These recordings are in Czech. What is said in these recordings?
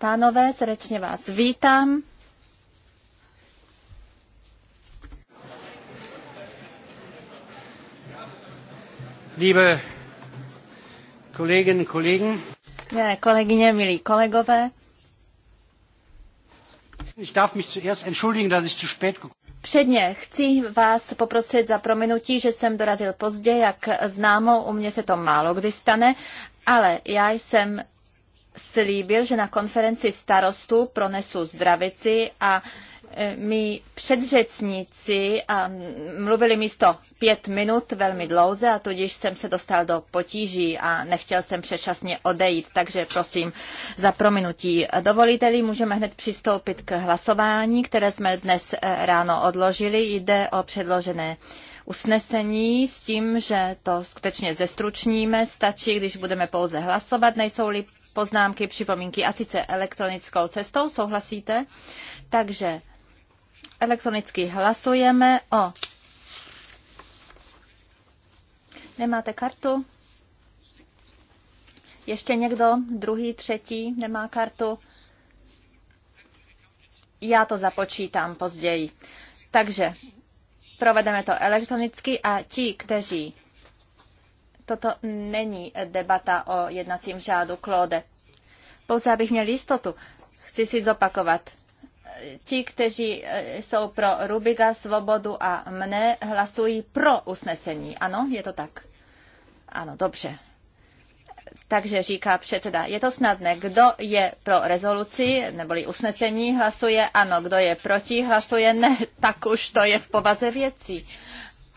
pánové, srdečně vás vítám. Liebe Kolleginnen, Kollegen. Ja, kolegyně, milí kolegové. Ich darf mich zuerst entschuldigen, dass ich zu spät gekommen Předně chci vás poprosit za prominutí, že jsem dorazil pozdě, jak známo, u mě se to málo kdy stane, ale já jsem slíbil, že na konferenci starostů pronesu zdravici a e, mi a mluvili místo pět minut velmi dlouze a tudíž jsem se dostal do potíží a nechtěl jsem předčasně odejít, takže prosím za prominutí. Dovolíte-li, můžeme hned přistoupit k hlasování, které jsme dnes e, ráno odložili. Jde o předložené usnesení s tím, že to skutečně zestručníme. Stačí, když budeme pouze hlasovat, nejsou-li poznámky, připomínky, a sice elektronickou cestou. Souhlasíte? Takže elektronicky hlasujeme o. Nemáte kartu? Ještě někdo? Druhý, třetí nemá kartu? Já to započítám později. Takže provedeme to elektronicky a ti, kteří Toto není debata o jednacím řádu, Klode. Pouze abych měl jistotu, chci si zopakovat. Ti, kteří eh, jsou pro Rubiga, Svobodu a mne, hlasují pro usnesení. Ano, je to tak? Ano, dobře. Takže říká předseda, je to snadné, kdo je pro rezoluci neboli usnesení, hlasuje ano, kdo je proti, hlasuje ne, tak už to je v povaze věcí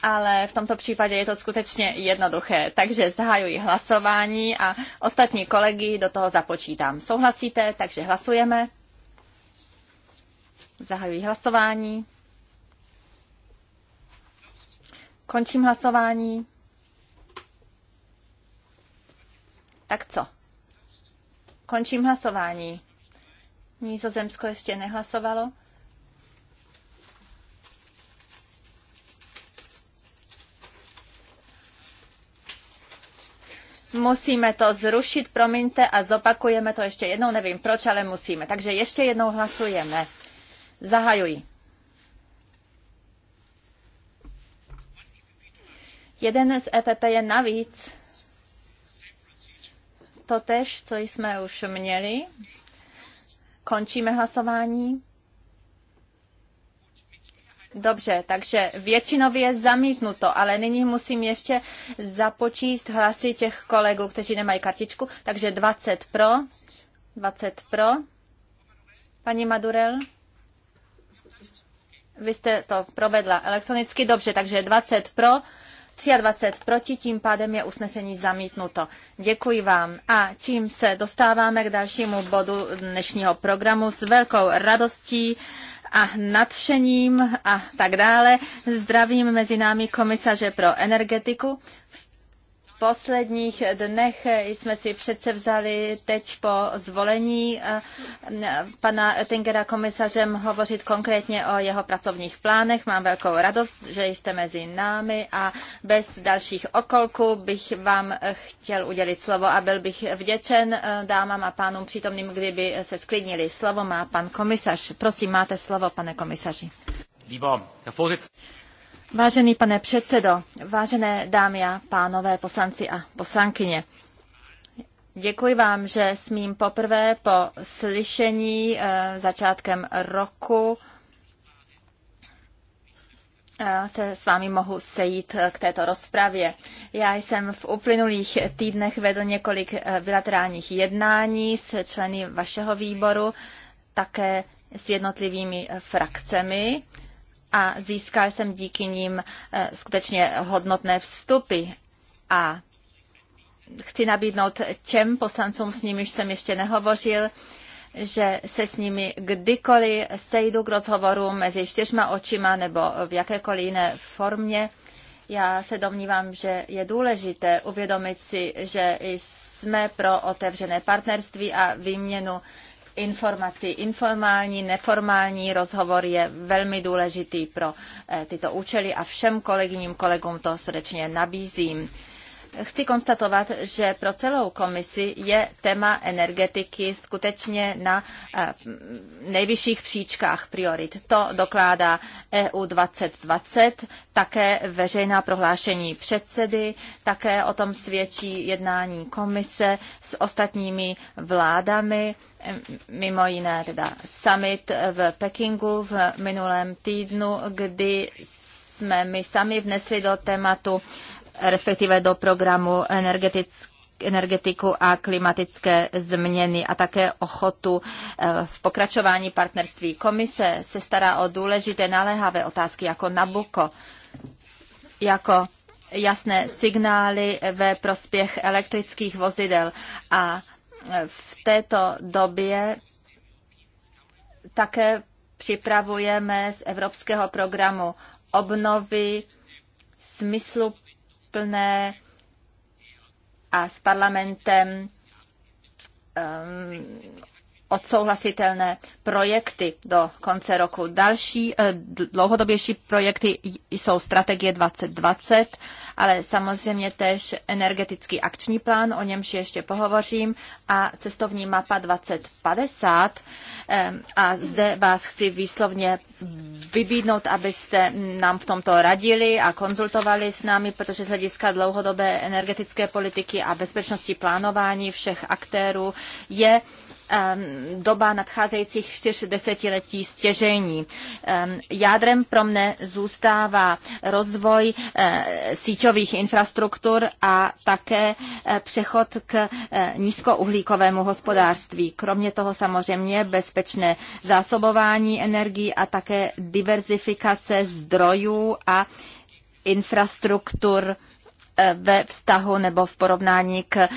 ale v tomto případě je to skutečně jednoduché. Takže zahajuji hlasování a ostatní kolegy do toho započítám. Souhlasíte, takže hlasujeme. Zahajuji hlasování. Končím hlasování. Tak co? Končím hlasování. Nízozemsko ještě nehlasovalo. musíme to zrušit, promiňte, a zopakujeme to ještě jednou, nevím proč, ale musíme. Takže ještě jednou hlasujeme. Zahajuji. Jeden z EPP je navíc. Totež, co jsme už měli. Končíme hlasování. Dobře, takže většinově je zamítnuto, ale nyní musím ještě započíst hlasy těch kolegů, kteří nemají kartičku. Takže 20 pro, 20 pro. Paní Madurel? Vy jste to provedla elektronicky, dobře, takže 20 pro, 23 proti, tím pádem je usnesení zamítnuto. Děkuji vám. A tím se dostáváme k dalšímu bodu dnešního programu. S velkou radostí a nadšením a tak dále. Zdravím mezi námi komisaře pro energetiku posledních dnech jsme si přece vzali teď po zvolení eh, pana Oettingera komisařem hovořit konkrétně o jeho pracovních plánech. Mám velkou radost, že jste mezi námi a bez dalších okolků bych vám chtěl udělit slovo a byl bych vděčen eh, dámám a pánům přítomným, kdyby se sklidnili. Slovo má pan komisař. Prosím, máte slovo, pane komisaři. Lieber Herr Vorsitzender, Vážený pane předsedo, vážené dámy a pánové poslanci a poslankyně, Děkuji vám, že smím poprvé po slyšení eh, začátkem roku eh, se s vámi mohu sejít eh, k této rozpravě. Já jsem v uplynulých týdnech vedl několik bilaterálních jednání s členy vašeho výboru, také s jednotlivými frakcemi a získal jsem díky nim eh, skutečně hodnotné vstupy a chci nabídnout těm poslancům, s nimiž jsem ještě nehovořil, že se s nimi kdykoliv sejdu k rozhovoru mezi čtyřma očima nebo v jakékoliv jiné formě. Já se domnívám, že je důležité uvědomit si, že jsme pro otevřené partnerství a výměnu informací. Informální, neformální rozhovor je velmi důležitý pro eh, tyto účely a všem kolegyním kolegům to srdečně nabízím. Chci konstatovat, že pro celou komisi je téma energetiky skutečně na eh, nejvyšších příčkách priorit. To dokládá EU 2020, také veřejná prohlášení předsedy, také o tom svědčí jednání komise s ostatními vládami, eh, mimo jiné teda summit v Pekingu v minulém týdnu, kdy jsme my sami vnesli do tématu respektive do programu energetické energetiku a klimatické změny a také ochotu eh, v pokračování partnerství. Komise se stará o důležité naléhavé otázky jako Nabuko, jako jasné signály ve prospěch elektrických vozidel a eh, v této době také připravujeme z Evropského programu obnovy smyslu plné a s parlamentem um, odsouhlasitelné projekty do konce roku. Další eh, dlouhodobější projekty jsou strategie 2020, ale samozřejmě též energetický akční plán, o němž ještě pohovořím, a cestovní mapa 2050. A zde vás chci výslovně vybídnout, abyste nám v tomto radili a konzultovali s námi, protože z hlediska dlouhodobé energetické politiky a bezpečnosti plánování všech aktérů je Um, doba nadcházejících čtyř desetiletí stěžení. Um, jádrem pro mne zůstává rozvoj uh, síťových infrastruktur a také uh, přechod k uh, nízkouhlíkovému hospodářství. Kromě toho samozřejmě bezpečné zásobování energií a také diverzifikace zdrojů a infrastruktur ve vztahu nebo v porovnání k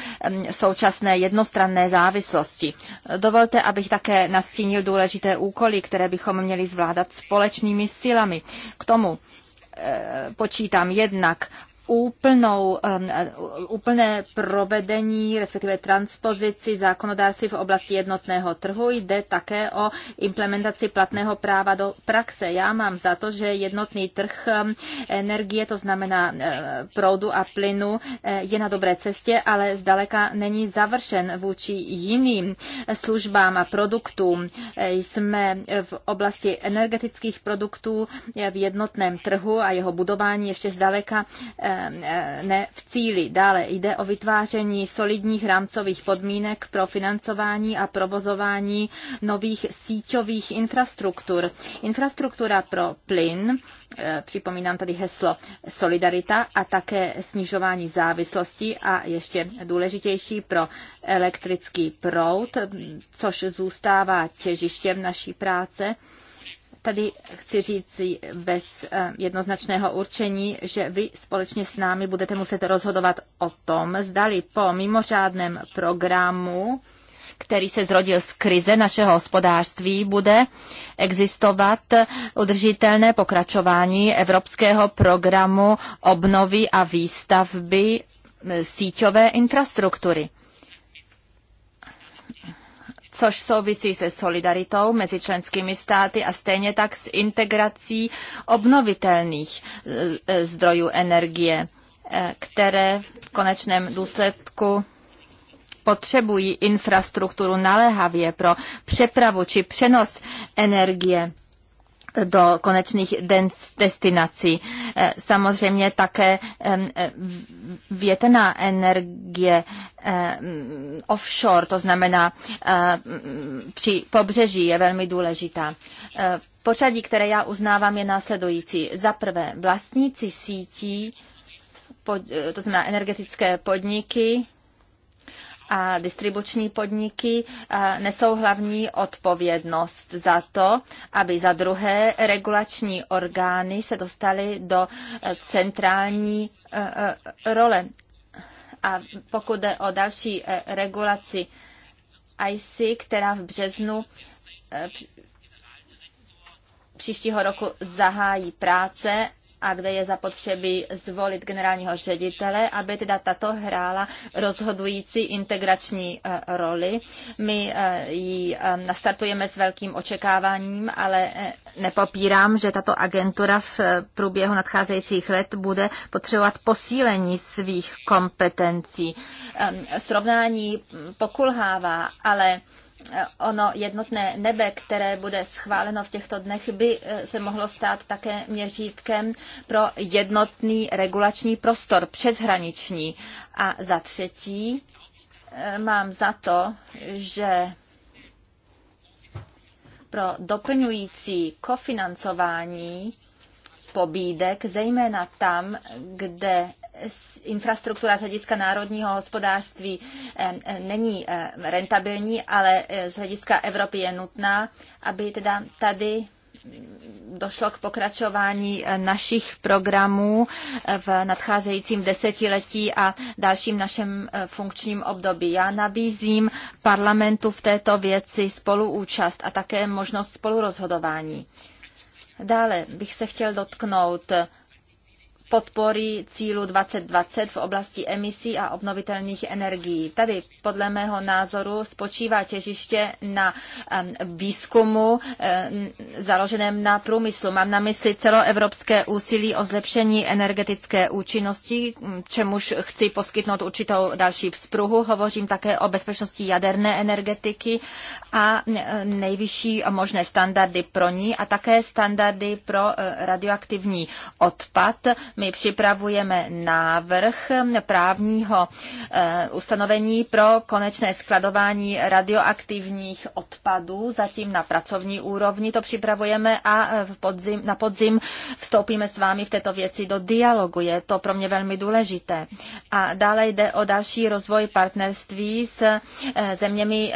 současné jednostranné závislosti. Dovolte, abych také nastínil důležité úkoly, které bychom měli zvládat společnými silami. K tomu eh, počítám jednak úplnou, um, uh, úplné provedení, respektive transpozici zákonodárství v oblasti jednotného trhu. Jde také o implementaci platného práva do praxe. Já mám za to, že jednotný trh um, energie, to znamená uh, proudu a plynu, uh, je na dobré cestě, ale zdaleka není završen vůči jiným službám a produktům. Jsme v oblasti energetických produktů v jednotném trhu a jeho budování ještě zdaleka Eh, ne v cíli. Dále jde o vytváření solidních rámcových podmínek pro financování a provozování nových síťových infrastruktur. Infrastruktura pro plyn, eh, připomínám tady heslo Solidarita a také snižování závislosti a ještě důležitější pro elektrický proud, což zůstává těžištěm naší práce. Tady chci říct bez eh, jednoznačného určení, že vy společně s námi budete muset rozhodovat o tom, zdali po mimořádném programu který se zrodil z krize našeho hospodářství, bude existovat udržitelné pokračování Evropského programu obnovy a výstavby síťové infrastruktury což souvisí se solidaritou mezi členskými státy a stejně tak s integrací obnovitelných e, e, zdrojů energie, e, které v konečném důsledku potřebují infrastrukturu naléhavě pro přepravu či přenos energie do konečných destinací. Eh, samozřejmě také eh, větrná energie offshore, to znamená eh, při pobřeží, je velmi důležitá. Pořadí, které já uznávám, je následující. Za prvé, vlastníci sítí, to znamená energetické podniky, a distribuční podniky nesou hlavní odpovědnost za to, aby za druhé regulační orgány se dostaly do e, centrální e, e, role. A pokud jde o další regulaci IC, která v březnu příštího roku zahájí práce a kde je zapotřebí zvolit generálního ředitele, aby teda tato hrála rozhodující integrační eh, roli. My eh, ji eh, nastartujeme s velkým očekáváním, ale nepopírám, že tato agentura v průběhu nadcházejících let bude potřebovat posílení svých kompetencí. Ehm, srovnání hm, pokulhává, ale ono jednotné nebe, které bude schváleno v těchto dnech, by eh, se mohlo stát také měřítkem pro jednotný regulační prostor přeshraniční. A za třetí eh, mám za to, že pro doplňující kofinancování pobídek, zejména tam, kde infrastruktura z hlediska národního hospodářství eh, eh, není eh, rentabilní, ale z hlediska Evropy je nutná, aby teda tady došlo k pokračování našich programů v nadcházejícím desetiletí a dalším našem funkčním období. Já nabízím parlamentu v této věci spoluúčast a také možnost spolurozhodování. Dále bych se chtěl dotknout podpory cílu 2020 v oblasti emisí a obnovitelných energií. Tady podle mého názoru spočívá těžiště na výzkumu založeném na průmyslu. Mám na mysli celoevropské úsilí o zlepšení energetické účinnosti, čemuž chci poskytnout určitou další vzpruhu. Hovořím také o bezpečnosti jaderné energetiky a e, nejvyšší možné standardy pro ní a také standardy pro e, radioaktivní odpad, my připravujeme návrh právního eh, ustanovení pro konečné skladování radioaktivních odpadů, zatím na pracovní úrovni to připravujeme a eh, v podzim, na podzim vstoupíme s vámi v této věci do dialogu. Je to pro mě velmi důležité. A dále jde o další rozvoj partnerství s eh, zeměmi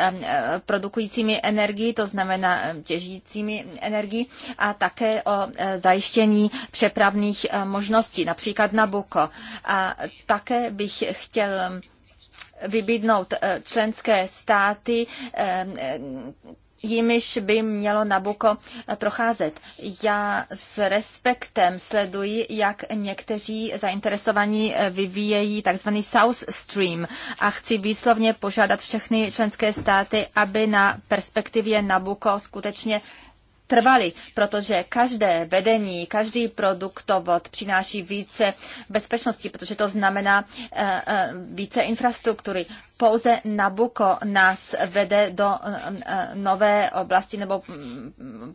produkujícími energii, to znamená těžícími energii a také o zajištění přepravných možností oblastí, například Nabuko. A také bych chtěl vybídnout eh, členské státy, eh, jimiž by mělo Nabuko eh, procházet. Já s respektem sleduji, jak někteří zainteresovaní vyvíjejí tzv. South Stream a chci výslovně požádat všechny členské státy, aby na perspektivě Nabuko skutečně trvaly, protože každé vedení, každý produktovod přináší více bezpečnosti, protože to znamená eh, eh, více infrastruktury. Pouze Nabuko nás vede do eh, nové oblasti nebo mm, mm,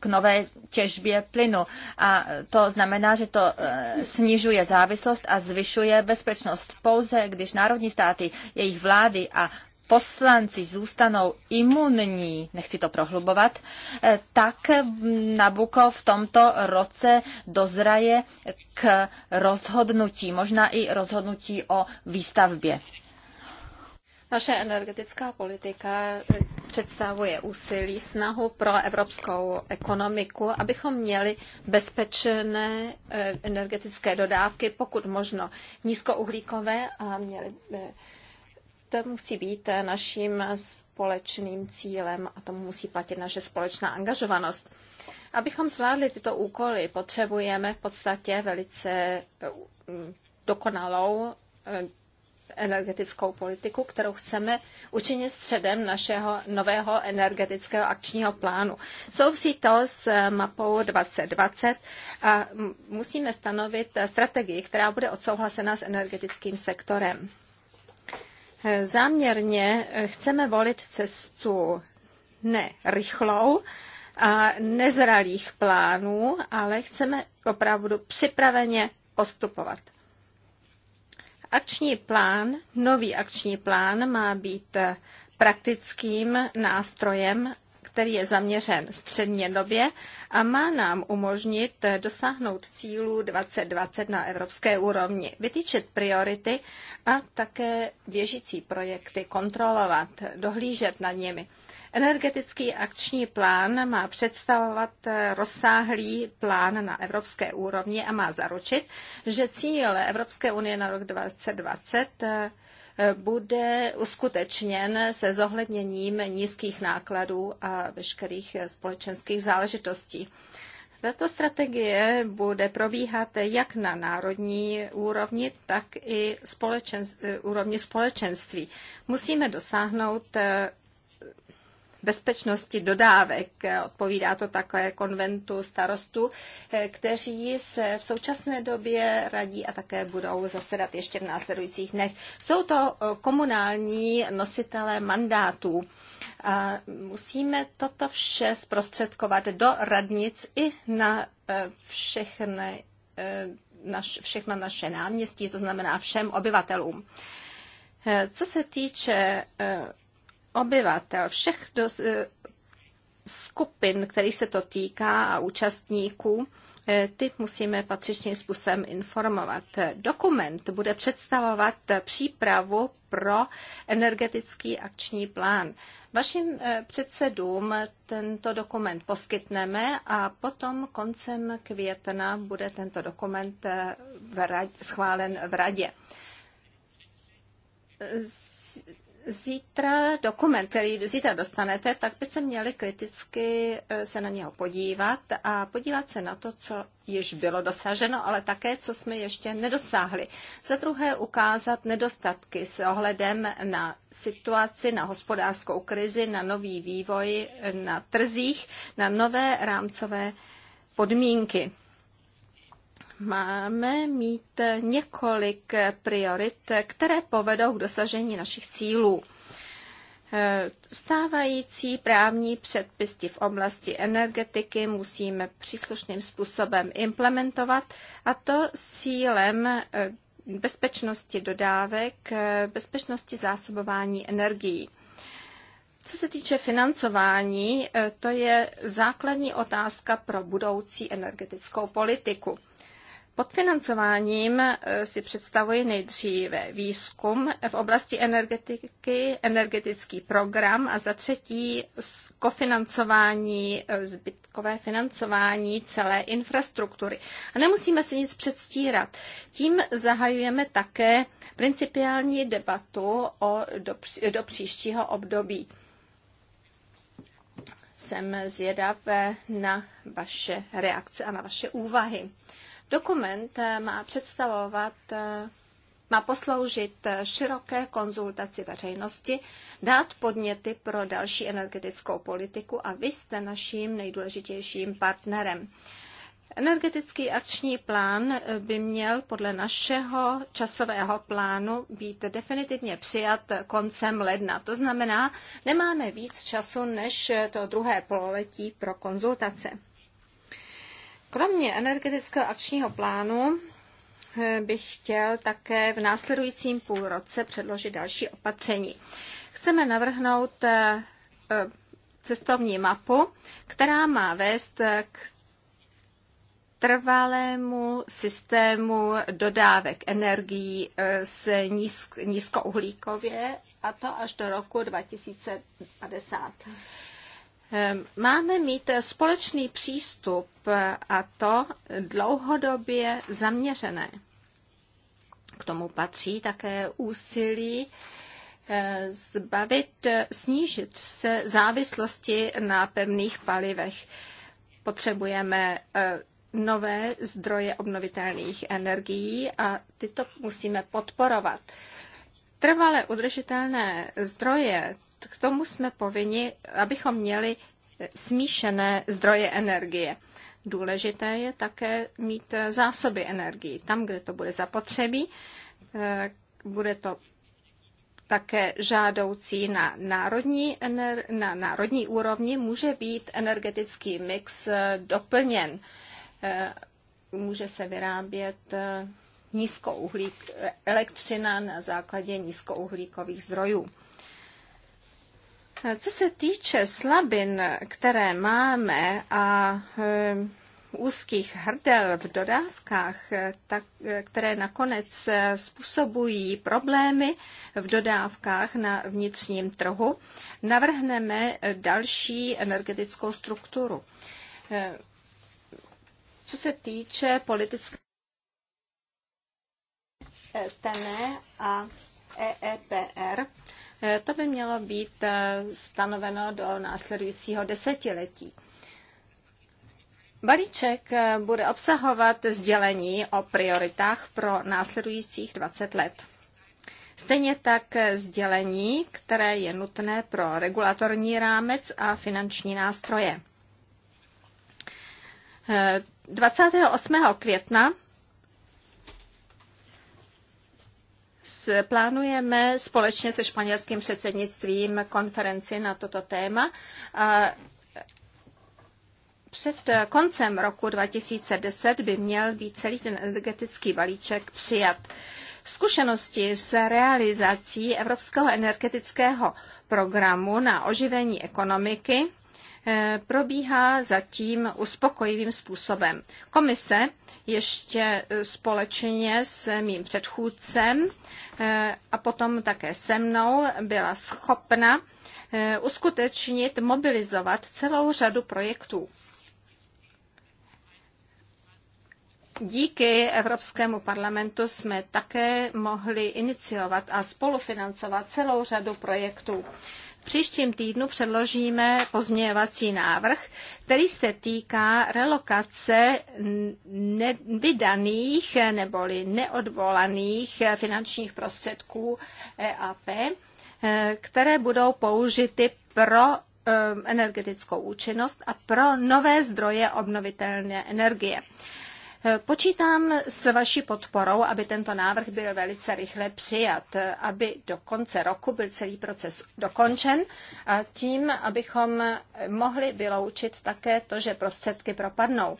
k nové těžbě plynu. A to znamená, že to snižuje závislost a zvyšuje bezpečnost. Pouze když národní státy, jejich vlády a poslanci zůstanou imunní, nechci to prohlubovat, eh, tak Nabuko v tomto roce dozraje k rozhodnutí, možná i rozhodnutí o výstavbě. Naše energetická politika představuje úsilí, snahu pro evropskou ekonomiku, abychom měli bezpečné eh, energetické dodávky, pokud možno nízkouhlíkové a měli by. Eh, to musí být eh, naším eh, společným cílem a tomu musí platit naše společná angažovanost. Abychom zvládli tyto úkoly, potřebujeme v podstatě velice eh, mm, dokonalou energetickou politiku, kterou chceme učinit středem našeho nového energetického akčního plánu. Souvisí to s mapou 2020 a musíme stanovit strategii, která bude odsouhlasena s energetickým sektorem. Záměrně chceme volit cestu ne rychlou a nezralých plánů, ale chceme opravdu připraveně postupovat. Akční plán, nový akční plán má být praktickým nástrojem který je zaměřen střednědobě a má nám umožnit dosáhnout cílů 2020 na evropské úrovni, Vytýčet priority a také běžící projekty kontrolovat, dohlížet nad nimi. Energetický akční plán má představovat rozsáhlý plán na evropské úrovni a má zaručit, že cíle Evropské unie na rok 2020 bude uskutečněn se zohledněním nízkých nákladů a veškerých společenských záležitostí. Tato strategie bude probíhat jak na národní úrovni, tak i společen, úrovni společenství. Musíme dosáhnout bezpečnosti dodávek. Odpovídá to také konventu starostů, eh, kteří se v současné době radí a také budou zasedat ještě v následujících dnech. Jsou to eh, komunální nositelé mandátů. A musíme toto vše zprostředkovat do radnic i na eh, všechny naš, všechno naše náměstí, to znamená všem obyvatelům. Co se týče obyvatel, všech do, eh, skupin, který se to týká a účastníků, eh, ty musíme patřičným způsobem informovat. Dokument bude představovat přípravu pro energetický akční plán. Vašim eh, předsedům tento dokument poskytneme a potom koncem května bude tento dokument v schválen v radě zítra dokument, který zítra dostanete, tak byste měli kriticky eh, se na něho podívat a podívat se na to, co již bylo dosaženo, ale také, co jsme ještě nedosáhli. Za druhé ukázat nedostatky s ohledem na situaci, na hospodářskou krizi, na nový vývoj na trzích, na nové rámcové podmínky máme mít několik priorit, které povedou k dosažení našich cílů. Eh, stávající právní předpisy v oblasti energetiky musíme příslušným způsobem implementovat a to s cílem eh, bezpečnosti dodávek, eh, bezpečnosti zásobování energií. Co se týče financování, to je základní otázka pro budoucí energetickou politiku. Pod financováním eh, si představuji nejdříve výzkum v oblasti energetiky, energetický program a za třetí kofinancování, eh, zbytkové financování celé infrastruktury. A nemusíme si nic předstírat. Tím zahajujeme také principiální debatu o, do, do příštího období. Jsem zvědavé eh, na vaše reakce a na vaše úvahy. Dokument eh, má představovat eh, má posloužit eh, široké konzultaci veřejnosti, dát podněty pro další energetickou politiku a vy jste naším nejdůležitějším partnerem. Energetický akční plán by měl podle našeho časového plánu být definitivně přijat koncem ledna. To znamená, nemáme víc času než to druhé pololetí pro konzultace. Kromě energetického akčního plánu eh, bych chtěl také v následujícím půlroce předložit další opatření. Chceme navrhnout eh, eh, cestovní mapu, která má vést k trvalému systému dodávek energií s nízk, nízkouhlíkově, a to až do roku 2050. Ehm, máme mít společný přístup a to dlouhodobě zaměřené. K tomu patří také úsilí ehm, zbavit, snížit se závislosti na pevných palivech. Potřebujeme ehm, nové zdroje obnovitelných energií a tyto musíme podporovat. Trvale udržitelné zdroje k tomu jsme povinni, abychom měli eh, smíšené zdroje energie. Důležité je také mít eh, zásoby energii. Tam, kde to bude zapotřebí, eh, bude to také žádoucí na národní, na národní úrovni, může být energetický mix doplněn. Může se vyrábět nízkouhlík, elektřina na základě nízkouhlíkových zdrojů. Co se týče slabin, které máme a eh, úzkých hrdel v dodávkách, eh, tak, eh, které nakonec způsobují problémy v dodávkách na vnitřním trhu, navrhneme další energetickou strukturu. Co se týče politické TENE a EEPR, Eh, to by mělo být eh, stanoveno do následujícího desetiletí. Balíček eh, bude obsahovat sdělení o prioritách pro následujících 20 let. Stejně tak sdělení, které je nutné pro regulatorní rámec a finanční nástroje. 28. května Plánujeme společně se španělským předsednictvím konferenci na toto téma. Před koncem roku 2010 by měl být celý ten energetický balíček přijat. Zkušenosti s realizací Evropského energetického programu na oživení ekonomiky Eh, probíhá zatím uspokojivým způsobem. Komise ještě eh, společně s mým předchůdcem eh, a potom také se mnou byla schopna uskutečnit, mobilizovat celou řadu projektů. Díky Evropskému parlamentu jsme také mohli iniciovat a spolufinancovat celou řadu projektů příštím týdnu předložíme pozměňovací návrh, který se týká relokace nevydaných neboli neodvolaných finančních prostředků EAP, které budou použity pro eh, energetickou účinnost a pro nové zdroje obnovitelné energie. Počítám s vaší podporou, aby tento návrh byl velice rychle přijat, aby do konce roku byl celý proces dokončen a tím, abychom mohli vyloučit také to, že prostředky propadnou.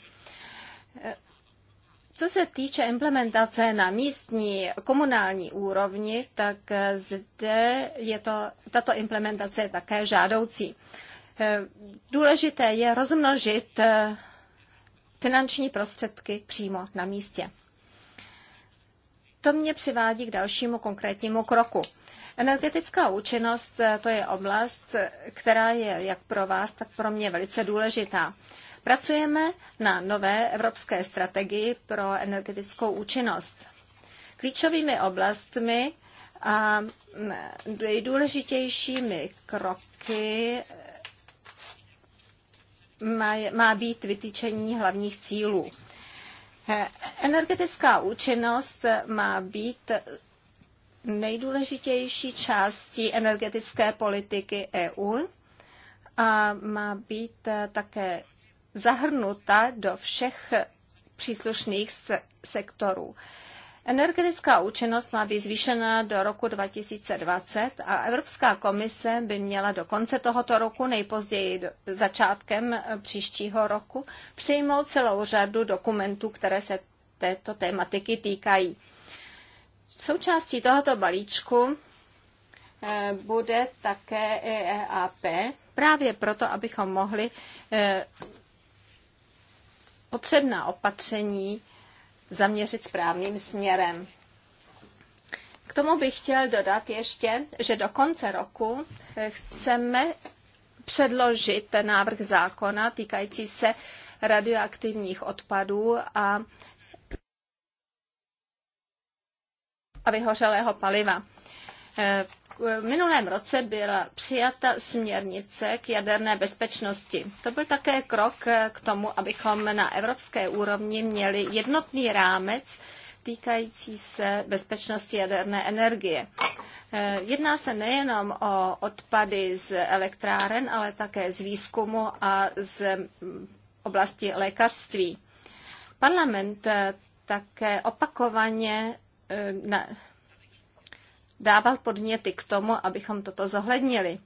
Co se týče implementace na místní komunální úrovni, tak zde je to, tato implementace je také žádoucí. Důležité je rozmnožit finanční prostředky přímo na místě. To mě přivádí k dalšímu konkrétnímu kroku. Energetická účinnost eh, to je oblast, eh, která je jak pro vás, tak pro mě velice důležitá. Pracujeme na nové evropské strategii pro energetickou účinnost. Klíčovými oblastmi a mm, nejdůležitějšími kroky má, být vytýčení hlavních cílů. Eh, energetická účinnost má být nejdůležitější částí energetické politiky EU a má být eh, také zahrnuta do všech příslušných sektorů. Energetická účinnost má být zvýšena do roku 2020 a Evropská komise by měla do konce tohoto roku, nejpozději začátkem eh, příštího roku, přijmout celou řadu dokumentů, které se této tématiky týkají. Součástí tohoto balíčku eh, bude také EAP, e právě proto, abychom mohli eh, potřebná opatření zaměřit správným směrem. K tomu bych chtěl dodat ještě, že do konce roku eh, chceme předložit návrh zákona týkající se radioaktivních odpadů a, a vyhořelého paliva. Eh, v minulém roce byla přijata směrnice k jaderné bezpečnosti. To byl také krok k tomu, abychom na evropské úrovni měli jednotný rámec týkající se bezpečnosti jaderné energie. Eh, Jedná se nejenom o odpady z elektráren, ale také z výzkumu a z mm, oblasti lékařství. Parlament eh, také opakovaně eh, dával podněty k tomu, abychom toto zohlednili.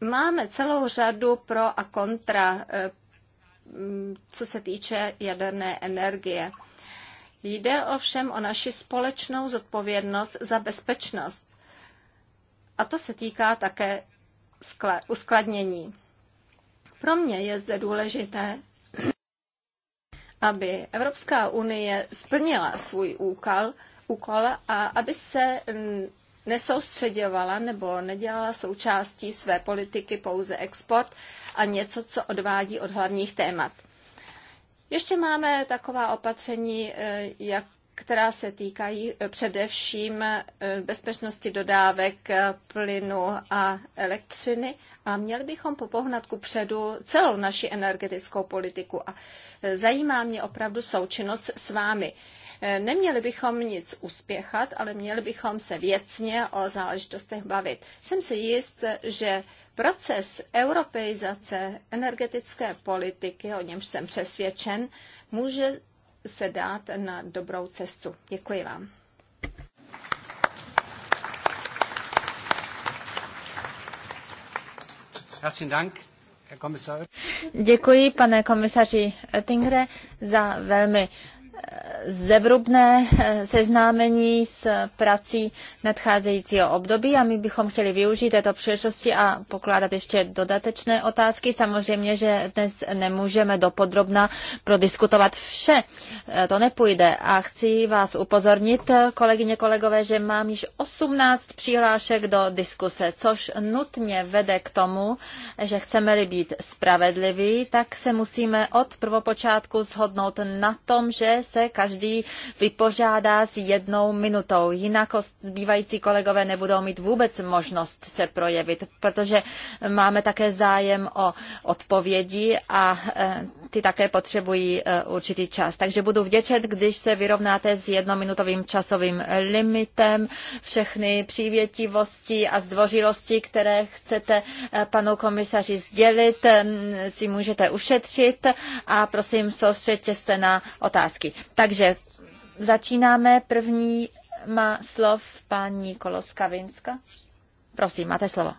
Máme celou řadu pro a kontra, eh, mm, co se týče jaderné energie. Jde ovšem o naši společnou zodpovědnost za bezpečnost. A to se týká také uskladnění. Pro mě je zde důležité, aby Evropská unie splnila svůj úkol úkol, a aby se nesoustředěvala nebo nedělala součástí své politiky pouze export a něco, co odvádí od hlavních témat. Ještě máme taková opatření, e, jak která se týkají e, především e, bezpečnosti dodávek plynu a elektřiny. A měli bychom popohnat ku předu celou naši energetickou politiku. A zajímá mě opravdu součinnost s vámi. Eh, neměli bychom nic uspěchat, ale měli bychom se věcně o záležitostech bavit. Jsem si jist, že proces europeizace energetické politiky, o němž jsem přesvědčen, může se dát na dobrou cestu. Děkuji vám. Děkuji, pane komisaři Tingre, za velmi zevrubné eh, seznámení s prací nadcházejícího období a my bychom chtěli využít této příležitosti a pokládat ještě dodatečné otázky. Samozřejmě, že dnes nemůžeme dopodrobna prodiskutovat vše. Eh, to nepůjde. A chci vás upozornit, eh, kolegyně, kolegové, že mám již 18 přihlášek do diskuse, což nutně vede k tomu, že chceme-li být spravedliví, tak se musíme od prvopočátku shodnout na tom, že se každý vypořádá s jednou minutou. Jinak zbývající kolegové nebudou mít vůbec možnost se projevit, protože máme také zájem o odpovědi a eh, ty také potřebují eh, určitý čas. Takže budu vděčet, když se vyrovnáte s jednominutovým časovým limitem. Všechny přívětivosti a zdvořilosti, které chcete eh, panu komisaři sdělit, eh, si můžete ušetřit a prosím, soustředte se na otázky. Takže začínáme. První má slov paní Koloska Vinska. Prosím, máte slovo.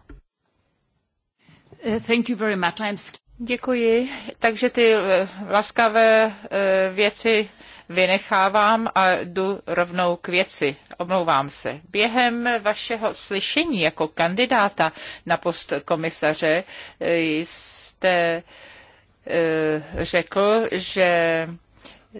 Thank you very much. I'm... Děkuji. Takže ty eh, laskavé eh, věci vynechávám a jdu rovnou k věci. Omlouvám se. Během vašeho slyšení jako kandidáta na post komisaře eh, jste řekl, že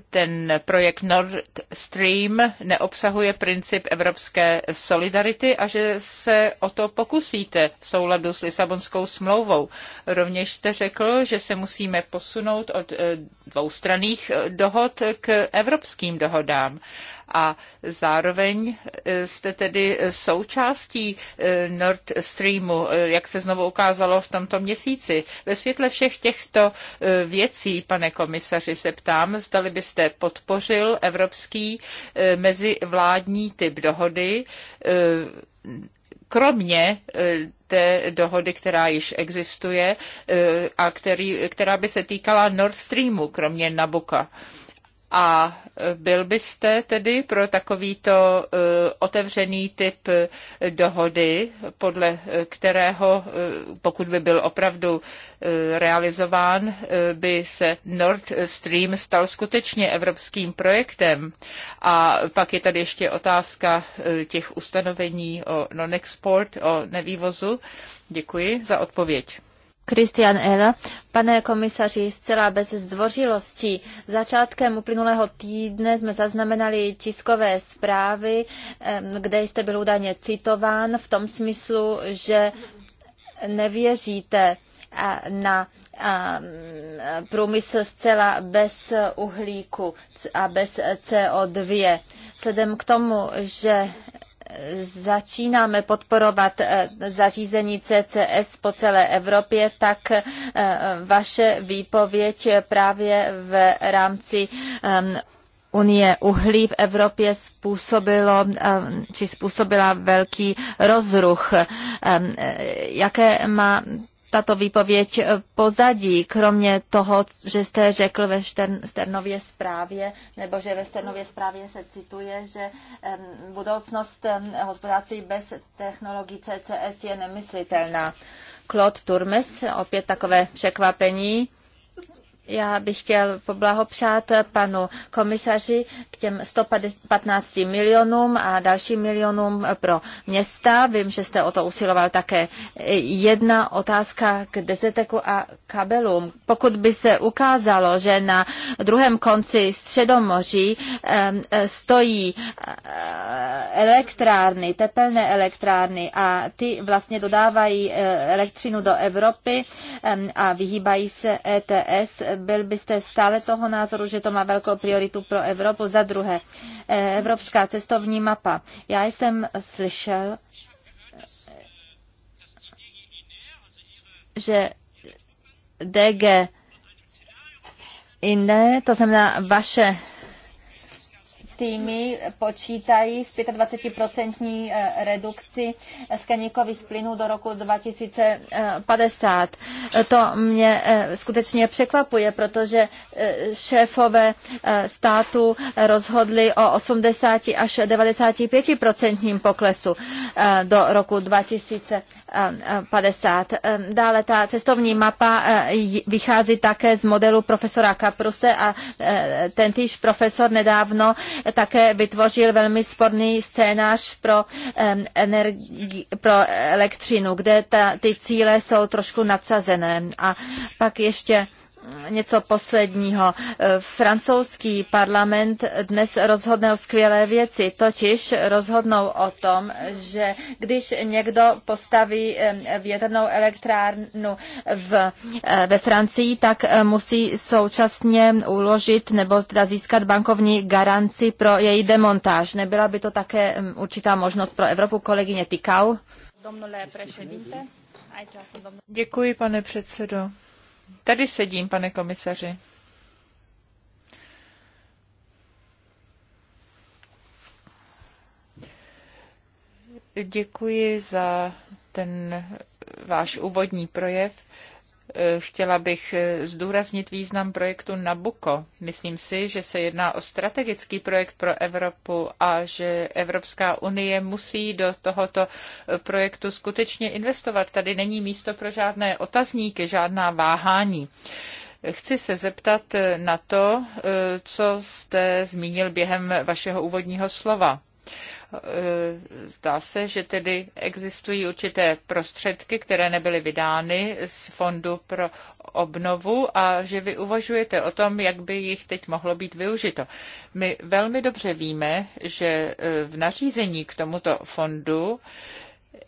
ten projekt Nord Stream neobsahuje princip evropské solidarity a že se o to pokusíte v souladu s Lisabonskou smlouvou. Rovněž jste řekl, že se musíme posunout od eh, dvoustranných eh, dohod k evropským dohodám a zároveň e, jste tedy součástí e, Nord Streamu, e, jak se znovu ukázalo v tomto měsíci. Ve světle všech těchto věcí, pane komisaři, se ptám, zdali byste podpořil evropský mezivládní typ dohody, kromě té dohody, která již existuje a který, která by se týkala Nord Streamu, kromě Nabuka. A byl byste tedy pro takovýto e, otevřený typ dohody, podle kterého, e, pokud by byl opravdu e, realizován, by se Nord Stream stal skutečně evropským projektem. A pak je tady ještě otázka těch ustanovení o non-export, o nevývozu. Děkuji za odpověď. Christian L. Pane komisaři, zcela bez zdvořilostí. Začátkem uplynulého týdne jsme zaznamenali tiskové zprávy, kde jste byl údajně citován v tom smyslu, že nevěříte na průmysl zcela bez uhlíku a bez CO2. Vzhledem k tomu, že začínáme podporovat eh, zařízení CCS po celé Evropě, tak eh, vaše výpověď právě v rámci ehm, Unie uhlí v Evropě způsobilo, ehm, či způsobila velký rozruch. Ehm, eh, jaké má tato výpověď eh, pozadí, kromě toho, že jste řekl ve Stern, Sternově zprávě, nebo že ve Sternově zprávě se cituje, že um, budoucnost um, hospodářství bez technologií CCS je nemyslitelná. Claude Turmes, opět takové překvapení. Já bych chtěl poblahopřát panu komisaři k těm 115 milionům a dalším milionům pro města. Vím, že jste o to usiloval také. Jedna otázka k deseteku a kabelům. Pokud by se ukázalo, že na druhém konci Středomoří stojí eh, elektrárny, tepelné elektrárny a ty vlastně dodávají eh, elektřinu do Evropy a vyhýbají se ETS, byl byste stále toho názoru, že to má velkou prioritu pro Evropu? Za druhé, eh, Evropská cestovní mapa. Já jsem slyšel, že DG iné, e, to znamená vaše týmy počítají s 25% eh, redukcí eh, skleníkových plynů do roku 2050. Eh, to mě skutečně překvapuje, protože šéfové státu rozhodli o 80 až 95% poklesu do roku 2050. Dále ta cestovní mapa vychází také z modelu profesora Kapruse a týž profesor nedávno také vytvořil velmi sporný scénář pro, energi- pro elektřinu, kde ta, ty cíle jsou trošku nadsazené. A pak ještě něco posledního. Francouzský parlament dnes rozhodne o skvělé věci, totiž rozhodnou o tom, že když někdo postaví větrnou elektrárnu v, eh, ve Francii, tak eh, musí současně uložit nebo teda získat bankovní garanci pro její demontáž. Nebyla by to také určitá možnost pro Evropu, kolegyně Tikau? Děkuji, pane předsedo. Tady sedím, pane komisaři. Děkuji za ten váš úvodní projev. Chtěla bych eh, zdůraznit význam projektu Nabuko. Myslím si, že se jedná o strategický projekt pro Evropu a že Evropská unie musí do tohoto eh, projektu skutečně investovat. Tady není místo pro žádné otazníky, žádná váhání. Chci se zeptat eh, na to, co jste zmínil během vašeho úvodního slova. Zdá se, že tedy existují určité prostředky, které nebyly vydány z Fondu pro obnovu a že vy uvažujete o tom, jak by jich teď mohlo být využito. My velmi dobře víme, že e, v nařízení k tomuto fondu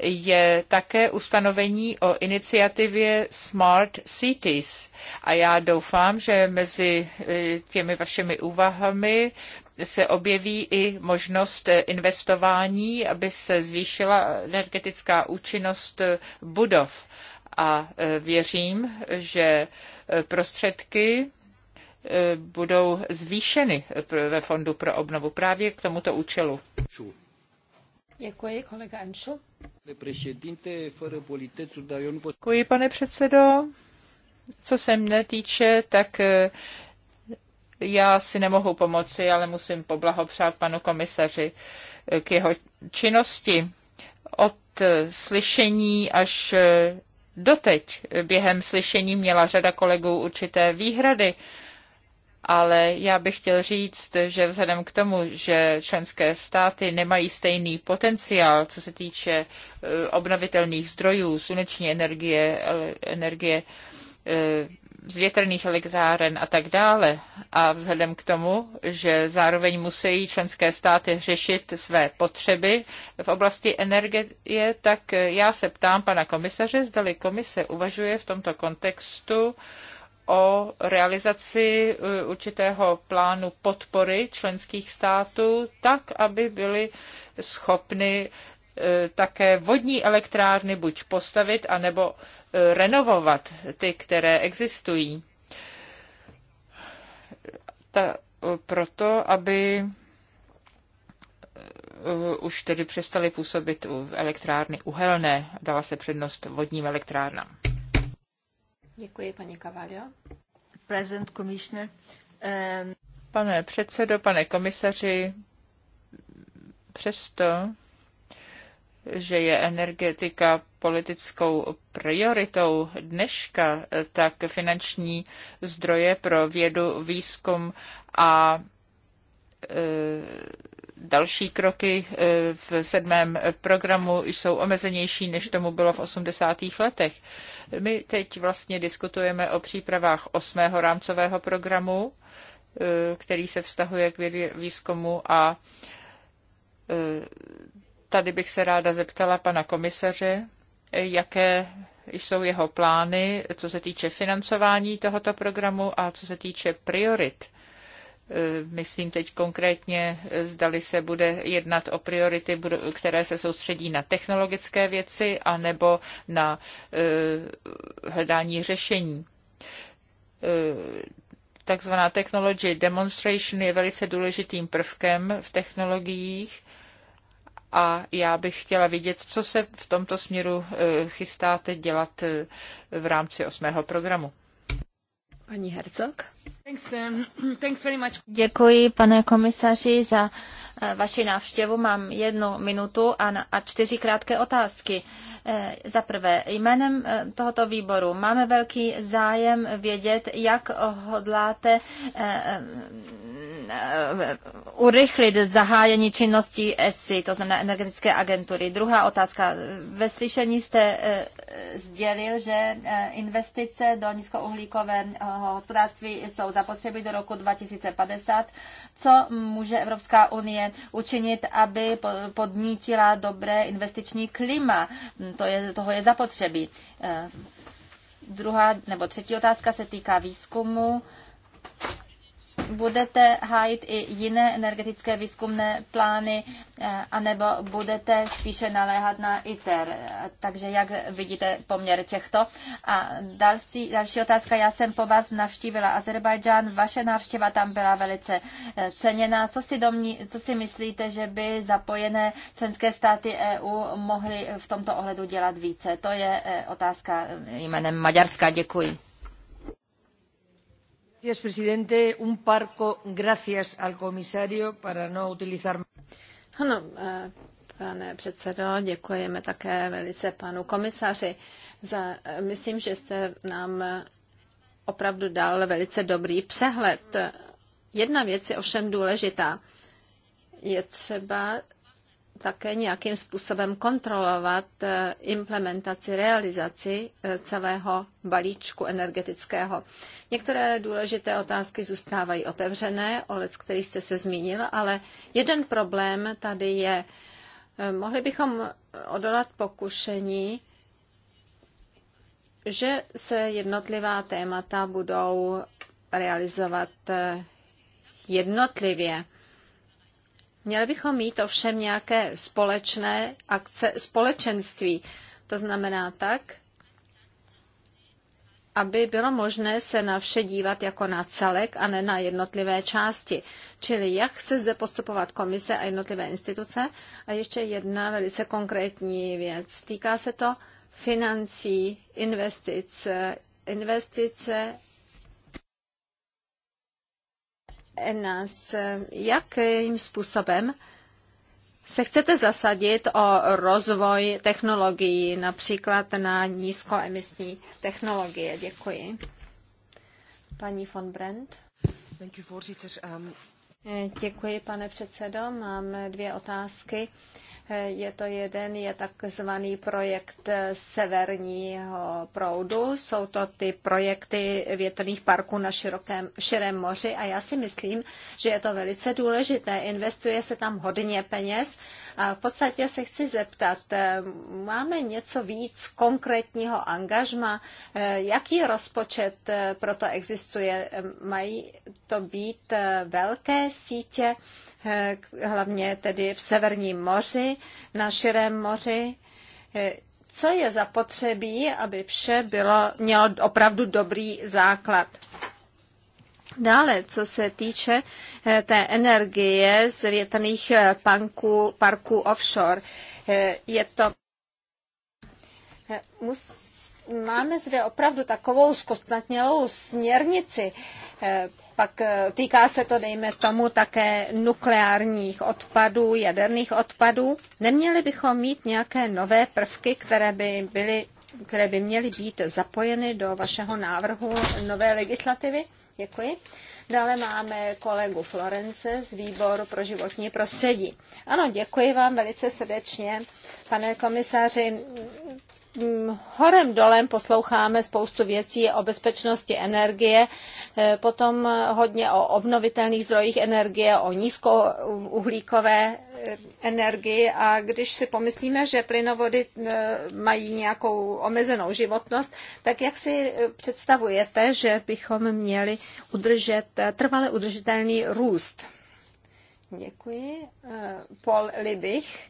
je také ustanovení o iniciativě Smart Cities. A já doufám, že mezi e, těmi vašimi úvahami se objeví i možnost investování, aby se zvýšila energetická účinnost budov. A e, věřím, že e, prostředky e, budou zvýšeny ve Fondu pro obnovu právě k tomuto účelu. Děkuji, kolega Enšu. Děkuji, pane předsedo. Co se mne týče, tak já si nemohu pomoci, ale musím poblahopřát panu komisaři eh, k jeho činnosti. Od eh, slyšení až eh, doteď během slyšení měla řada kolegů určité výhrady, ale já bych chtěl říct, že vzhledem k tomu, že členské státy nemají stejný potenciál, co se týče obnovitelných zdrojů, sluneční energie, energie z větrných elektráren a tak dále. A vzhledem k tomu, že zároveň musí členské státy řešit své potřeby v oblasti energie, tak já se ptám pana komisaře, zdali komise uvažuje v tomto kontextu o realizaci eh, určitého plánu podpory členských států, tak, aby byly schopny eh, také vodní elektrárny buď postavit, anebo renovovat ty, které existují. Ta, proto, aby eh, už tedy přestali působit u elektrárny uhelné, dala se přednost vodním elektrárnám. Děkuji, paní Kavalio. Present commissioner. Um... Pane předsedo, pane komisaři, přesto, že je energetika politickou prioritou dneška, tak finanční zdroje pro vědu, výzkum a e, další kroky e, v sedmém programu jsou omezenější, než tomu bylo v 80. letech. My teď vlastně diskutujeme o přípravách osmého rámcového programu, e, který se vztahuje k vědě, výzkumu a Tady bych se ráda zeptala pana komisaře, jaké jsou jeho plány, co se týče financování tohoto programu a co se týče priorit. E, myslím teď konkrétně, zdali se bude jednat o priority, které se soustředí na technologické věci anebo na e, hledání řešení e, takzvaná technology demonstration je velice důležitým prvkem v technologiích a já bych chtěla vidět, co se v tomto směru eh, chystáte dělat eh, v rámci osmého programu. Paní Hercog. Um, Děkuji, pane komisaři, za eh, vaši návštěvu. Mám jednu minutu a, na, a čtyři krátké otázky. Za prvé, jménem tohoto výboru máme velký zájem vědět, jak hodláte Eh, urychlit zahájení činnosti ESI, to znamená energetické agentury. Druhá otázka. Ve slyšení jste eh, sdělil, že eh, investice do nízkouhlíkového hospodářství jsou zapotřebí do roku 2050. Co může Evropská unie učinit, aby podnítila dobré investiční klima? To je, toho je zapotřebí. Druhá nebo třetí otázka se týká výzkumu budete hájit i jiné energetické výzkumné plány, eh, anebo budete spíše naléhat na ITER. Takže jak vidíte poměr těchto? A další, další otázka. Já jsem po vás navštívila Azerbajdžán. Vaše návštěva tam byla velice eh, ceněná. Co si, domní, co si myslíte, že by zapojené členské státy EU mohly v tomto ohledu dělat více? To je eh, otázka jménem Maďarska. Děkuji. Señor presidente, un parco gracias al comisario para no utilizar. Ano, eh, pane předsedo, děkujeme také velice panu komisaři. Za, eh, myslím, že jste nám eh, opravdu dal velice dobrý přehled. Jedna věc je ovšem důležitá. Je třeba také nějakým způsobem kontrolovat eh, implementaci, realizaci eh, celého balíčku energetického. Některé důležité otázky zůstávají otevřené, o lec, který jste se zmínil, ale jeden problém tady je, eh, mohli bychom odolat pokušení, že se jednotlivá témata budou realizovat jednotlivě. Měli bychom mít ovšem nějaké společné akce společenství. To znamená tak, aby bylo možné se na vše dívat jako na celek a ne na jednotlivé části. Čili jak chce zde postupovat komise a jednotlivé instituce. A ještě jedna velice konkrétní věc. Týká se to financí, investic, investice nás, jakým způsobem se chcete zasadit o rozvoj technologií, například na nízkoemisní technologie. Děkuji. Paní von Brand? Thank you, voorzitter. Um... Děkuji, pane předsedo. Mám dvě otázky. Je to jeden, je takzvaný projekt severního proudu. Jsou to ty projekty větrných parků na širokém, širém moři a já si myslím, že je to velice důležité. Investuje se tam hodně peněz a v podstatě se chci zeptat, máme něco víc konkrétního angažma? Jaký rozpočet proto existuje? Mají to být velké sítě? Eh, hlavně tedy v Severním moři, na Širém moři. Eh, co je zapotřebí, aby vše bylo, mělo opravdu dobrý základ? Dále, co se týče eh, té energie z větrných panků, parků offshore, je to... Mus, máme zde opravdu takovou zkostnatnělou směrnici, pak eh, týká se to, dejme tomu, také nukleárních odpadů, jaderných odpadů. Neměli bychom mít nějaké nové prvky, které by, byly, které by měly být zapojeny do vašeho návrhu nové legislativy? Děkuji. Dále máme kolegu Florence z výboru pro životní prostředí. Ano, děkuji vám velice srdečně. Pane komisáři, Mm, horem dolem posloucháme spoustu věcí o bezpečnosti energie, eh, potom hodně o obnovitelných zdrojích energie, o nízkouhlíkové eh, energii a když si pomyslíme, že plynovody eh, mají nějakou omezenou životnost, tak jak si představujete, že bychom měli udržet trvale udržitelný růst? Děkuji. Paul Libich.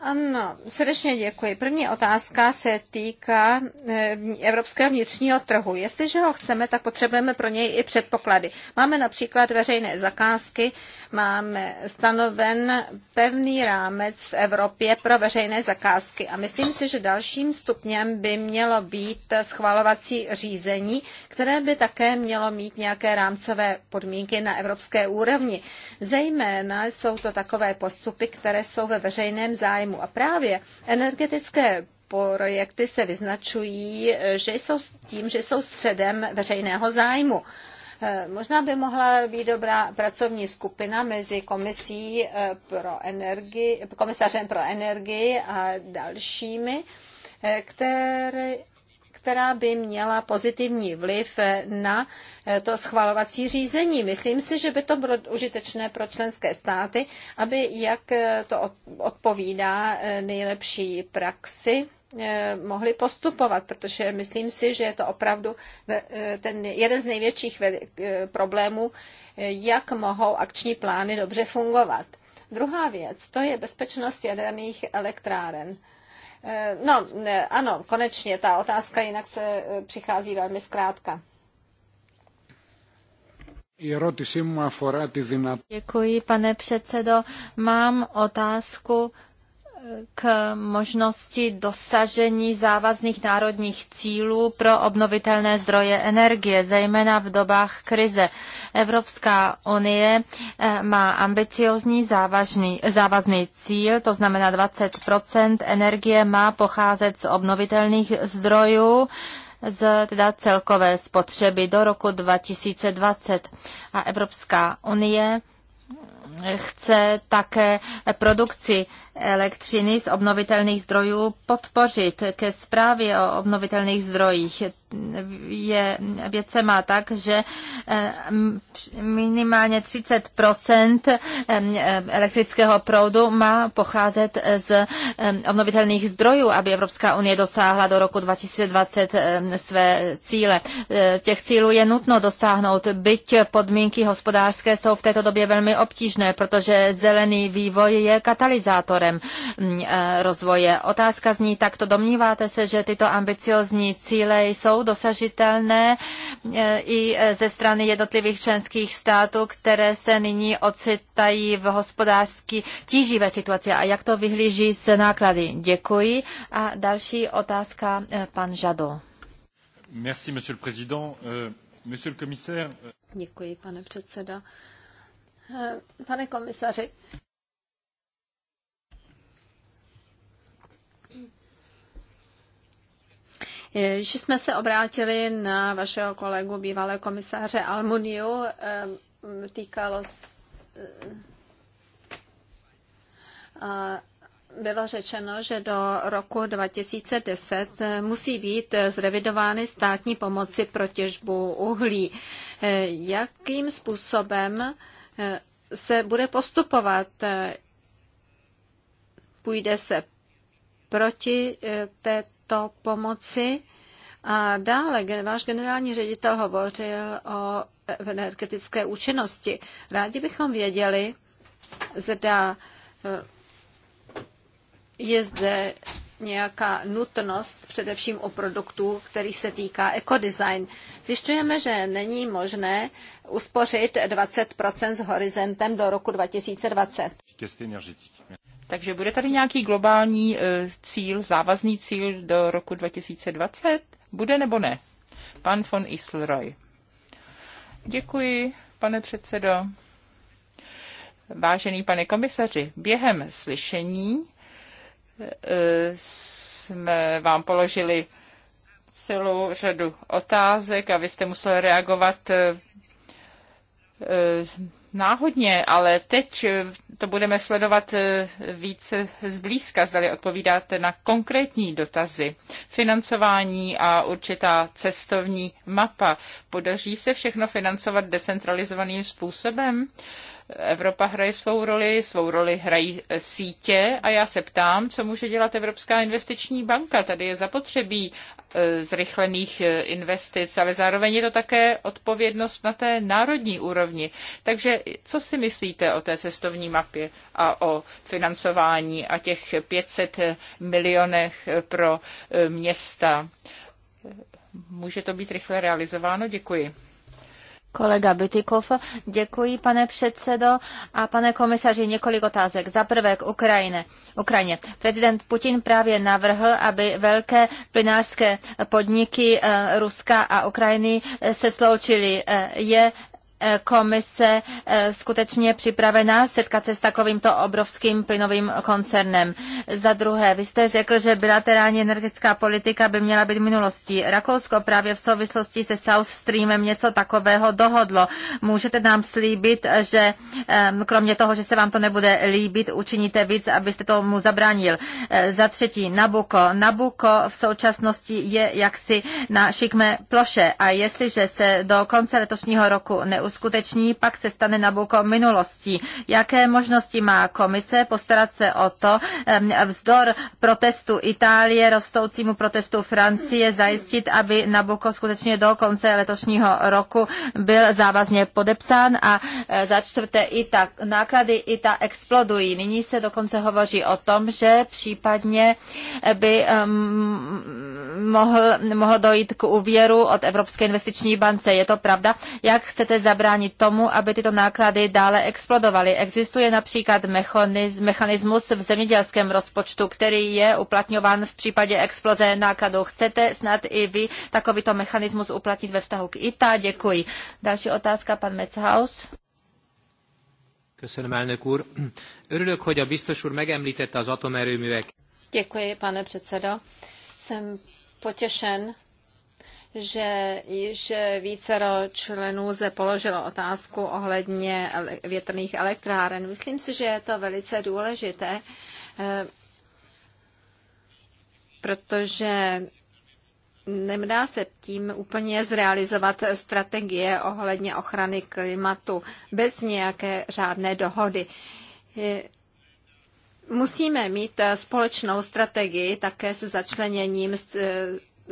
Ano, srdečně děkuji. První otázka se týká eh, evropského vnitřního trhu. Jestliže ho chceme, tak potřebujeme pro něj i předpoklady. Máme například veřejné zakázky, máme stanoven pevný rámec v Evropě pro veřejné zakázky a myslím si, že dalším stupněm by mělo být schvalovací řízení, které by také mělo mít nějaké rámcové podmínky na evropské úrovni. Zejména jsou to takové postupy, které jsou ve veřejném zájmu zájmu. A právě energetické projekty se vyznačují, že jsou tím, že jsou středem veřejného zájmu. Eh, možná by mohla být dobrá pracovní skupina mezi komisí eh, pro energii, komisařem pro energii a dalšími, eh, které která by měla pozitivní vliv eh, na eh, to schvalovací řízení. Myslím si, že by to bylo užitečné pro členské státy, aby jak eh, to odpovídá nejlepší praxi mohli postupovat, protože myslím si, že je to opravdu ten jeden z největších problémů, jak mohou akční plány dobře fungovat. Druhá věc, to je bezpečnost jaderných elektráren. Eh, no, ne, ano, konečně ta otázka, jinak se eh, přichází velmi zkrátka. Děkuji, pane předsedo. Mám otázku k možnosti dosažení závazných národních cílů pro obnovitelné zdroje energie, zejména v dobách krize. Evropská unie eh, má ambiciozní závažný, závazný cíl, to znamená 20 energie má pocházet z obnovitelných zdrojů z teda celkové spotřeby do roku 2020. A Evropská unie chce také produkci elektřiny z obnovitelných zdrojů podpořit ke zprávě o obnovitelných zdrojích je vědce má tak, že eh, minimálně 30 eh, eh, elektrického proudu má pocházet z obnovitelných zdrojů, aby Evropská unie dosáhla do roku 2020 své cíle. Těch cílů je nutno dosáhnout, byť podmínky hospodářské jsou v této době velmi obtížné, protože zelený vývoj je katalyzátorem mm, rozvoje. Otázka zní takto. Domníváte se, že tyto ambiciozní cíle jsou jsou dosažitelné e, i ze strany jednotlivých členských států, které se nyní ocitají v hospodářsky tíživé situaci a jak to vyhlíží s náklady. Děkuji. A další otázka, e, pan Žado. Merci, monsieur le président. E, monsieur le commissaire. Děkuji, pane předseda. Pane komisaři, Eh, že jsme se obrátili na vašeho kolegu, bývalého komisáře Almuniu. Eh, týkalo eh, bylo řečeno, že do roku 2010 musí být zrevidovány státní pomoci pro těžbu uhlí. Jakým způsobem se bude postupovat? Půjde se proti eh, této pomoci. A dále váš generální ředitel hovořil o energetické účinnosti. Rádi bychom věděli, zda eh, je zde nějaká nutnost, především o produktů, který se týká ekodesign. Zjišťujeme, že není možné uspořit 20 s horizontem do roku 2020. Takže bude tady nějaký globální eh, cíl, závazný cíl do roku 2020? Bude nebo ne? Pan von Isleroy. Děkuji, pane předsedo. Vážený pane komisaři, během slyšení eh, jsme vám položili celou řadu otázek a vy jste musel reagovat eh, náhodně, ale teď eh, to budeme sledovat eh, více zblízka, zdali odpovídáte na konkrétní dotazy. Financování a určitá cestovní mapa. Podaří se všechno financovat decentralizovaným způsobem? Uh, Evropa hraje svou roli, svou roli hrají sítě a já se ptám, co může dělat Evropská investiční banka. Tady je zapotřebí e, zrychlených e, investic, ale zároveň je to také odpovědnost na té národní úrovni. Takže co si myslíte o té cestovní mapě a o financování a těch 500 milionech pro e, města? Může to být rychle realizováno? Děkuji. Kolega Bytykov, děkuji, pane předsedo. A pane komisaři, několik otázek. Za prvé k Ukrajine. Ukrajině. Prezident Putin právě navrhl, aby velké plynářské podniky eh, Ruska a Ukrajiny eh, se sloučily. Eh, je komise eh, skutečně připravena setkat se s takovýmto obrovským plynovým koncernem. Za druhé, vy jste řekl, že bilaterální energetická politika by měla být minulostí. Rakousko právě v souvislosti se South Streamem něco takového dohodlo. Můžete nám slíbit, že eh, kromě toho, že se vám to nebude líbit, učiníte víc, abyste tomu zabránil. Eh, za třetí, Nabuko. Nabuko v současnosti je jaksi na šikmé ploše a jestliže se do konce letošního roku neustále uskuteční, pak se stane Nabucco minulostí. Jaké možnosti má komise postarat se o to, vzdor protestu Itálie, rostoucímu protestu Francie, zajistit, aby Nabucco skutečně do konce letošního roku byl závazně podepsán a e, za čtvrté i tak náklady i ta explodují. Nyní se dokonce hovoří o tom, že případně by mohl, mohl, mohlo dojít k úvěru od Evropské investiční bance. Je to pravda? Jak chcete zabít zabránit tomu, aby tyto náklady dále explodovaly. Existuje například mechanismus v zemědělském rozpočtu, který je uplatňován v případě exploze nákladů. Chcete snad i vy takovýto mechanismus uplatnit ve vztahu k ITA? Děkuji. Další otázka, pan Metzhaus. Köszönöm, elnök úr. Örülök, hogy a biztos úr megemlítette az atomerőművek. Děkuji, pane předsedo. Jsem potěšen, že již vícero členů zde položilo otázku ohledně větrných elektráren. Myslím si, že je to velice důležité, eh, protože nedá se tím úplně zrealizovat strategie ohledně ochrany klimatu bez nějaké řádné dohody. Eh, musíme mít společnou strategii také se začleněním eh,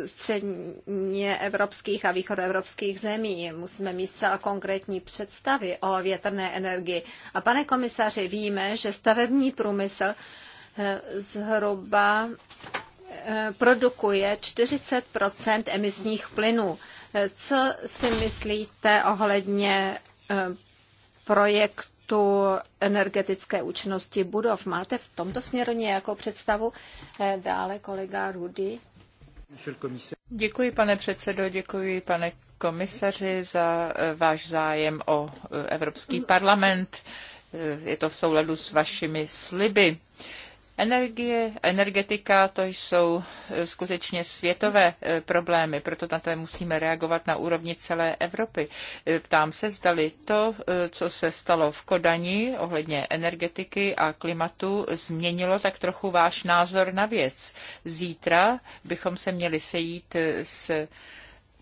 středně evropských a východoevropských zemí. Musíme mít zcela konkrétní představy o větrné energii. A pane komisaři, víme, že stavební průmysl eh, zhruba eh, produkuje 40 emisních plynů. Eh, co si myslíte ohledně projektu energetické účinnosti budov? Máte v tomto směru nějakou představu? Dále kolega Rudy. Děkuji, pane předsedo, děkuji, pane komisaři, za eh, váš zájem o eh, Evropský parlament. Eh, je to v souladu s vašimi sliby. Energie, energetika, to jsou eh, skutečně světové eh, problémy, proto na to musíme reagovat na úrovni celé Evropy. Eh, ptám se, zdali to, co se stalo v Kodani ohledně energetiky a klimatu, změnilo tak trochu váš názor na věc. Zítra bychom se měli sejít s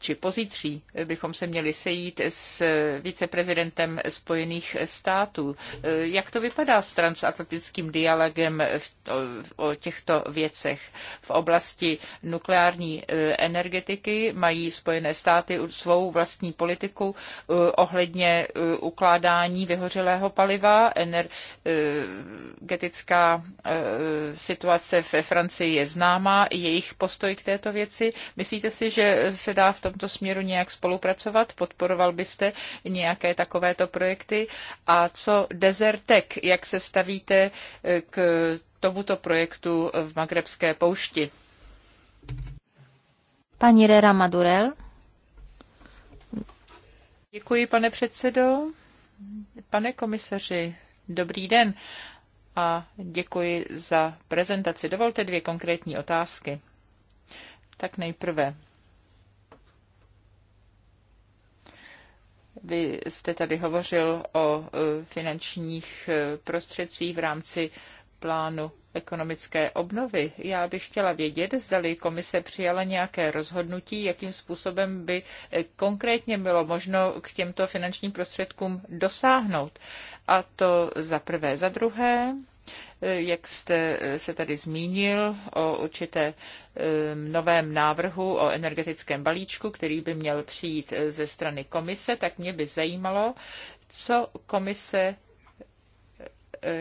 či pozítří bychom se měli sejít s viceprezidentem Spojených států. Jak to vypadá s transatlantickým dialogem o těchto věcech? V oblasti nukleární e, energetiky mají Spojené státy svou vlastní politiku e, ohledně e, ukládání vyhořelého paliva. Energetická situace ve Francii je známá, jejich postoj k této věci. Myslíte si, že se dá v tom tomto směru nějak spolupracovat? Podporoval byste nějaké takovéto projekty? A co Desertek? Jak se stavíte eh, k tomuto projektu v Magrebské poušti? Paní Rera Madurel. Děkuji, pane předsedo. Pane komisaři, dobrý den a děkuji za prezentaci. Dovolte dvě konkrétní otázky. Tak nejprve, Vy jste tady hovořil o e, finančních e, prostředcích v rámci plánu ekonomické obnovy. Já bych chtěla vědět, zdali komise přijala nějaké rozhodnutí, jakým způsobem by e, konkrétně bylo možno k těmto finančním prostředkům dosáhnout. A to za prvé. Za druhé, jak jste eh, se tady zmínil o určité eh, novém návrhu o energetickém balíčku, který by měl přijít eh, ze strany komise, tak mě by zajímalo, co komise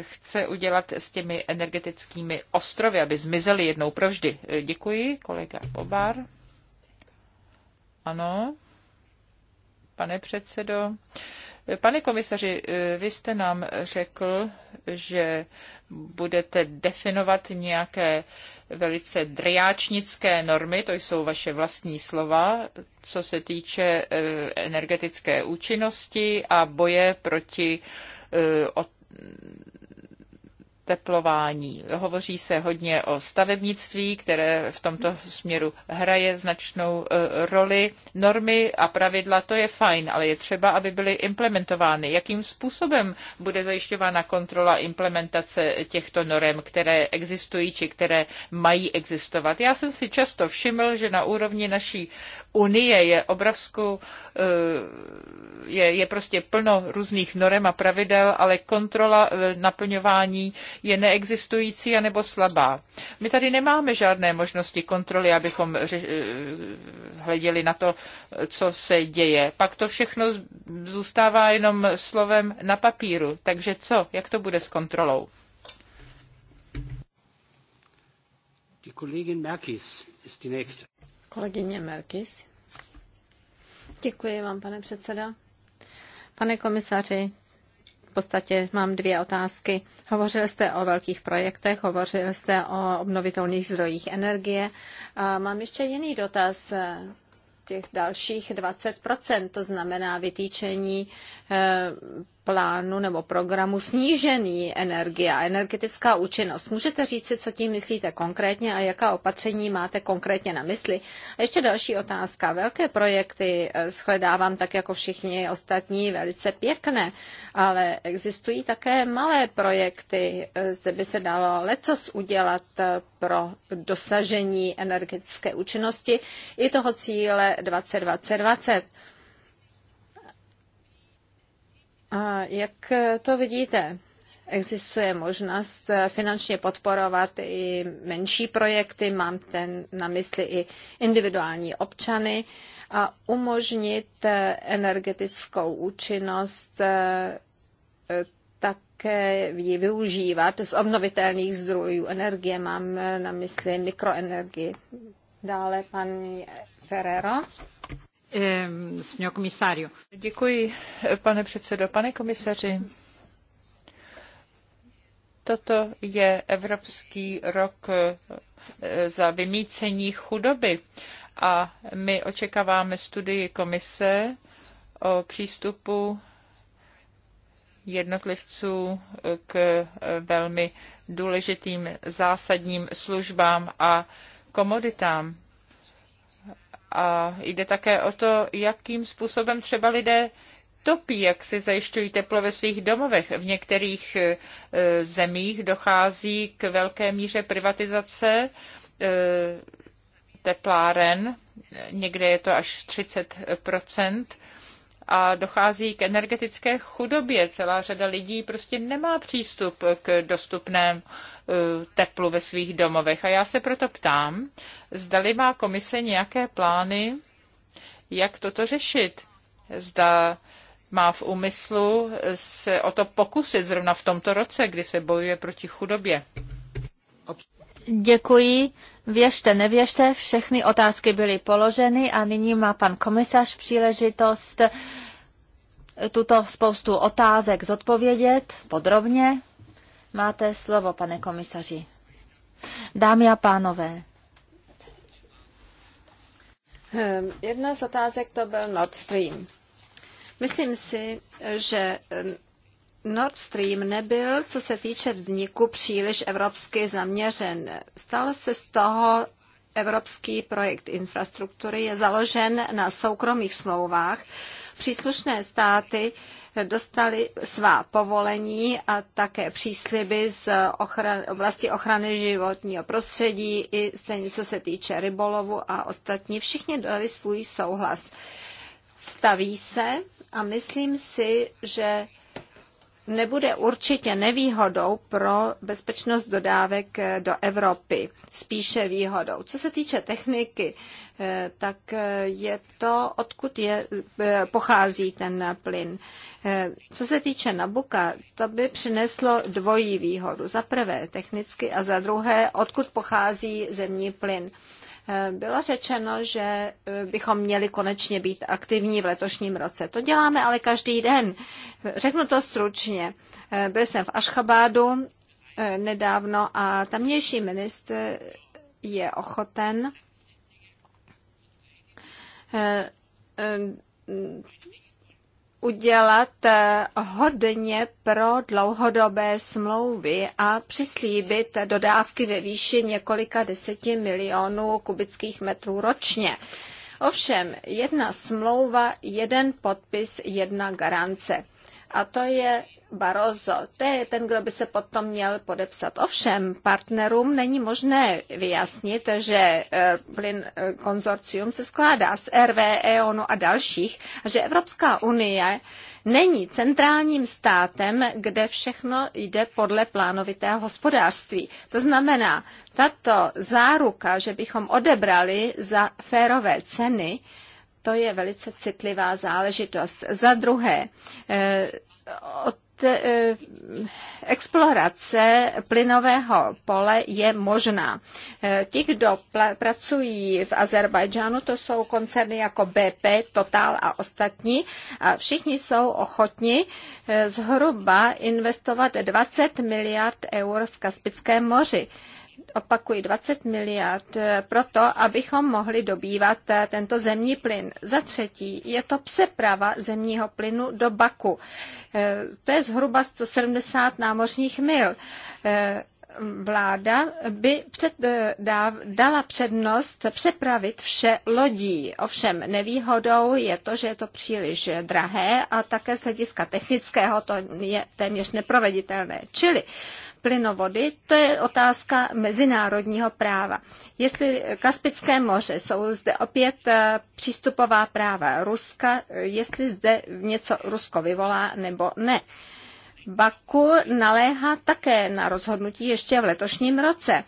chce udělat s těmi energetickými ostrovy, aby zmizely jednou provždy. Děkuji, kolega Bobar. Ano, pane předsedo. Pane komisaři, eh, vy jste nám řekl, že budete definovat nějaké velice driáčnické normy, to jsou vaše vlastní slova, co se týče eh, energetické účinnosti a boje proti eh, oteplování. Hovoří se hodně o stavebnictví, které v tomto směru hraje značnou e, roli. Normy a pravidla, to je fajn, ale je třeba, aby byly implementovány. Jakým způsobem bude zajišťována kontrola implementace těchto norm, které existují či které mají existovat? Já jsem si často všiml, že na úrovni naší unie je obrovskou, e, je, je prostě plno různých norem a pravidel, ale kontrola e, naplňování je neexistující anebo slabá. My tady nemáme žádné možnosti kontroly, abychom hleděli na to, co se děje. Pak to všechno zůstává jenom slovem na papíru. Takže co? Jak to bude s kontrolou? Kolegyně Merkis ist die nächste. Kolegyně Merkis. Děkuji vám, pane předseda. Pane komisaři, v podstatě mám dvě otázky. Hovořil jste o velkých projektech, hovořil jste o obnovitelných zdrojích energie. A mám ještě jiný dotaz eh, těch dalších 20 to znamená vytýčení eh, plánu nebo programu snížený energie a energetická účinnost. Můžete říct co tím myslíte konkrétně a jaká opatření máte konkrétně na mysli? A ještě další otázka. Velké projekty eh, shledávám tak jako všichni ostatní velice pěkné, ale existují také malé projekty. Eh, zde by se dalo lecos udělat eh, pro dosažení energetické účinnosti i toho cíle 2020. 20, a jak to vidíte? Existuje možnost eh, finančně podporovat i menší projekty, mám ten na mysli i individuální občany, a umožnit eh, energetickou účinnost eh, také ji využívat z obnovitelných zdrojů energie, mám na mysli mikroenergii. Dále pan Ferrero pane předsedající Pane komisaři, toto je Evropský rok eh, za vymícení chudoby a my očekáváme studii komise o přístupu jednotlivců k eh, velmi důležitým zásadním službám a komoditám. A jde také o to, jakým způsobem třeba lidé topí, jak si zajišťují teplo ve svých domovech. V některých e, zemích dochází k velké míře privatizace e, tepláren, někde je to až 30 a dochází k energetické chudobě. Celá řada lidí prostě nemá přístup k dostupnému eh, teplu ve svých domovech. A já se proto ptám, zdali má komise nějaké plány, jak toto řešit. Zda má v úmyslu se o to pokusit zrovna v tomto roce, kdy se bojuje proti chudobě. Děkuji. Věřte, nevěřte, všechny otázky byly položeny a nyní má pan komisař příležitost tuto spoustu otázek zodpovědět podrobně. Máte slovo, pane komisaři. Dámy a pánové. Ehm, jedna z otázek to byl Nord Stream. Myslím si, že ehm, Nord Stream nebyl, co se týče vzniku, příliš evropsky zaměřen. Stal se z toho evropský projekt infrastruktury, je založen na soukromých smlouvách. Příslušné státy dostali svá povolení a také přísliby z ochran- oblasti ochrany životního prostředí i stejně co se týče rybolovu a ostatní. Všichni dali svůj souhlas. Staví se a myslím si, že nebude určitě nevýhodou pro bezpečnost dodávek eh, do Evropy, spíše výhodou. Co se týče techniky, eh, tak eh, je to, odkud je, pochází ten plyn. Co se týče Nabuka, to by přineslo dvojí výhodu. Za prvé technicky a za druhé, odkud pochází zemní plyn. Eh, bylo řečeno, že eh, bychom měli konečně být aktivní v letošním roce. To děláme ale každý den. Řeknu to stručně. Eh, byl jsem v Ašchabádu nedávno a tamnější ministr je ochoten udělat eh, hodně pro dlouhodobé smlouvy a přislíbit dodávky ve výši několika deseti milionů kubických metrů ročně. Ovšem, jedna smlouva, jeden podpis, jedna garance. A to je Barozo, To je ten, kdo by se potom měl podepsat. Ovšem, partnerům není možné vyjasnit, že eh, plyn eh, konzorcium se skládá z RV, EONu a dalších, a že Evropská unie není centrálním státem, kde všechno jde podle plánovitého hospodářství. To znamená, tato záruka, že bychom odebrali za férové ceny, to je velice citlivá záležitost. Za druhé, eh, od Eh, explorace plynového pole je možná. Eh, ti, kdo pracují v Azerbajdžánu, to jsou koncerny jako BP, Total a ostatní. A všichni jsou ochotni eh, zhruba investovat 20 miliard eur v Kaspickém moři opakuji, 20 miliard eh, pro to, abychom mohli dobývat eh, tento zemní plyn. Za třetí je to přeprava zemního plynu do Baku. Eh, to je zhruba 170 námořních mil vláda by před, dáv, dala přednost přepravit vše lodí. Ovšem nevýhodou je to, že je to příliš drahé a také z hlediska technického to je téměř neproveditelné. Čili plynovody, to je otázka mezinárodního práva. Jestli Kaspické moře jsou zde opět eh, přístupová práva Ruska, jestli zde něco Rusko vyvolá nebo ne. Baku naléhá také na rozhodnutí ještě v letošním roce.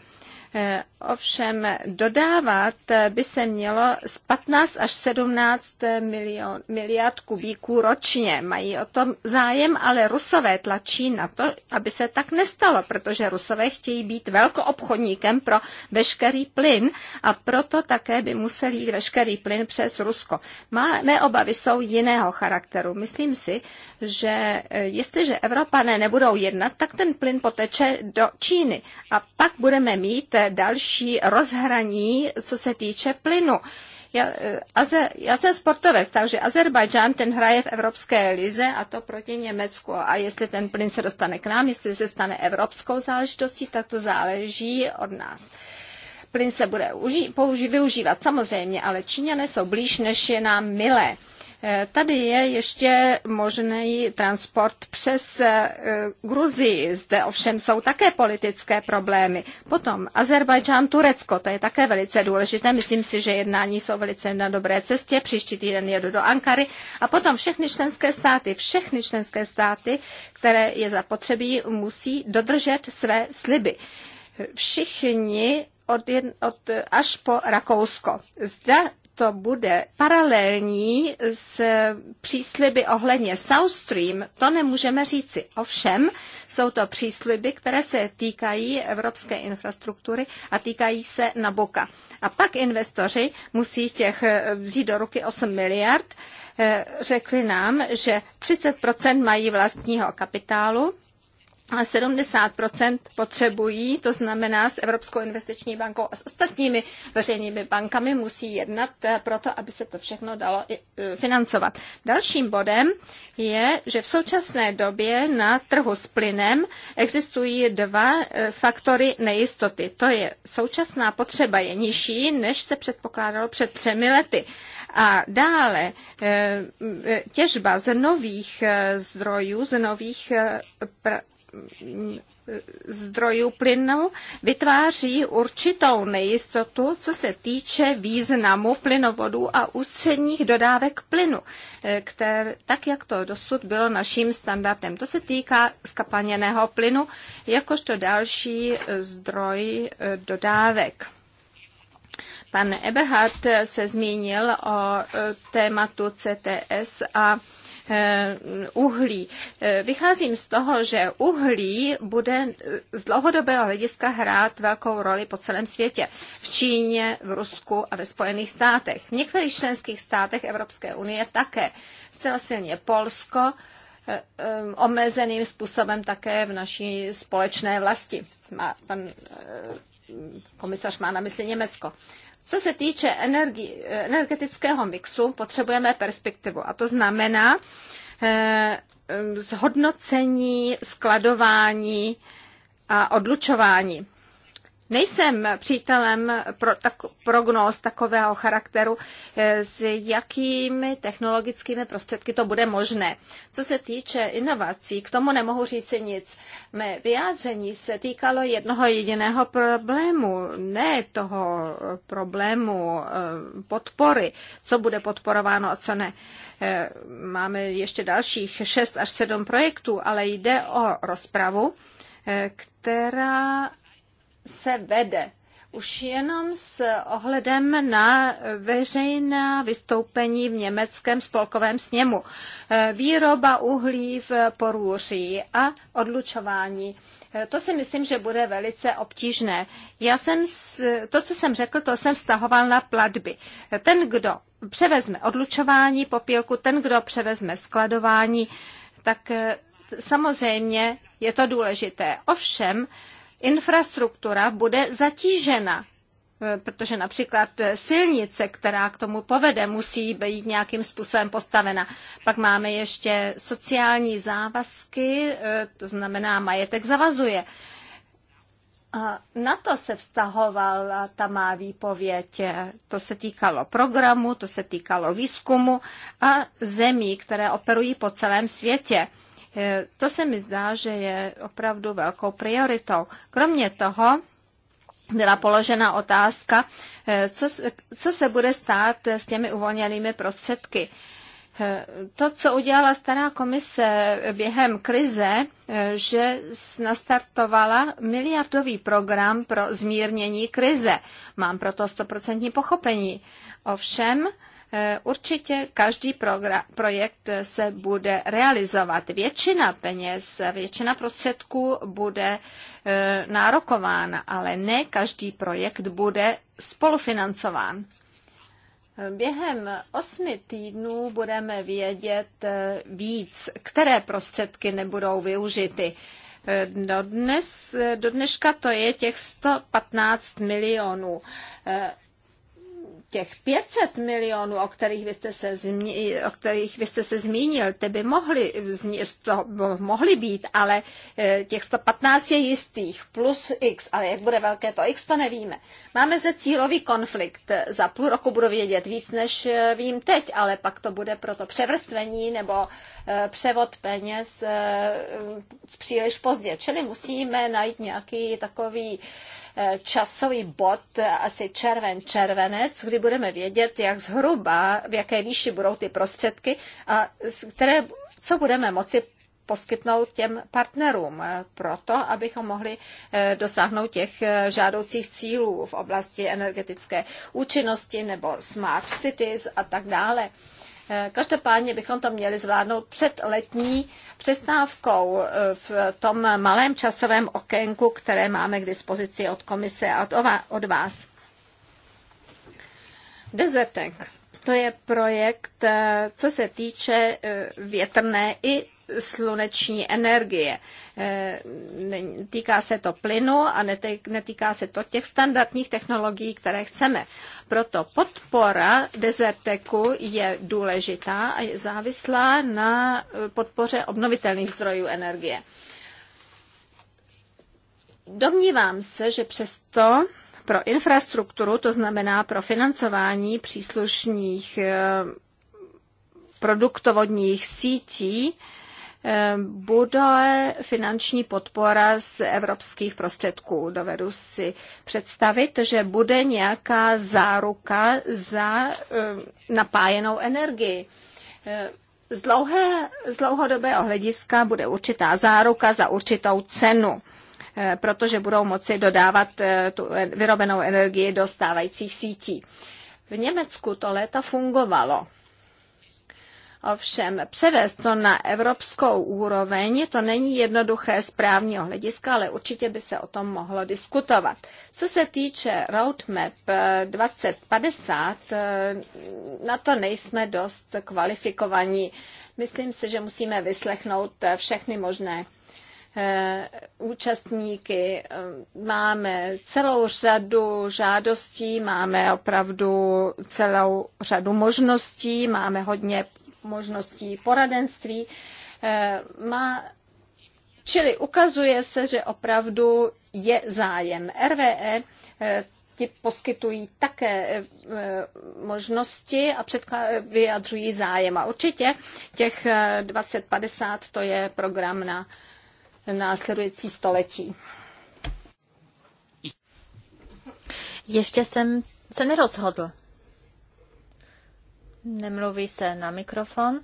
Eh, ovšem dodávat eh, by se mělo z 15 až 17 eh, milion, miliard kubíků ročně. Mají o tom zájem, ale rusové tlačí na to, aby se tak nestalo, protože rusové chtějí být velkoobchodníkem pro veškerý plyn a proto také by musel jít veškerý plyn přes Rusko. Má, mé obavy jsou jiného charakteru. Myslím si, že jestliže Evropané nebudou jednat, tak ten plyn poteče do Číny a pak budeme mít další rozhraní, co se týče plynu. Já, eh, já jsem sportovec, takže Azerbajdžán ten hraje v Evropské lize a to proti Německu. A jestli ten plyn se dostane k nám, jestli se stane evropskou záležitostí, tak to záleží od nás. Plyn se bude uži, použi, využívat samozřejmě, ale Číňané jsou blíž, než je nám milé. Eh, tady je ještě možný transport přes eh, Gruzii. Zde ovšem jsou také politické problémy. Potom Azerbajdžán, Turecko, to je také velice důležité. Myslím si, že jednání jsou velice na dobré cestě. Příští týden jedu do Ankary. A potom všechny členské státy, všechny členské státy, které je zapotřebí, musí dodržet své sliby. Všichni od, jed, od, až po Rakousko. Zda to bude paralelní s přísliby ohledně South Stream, to nemůžeme říci. Ovšem, jsou to přísliby, které se týkají evropské infrastruktury a týkají se Naboka. A pak investoři musí těch eh, vzít do ruky 8 miliard, eh, řekli nám, že 30% mají vlastního kapitálu, 70 potřebují, to znamená s Evropskou investiční bankou a s ostatními veřejnými bankami musí jednat eh, proto, aby se to všechno dalo eh, financovat. Dalším bodem je, že v současné době na trhu s plynem existují dva eh, faktory nejistoty. To je současná potřeba je nižší, než se předpokládalo před třemi lety. A dále těžba z nových zdrojů, z nových pr- zdrojů plynu vytváří určitou nejistotu, co se týče významu plynovodů a ústředních dodávek plynu, eh, které, tak jak to dosud bylo naším standardem. To se týká skapaněného plynu jakožto další eh, zdroj eh, dodávek. Pan Eberhard se zmínil o tématu CTS a Eh, uhlí. Eh, vycházím z toho, že uhlí bude z dlouhodobého hlediska hrát velkou roli po celém světě. V Číně, v Rusku a ve Spojených státech. V některých členských státech Evropské unie také. Zcela silně Polsko, eh, omezeným způsobem také v naší společné vlasti. Má, pan komisař má na mysli Německo. Co se týče energi- energetického mixu, potřebujeme perspektivu. A to znamená eh, zhodnocení, skladování a odlučování. Nejsem přítelem pro, tak, prognóz takového charakteru, eh, s jakými technologickými prostředky to bude možné. Co se týče inovací, k tomu nemohu říci nic. Mé vyjádření se týkalo jednoho jediného problému, ne toho problému eh, podpory, co bude podporováno a co ne eh, máme ještě dalších šest až sedm projektů, ale jde o rozpravu, která se vede. Už jenom s ohledem na veřejná vystoupení v německém spolkovém sněmu. E, výroba uhlí v Porůří a odlučování. E, to si myslím, že bude velice obtížné. Já jsem, to, co jsem řekl, to jsem vztahoval na platby. E, ten, kdo převezme odlučování popílku, ten, kdo převezme skladování, tak samozřejmě je to důležité. Ovšem, infrastruktura bude zatížena eh, protože například eh, silnice, která k tomu povede, musí být nějakým způsobem postavena. Pak máme ještě sociální závazky, eh, to znamená majetek zavazuje. A na to se vztahovala ta má výpověď. To se týkalo programu, to se týkalo výzkumu a zemí, které operují po celém světě. Eh, to se mi zdá, že je opravdu velkou prioritou. Kromě toho byla položena otázka, eh, co, co se bude stát s těmi uvolněnými prostředky. Eh, to, co udělala stará komise během krize, že nastartovala miliardový program pro zmírnění krize. Mám proto stoprocentní pochopení. Ovšem, Eh, určitě každý projekt se bude realizovat. Většina peněz, většina prostředků bude eh, nárokována, ale ne každý projekt bude spolufinancován. Během osmi týdnů budeme vědět eh, víc, které prostředky nebudou využity. Do, dnes, do dneška to je těch 115 milionů těch 500 milionů, o kterých vy jste se, zmi, o kterých vy jste se zmínil, ty by mohly, z mohly být, ale eh, těch 115 je jistých, plus x, ale jak bude velké to x, to nevíme. Máme zde cílový konflikt. Za půl roku budu vědět víc, než eh, vím teď, ale pak to bude pro to převrstvení nebo eh, převod peněz příliš pozdě. Čili musíme najít nějaký takový časový bod asi červen, červenec, kdy budeme vědět, jak zhruba, v jaké výši budou ty prostředky a které, co budeme moci poskytnout těm partnerům pro to, abychom mohli eh, dosáhnout těch eh, žádoucích cílů v oblasti energetické účinnosti nebo smart cities a tak dále. Eh, každopádně bychom to měli zvládnout před letní přestávkou eh, v tom malém časovém okénku, které máme k dispozici od komise a od vás. Desertek. To je projekt, eh, co se týče větrné i sluneční energie. E, týká se to plynu a netýká se to těch standardních technologií, které chceme. Proto podpora dezerteku je důležitá a je závislá na podpoře obnovitelných zdrojů energie. Domnívám se, že přesto pro infrastrukturu, to znamená pro financování příslušných e, produktovodních sítí, bude finanční podpora z evropských prostředků. Dovedu si představit, že bude nějaká záruka za eh, napájenou energii. Eh, z, dlouhé, z dlouhodobého hlediska bude určitá záruka za určitou cenu eh, protože budou moci dodávat tu vyrobenou energii do stávajících sítí. V Německu to léta fungovalo. Ovšem převést to na evropskou úroveň, to není jednoduché z právního hlediska, ale určitě by se o tom mohlo diskutovat. Co se týče roadmap 2050, eh, eh, na to nejsme dost kvalifikovaní. Myslím si, že musíme vyslechnout eh, všechny možné účastníky. Máme celou řadu žádostí, máme opravdu celou řadu možností, máme hodně možností poradenství. Eh, má, čili ukazuje se, že opravdu je zájem. RVE eh, ti poskytují také eh, možnosti a vyjadřují zájem. A určitě těch 2050 to je program na následující století. Ještě jsem se nerozhodl. Nemluví se na mikrofon.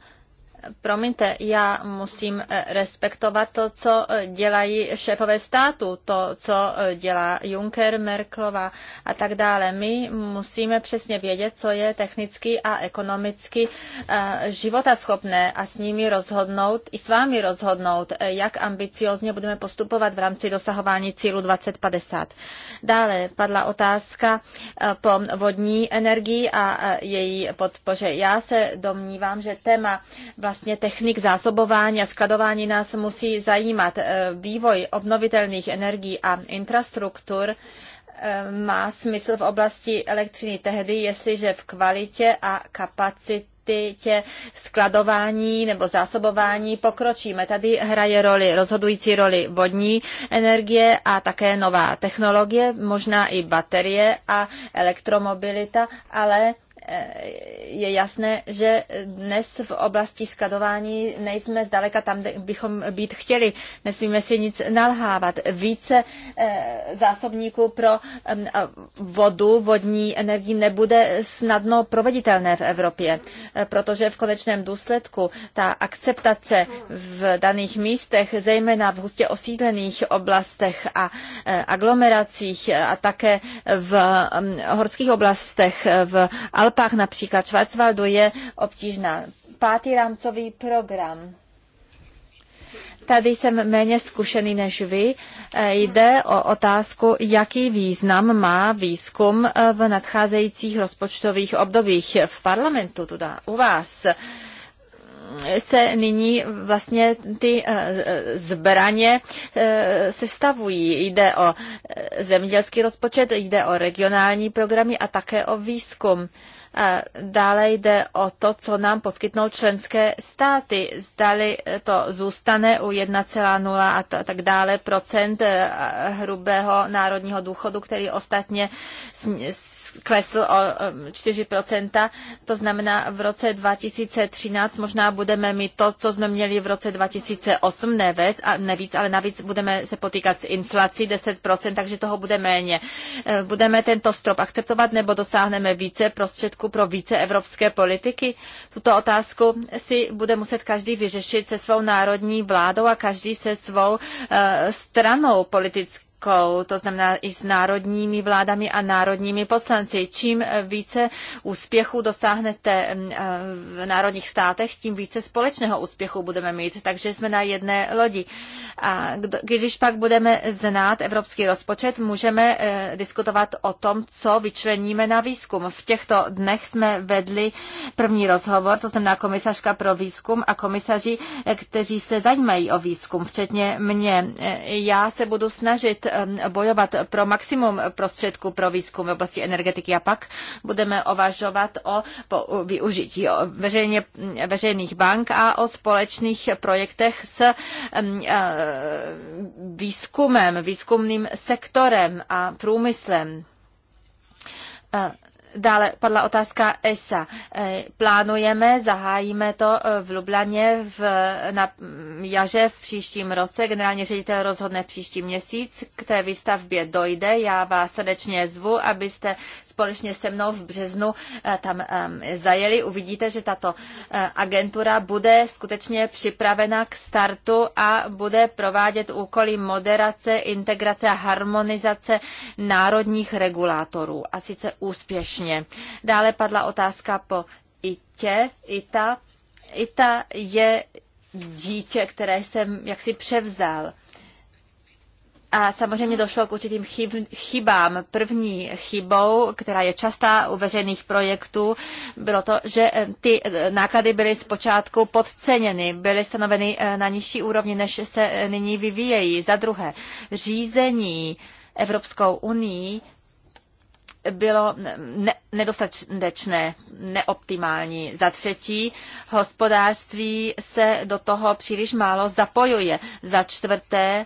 Promiňte, já musím eh, respektovat to, co eh, dělají šéfové státu, to, co eh, dělá Juncker, Merklova a tak dále. My musíme přesně vědět, co je technicky a ekonomicky životaschopné a s nimi rozhodnout, i s vámi rozhodnout, jak ambiciozně budeme postupovat v rámci dosahování cílu 2050. Dále padla otázka po vodní energii a její podpoře. Já se domnívám, že téma vlastně vlastně technik zásobování a skladování nás musí zajímat. E, vývoj obnovitelných energií a infrastruktur e, má smysl v oblasti elektřiny tehdy, jestliže v kvalitě a kapacitě tě skladování nebo zásobování pokročíme. Tady hraje roli, rozhodující roli vodní energie a také nová technologie, možná i baterie a elektromobilita, ale je jasné, že dnes v oblasti skladování nejsme zdaleka tam, kde bychom být chtěli. Nesmíme si nic nalhávat. Více eh, zásobníků pro eh, vodu, vodní energii nebude snadno proveditelné v Evropě, eh, protože v konečném důsledku ta akceptace v daných místech, zejména v hustě osídlených oblastech a aglomeracích a také v hm, horských oblastech, v Alpách, Alpách, například Schwarzwaldu, je obtížná. Pátý rámcový program tady jsem méně zkušený než vy. E, jde o otázku, jaký význam má výzkum e, v nadcházejících rozpočtových obdobích v parlamentu, teda u vás se nyní vlastně ty eh, zbraně eh, sestavují. Jde o eh, zemědělský rozpočet, jde o regionální programy a také o výzkum. Dále jde o to, co nám poskytnou členské státy. Zdali to zůstane u 1,0 a tak dále procent hrubého národního důchodu, který ostatně klesl o 4%, to znamená v roce 2013 možná budeme mít to, co jsme měli v roce 2008, nevíc, a nevíc ale navíc budeme se potýkat s inflací 10%, takže toho bude méně. E, budeme tento strop akceptovat nebo dosáhneme více prostředků pro více evropské politiky? Tuto otázku si bude muset každý vyřešit se svou národní vládou a každý se svou e, stranou politickou politikou, to znamená i s národními vládami a národními poslanci. Čím více úspěchu dosáhnete mm, eh, v národních státech, tím více společného úspěchu budeme mít. Takže jsme na jedné lodi. A když pak budeme znát evropský rozpočet, můžeme eh, diskutovat o tom, co vyčleníme na výzkum. V těchto dnech jsme vedli první rozhovor, to znamená komisařka pro výzkum a komisaři, eh, kteří se zajímají o výzkum, včetně mě. Já se budu snažit Um, bojovat pro maximum prostředků pro výzkum v oblasti energetiky a pak budeme ovažovat o využití veřejně, veřejných bank a o společných projektech s um, uh, výzkumem, výzkumným sektorem a průmyslem uh, Dále padla otázka ESA. Eh, plánujeme, zahájíme to eh, v Lublaně v, na jaře v příštím roce. Generální ředitel rozhodne příští měsíc. K té výstavbě dojde. Já vás srdečně zvu, abyste společně se mnou v březnu eh, tam zajeli. Uvidíte, že tato eh, agentura bude skutečně připravena k startu a bude provádět úkoly moderace, integrace a harmonizace národních regulátorů. A sice úspěšně. Dále padla otázka po ITě. ITA. ITA je dítě, které jsem jaksi převzal a samozřejmě došlo k určitým chyb, chybám. První chybou, která je častá u veřejných projektů, bylo to, že eh, ty eh, náklady byly zpočátku podceněny, byly stanoveny eh, na nižší úrovni, než se nyní vyvíjejí. Za druhé, řízení Evropskou unii bylo ne, nedostatečné, neoptimální. Za třetí, hospodářství se do toho příliš málo zapojuje. Za čtvrté,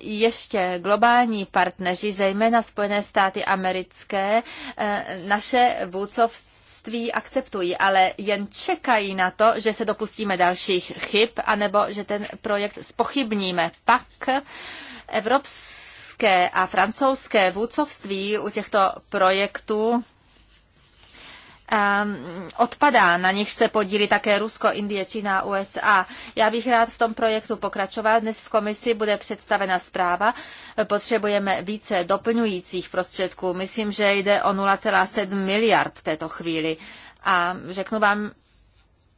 ještě globální partneři, zejména Spojené státy americké, eh, naše vůdcovství akceptují, ale jen čekají na to, že se dopustíme dalších chyb, anebo že ten projekt spochybníme. Pak evropské a francouzské vůdcovství u těchto projektů Ehm, odpadá, na nich se podílí také Rusko, Indie, Čína, USA. Já bych rád v tom projektu pokračoval. Dnes v komisi bude představena zpráva. Potřebujeme více doplňujících prostředků. Myslím, že jde o 0,7 miliard v této chvíli. A řeknu vám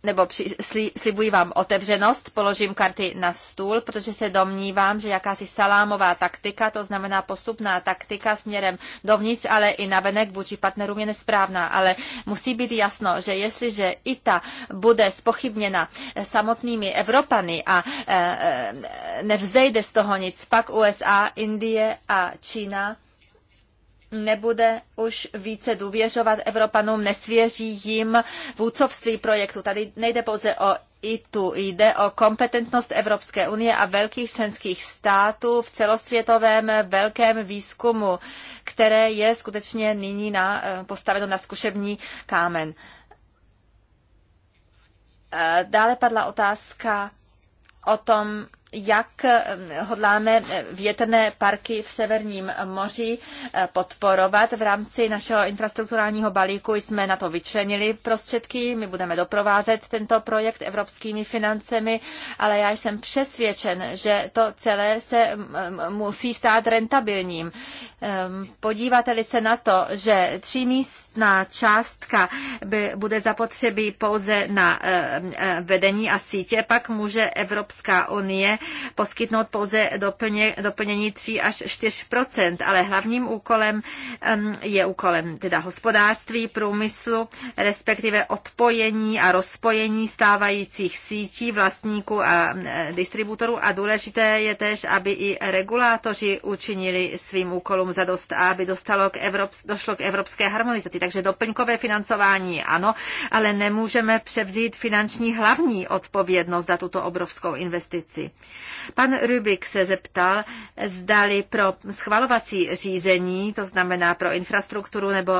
nebo při, slibuji vám otevřenost, položím karty na stůl, protože se domnívám, že jakási salámová taktika, to znamená postupná taktika směrem dovnitř, ale i navenek vůči partnerům je nesprávná. Ale musí být jasno, že jestliže i ta bude spochybněna samotnými Evropany a e, e nevzejde z toho nic, pak USA, Indie a Čína nebude už více důvěřovat Evropanům, nesvěří jim vůcovství projektu. Tady nejde pouze o tu jde o kompetentnost Evropské unie a velkých členských států v celosvětovém velkém výzkumu, které je skutečně nyní na, eh, postaveno na zkušební kámen. Eh, dále padla otázka o tom, jak eh, hodláme větrné parky v Severním moři eh, podporovat. V rámci našeho infrastrukturálního balíku jsme na to vyčlenili prostředky. My budeme doprovázet tento projekt evropskými financemi, ale já jsem přesvědčen, že to celé se mm, mm, musí stát rentabilním. Ehm, podíváte-li se na to, že třímístná částka by, bude zapotřebí pouze na ehm, ehm, vedení a sítě, pak může Evropská unie poskytnout pouze doplně, doplnění 3 až 4 ale hlavním úkolem je úkolem teda hospodářství, průmyslu, respektive odpojení a rozpojení stávajících sítí vlastníků a distributorů a důležité je tež, aby i regulátoři učinili svým úkolům za dost aby dostalo k Evrops- došlo k evropské harmonizaci. Takže doplňkové financování ano, ale nemůžeme převzít finanční hlavní odpovědnost za tuto obrovskou investici. Pan Rubik se zeptal, zdali pro schvalovací řízení, to znamená pro infrastrukturu nebo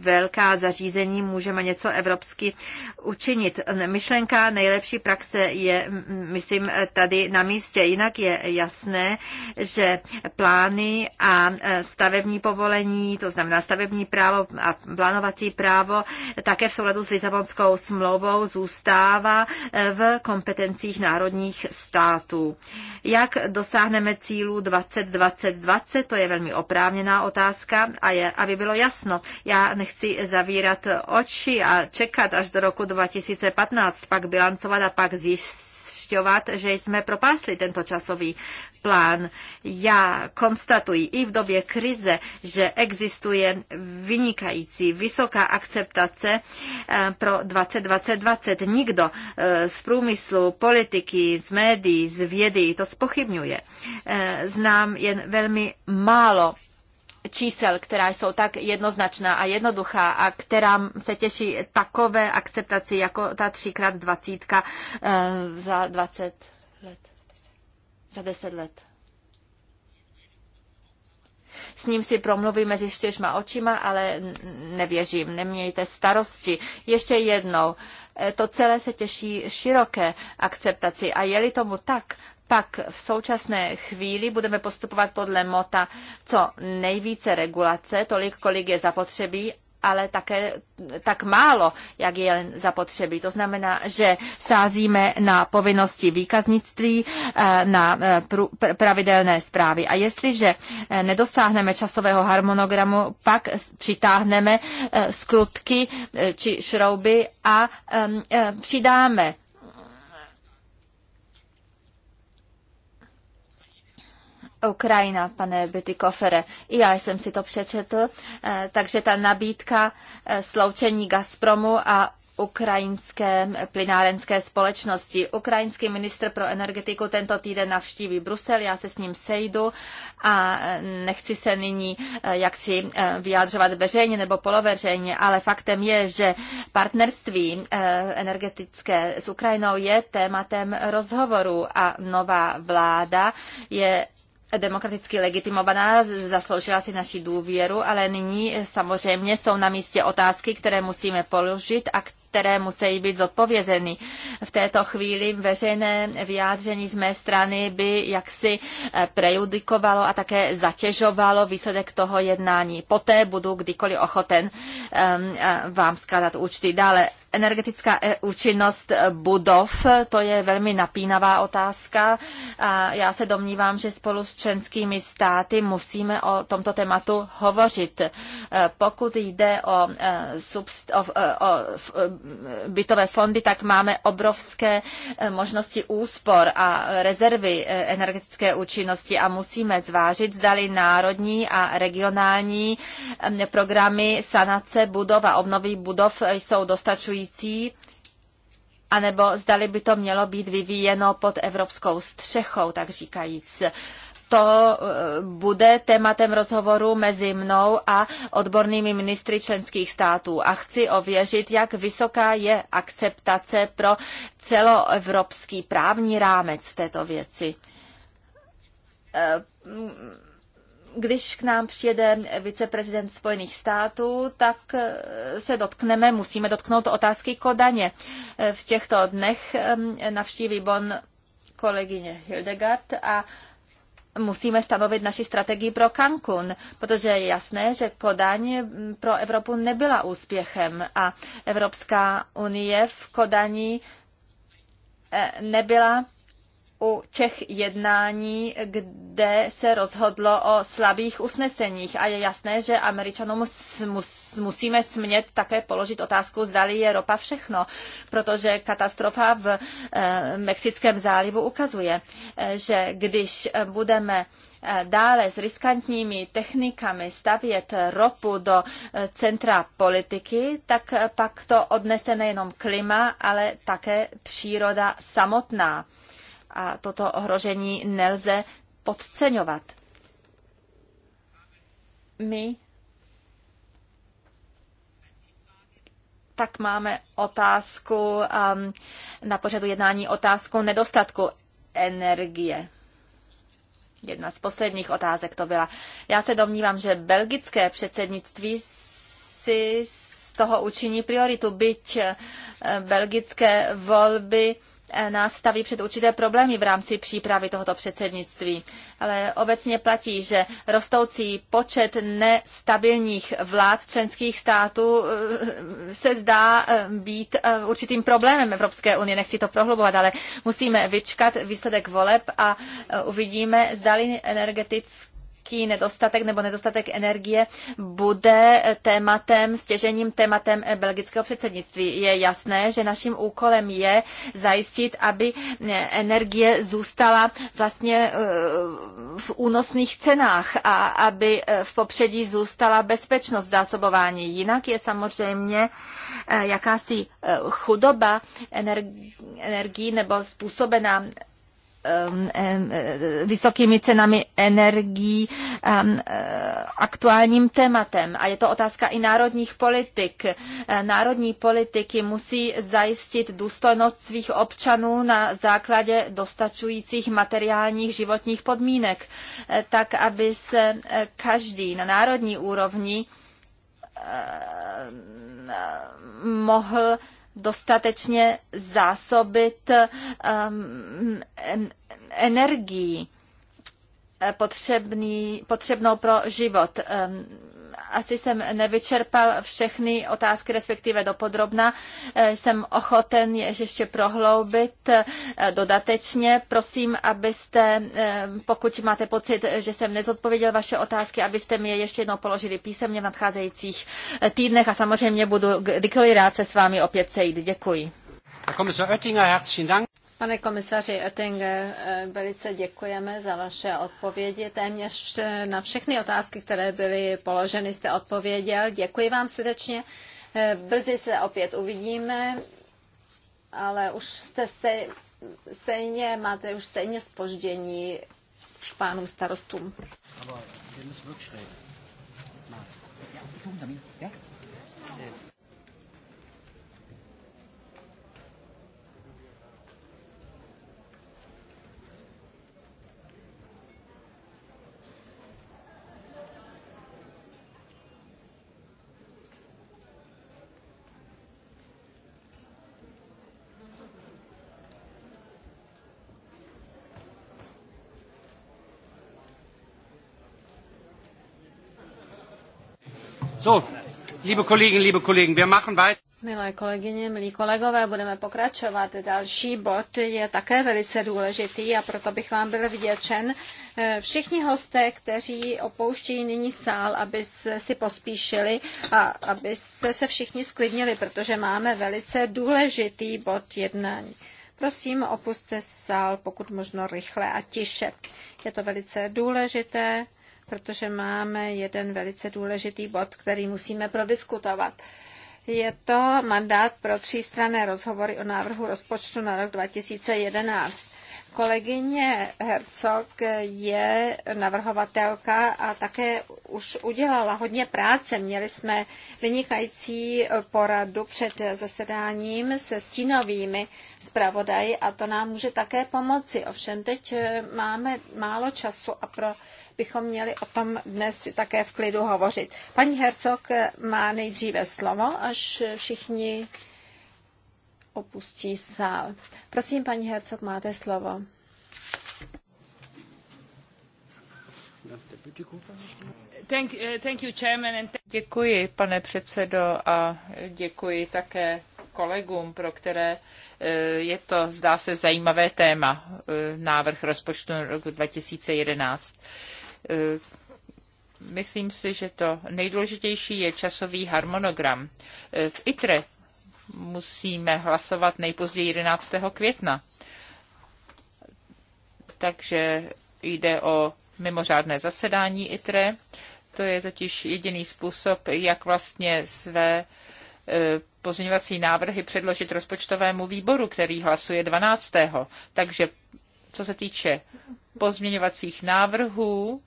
velká zařízení, můžeme něco evropsky učinit. Myšlenka nejlepší praxe je, myslím, tady na místě. Jinak je jasné, že plány a stavební povolení, to znamená stavební právo a plánovací právo, také v souladu s Lisabonskou smlouvou zůstává eh, v kompetencích národních států. Jak dosáhneme cílu 2020-2020, to je velmi oprávněná otázka a je, aby bylo jasno, já nechci zavírat oči a čekat až do roku 2015, pak bilancovat a pak zjistit, zjišťovat, že jsme propásli tento časový plán. Já konstatuji i v době krize, že existuje vynikající vysoká akceptace eh, pro 2020. Nikdo eh, z průmyslu, politiky, z médií, z vědy to spochybňuje. Eh, znám jen velmi málo čísel, která jsou tak jednoznačná a jednoduchá a která se těší takové akceptaci jako ta 3x20 eh, za 20 let, za 10 let. S ním si promluvím mezi čtyřma očima, ale nevěřím, nemějte starosti. Ještě jednou, eh, to celé se těší široké akceptaci a je-li tomu tak, pak v současné chvíli budeme postupovat podle mota co nejvíce regulace, tolik, kolik je zapotřebí, ale také tak málo, jak je jen zapotřebí. To znamená, že sázíme na povinnosti výkaznictví, eh, na eh, pravidelné zprávy. A jestliže eh, nedosáhneme časového harmonogramu, pak přitáhneme skrutky či šrouby a přidáme Ukrajina, pane Bytykofere. I já jsem si to přečetl, eh, takže ta nabídka eh, sloučení Gazpromu a ukrajinské plynárenské společnosti. Ukrajinský ministr pro energetiku tento týden navštíví Brusel, já se s ním sejdu a eh, nechci se nyní jaksi vyjádřovat veřejně nebo poloveřejně, ale faktem je, že partnerství energetické s Ukrajinou je tématem rozhovoru a nová vláda je demokraticky legitimovaná, zasloužila si naši důvěru, ale nyní eh, samozřejmě jsou na místě otázky, které musíme položit a které musí být zodpovězeny. V této chvíli veřejné vyjádření z mé strany by jaksi eh, prejudikovalo a také zatěžovalo výsledek toho jednání. Poté budu kdykoliv ochoten ehm, eh, vám skládat účty. Dále energetická e, účinnost budov, to je velmi napínavá otázka. A já se domnívám, že spolu s členskými státy musíme o tomto tématu hovořit. E, pokud jde o, e, subst- o, o, o bytové fondy, tak máme obrovské možnosti úspor a rezervy energetické účinnosti a musíme zvážit, zdali národní a regionální programy sanace budov a obnovy budov jsou dostačující a anebo zdali by to mělo být vyvíjeno pod evropskou střechou, tak říkajíc to eh, bude tématem rozhovoru mezi mnou a odbornými ministry členských států. A chci ověřit, jak vysoká je akceptace pro celoevropský právní rámec v této věci eh, když k nám přijede viceprezident Spojených států, tak eh, se dotkneme, musíme dotknout otázky Kodaně. Eh, v těchto dnech ehm, navštíví Bon kolegyně Hildegard a musíme stanovit naši strategii pro Cancun, protože je jasné, že Kodaň pro Evropu nebyla úspěchem a Evropská unie v Kodani eh, nebyla u těch jednání, kde se rozhodlo o slabých usneseních. A je jasné, že američanům musíme smět také položit otázku, zdali je ropa všechno, protože katastrofa v eh, Mexickém zálivu ukazuje, eh, že když budeme eh, dále s riskantními technikami stavět ropu do centra politiky, tak pak to odnese nejenom klima, ale také příroda samotná a toto ohrožení nelze podceňovat. My tak máme otázku um, na pořadu jednání otázku nedostatku energie. Jedna z posledních otázek to byla. Já se domnívám, že belgické předsednictví si z toho učiní prioritu, byť eh, belgické volby Eh, nás staví před určité problémy v rámci přípravy tohoto předsednictví. Ale obecně platí, že rostoucí počet nestabilních vlád členských států eh, se zdá eh, být určitým problémem Evropské unie. Nechci to prohlubovat, ale musíme vyčkat výsledek voleb a uvidíme, zdali energetické energetický nedostatek nebo nedostatek energie bude tématem, stěžením tématem belgického předsednictví. Je jasné, že naším úkolem je zajistit, aby energie zůstala vlastně e, v únosných cenách a aby e, v popředí zůstala bezpečnost zásobování. Jinak je samozřejmě e, jakási chudoba energií nebo způsobená Um, eh, vysokými cenami energií um, eh, aktuálním tématem. A je to otázka i národních politik. Eh, národní politiky musí zajistit důstojnost svých občanů na základě dostačujících materiálních životních podmínek, tak aby se každý na národní úrovni mohl dostatečně zásobit um, energií eh, potřebný, potřebnou pro život. Um, asi jsem nevyčerpal všechny otázky, respektive dopodrobna. Eh, jsem ochoten je ještě prohloubit eh, dodatečně. Prosím, abyste, eh, pokud máte pocit, že jsem nezodpověděl vaše otázky, abyste mi je ještě jednou položili písemně v nadcházejících týdnech a samozřejmě budu kdykoliv rád se s vámi opět sejít. Děkuji. Herr Kommissar Oettinger, herzlichen Dank. Pane komisaři Oettinger, eh, velice děkujeme za vaše odpovědi. Téměř eh, na všechny otázky, které byly položeny, jste odpověděl. Děkuji vám srdečně. Eh, brzy se opět uvidíme, ale už jste stejně, máte už stejně spoždění pánům starostům. Aber Ja, Ja? Milé kolegyně, milí kolegové, budeme pokračovat. Další bod je také velice důležitý a proto bych vám byl vděčen. Eh, všichni hosté, kteří opouštějí nyní sál, aby si pospíšili a abyste se všichni sklidnili, protože máme velice důležitý bod jednání. Prosím, opuste sál pokud možno rychle a tiše. Je to velice důležité protože máme jeden velice důležitý bod, který musíme prodiskutovat. Je to mandát pro třístranné rozhovory o návrhu rozpočtu na rok 2011. Kolegyně Hercog je navrhovatelka a také už udělala hodně práce. Měli jsme vynikající poradu před zasedáním se stínovými zpravodaji a to nám může také pomoci. Ovšem teď eh, máme málo času a pro bychom měli o tom dnes také v klidu hovořit. Paní Hercog má nejdříve slovo, až všichni opustí sál. Prosím, paní Hercog, máte slovo. Eh, děkuji, pane předsedo, a děkuji také kolegům, pro které eh, je to, zdá se, zajímavé téma, eh, návrh rozpočtu roku 2011. Myslím si, že to nejdůležitější je časový harmonogram. V ITRE musíme hlasovat nejpozději 11. května. Takže jde o mimořádné zasedání ITRE. To je totiž jediný způsob, jak vlastně své e, pozměňovací návrhy předložit rozpočtovému výboru, který hlasuje 12. Takže co se týče pozměňovacích návrhů,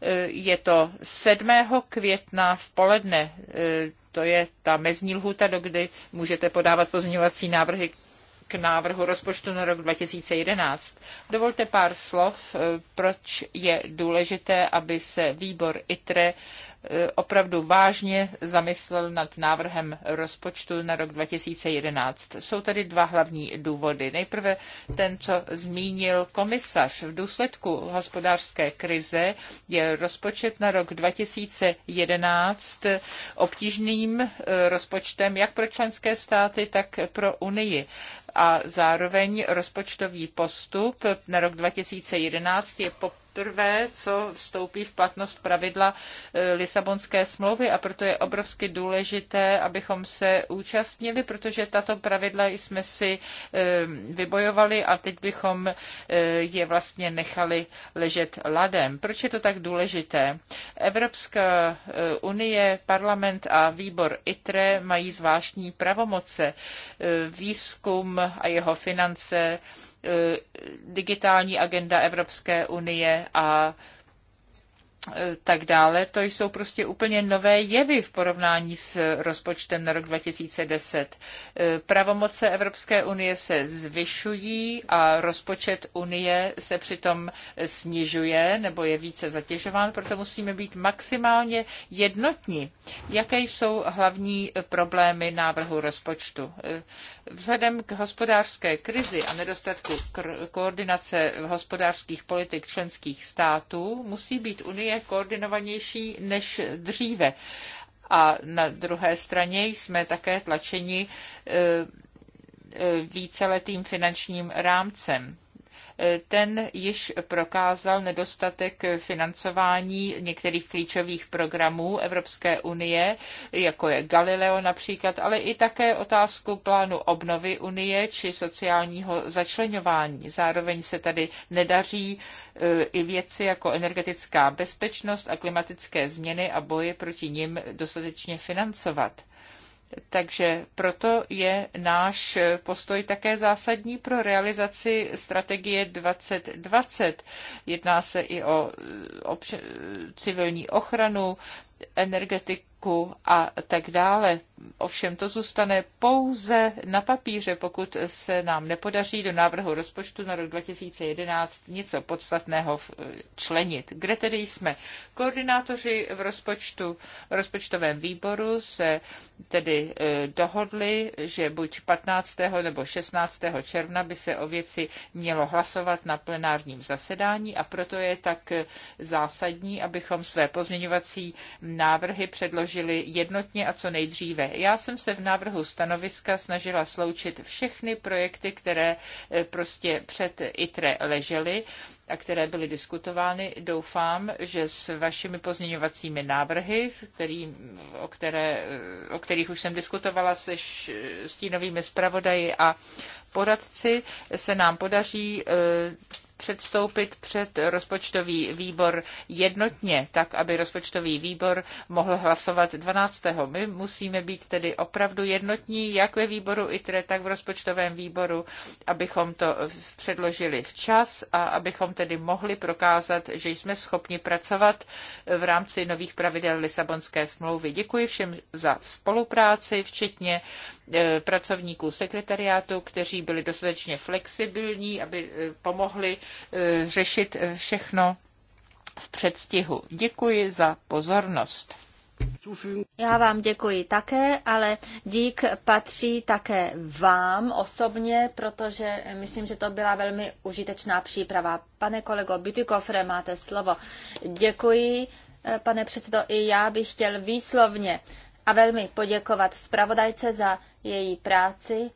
e, je to 7. května v poledne e, to je ta mezní lhuta, do kdy můžete podávat pozměňovací návrhy k návrhu rozpočtu na rok 2011. Dovolte pár slov, eh, proč je důležité, aby se výbor ITRE Eh, opravdu vážně zamyslel nad návrhem rozpočtu na rok 2011. Jsou tady dva hlavní důvody. Nejprve ten, co zmínil komisař. V důsledku hospodářské krize je rozpočet na rok 2011 obtížným eh, rozpočtem jak pro členské státy, tak pro Unii a zároveň rozpočtový postup na rok 2011 je po teprve, co vstoupí v platnost pravidla eh, Lisabonské smlouvy a proto je obrovsky důležité, abychom se účastnili, protože tato pravidla jsme si eh, vybojovali a teď bychom eh, je vlastně nechali ležet ladem. Proč je to tak důležité? Evropská unie, parlament a výbor ITRE mají zvláštní pravomoce. Výzkum a jeho finance, Eh, digitální agenda Evropské unie a tak dále, to jsou prostě úplně nové jevy v porovnání s rozpočtem na rok 2010. E, pravomoce Evropské unie se zvyšují a rozpočet unie se přitom snižuje nebo je více zatěžován, proto musíme být maximálně jednotní. Jaké jsou hlavní problémy návrhu rozpočtu? E, vzhledem k hospodářské krizi a nedostatku koordinace hospodářských politik členských států musí být unie je koordinovanější než dříve. A na druhé straně jsme také tlačeni eh, eh, víceletým finančním rámcem ten již prokázal nedostatek financování některých klíčových programů Evropské unie, jako je Galileo například, ale i také otázku plánu obnovy unie či sociálního začlenování. Zároveň se tady nedaří eh, i věci jako energetická bezpečnost a klimatické změny a boje proti nim dostatečně financovat. Takže proto je náš postoj také zásadní pro realizaci strategie 2020. Jedná se i o civilní ochranu, energetiku, banku a tak dále. Ovšem to zůstane pouze na papíře, pokud se nám nepodaří do návrhu rozpočtu na rok 2011 něco podstatného členit. Kde tedy jsme? Koordinátoři v rozpočtu, v rozpočtovém výboru se tedy e, dohodli, že buď 15. nebo 16. června by se o věci mělo hlasovat na plenárním zasedání a proto je tak e, zásadní, abychom své pozměňovací návrhy předložili předložili jednotně a co nejdříve. Já jsem se v návrhu stanoviska snažila sloučit všechny projekty, které eh, prostě před ITRE ležely a které byly diskutovány. Doufám, že s vašimi pozměňovacími návrhy, s který, o, které, eh, o kterých už jsem diskutovala se stínovými zpravodaji a poradci, se nám podaří eh, předstoupit před rozpočtový výbor jednotně, tak aby rozpočtový výbor mohl hlasovat 12. My musíme být tedy opravdu jednotní, jak ve výboru ITRE, tak v rozpočtovém výboru, abychom to předložili včas a abychom tedy mohli prokázat, že jsme schopni pracovat v rámci nových pravidel Lisabonské smlouvy. Děkuji všem za spolupráci, včetně e, pracovníků sekretariátu, kteří byli dostatečně flexibilní, aby e, pomohli Eh, řešit všechno v předstihu. Děkuji za pozornost. Já vám děkuji také, ale dík patří také vám osobně, protože myslím, že to byla velmi užitečná příprava. Pane kolego Bytykofre, máte slovo. Děkuji, eh, pane předsedo, i já bych chtěl výslovně a velmi poděkovat zpravodajce za její práci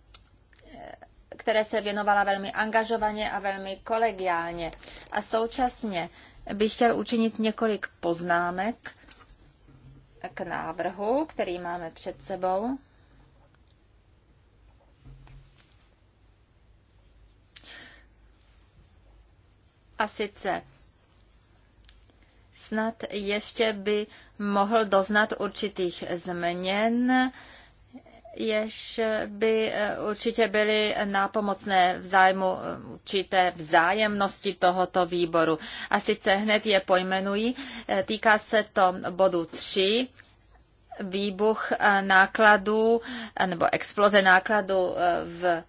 které se věnovala velmi angažovaně a velmi kolegiálně. A současně bych chtěl učinit několik poznámek k návrhu, který máme před sebou. A sice snad ještě by mohl doznat určitých změn jež by eh, určitě byly nápomocné v zájmu eh, určité vzájemnosti tohoto výboru. A sice hned je pojmenují. Eh, týká se to bodu 3, výbuch nákladů nebo exploze nákladů v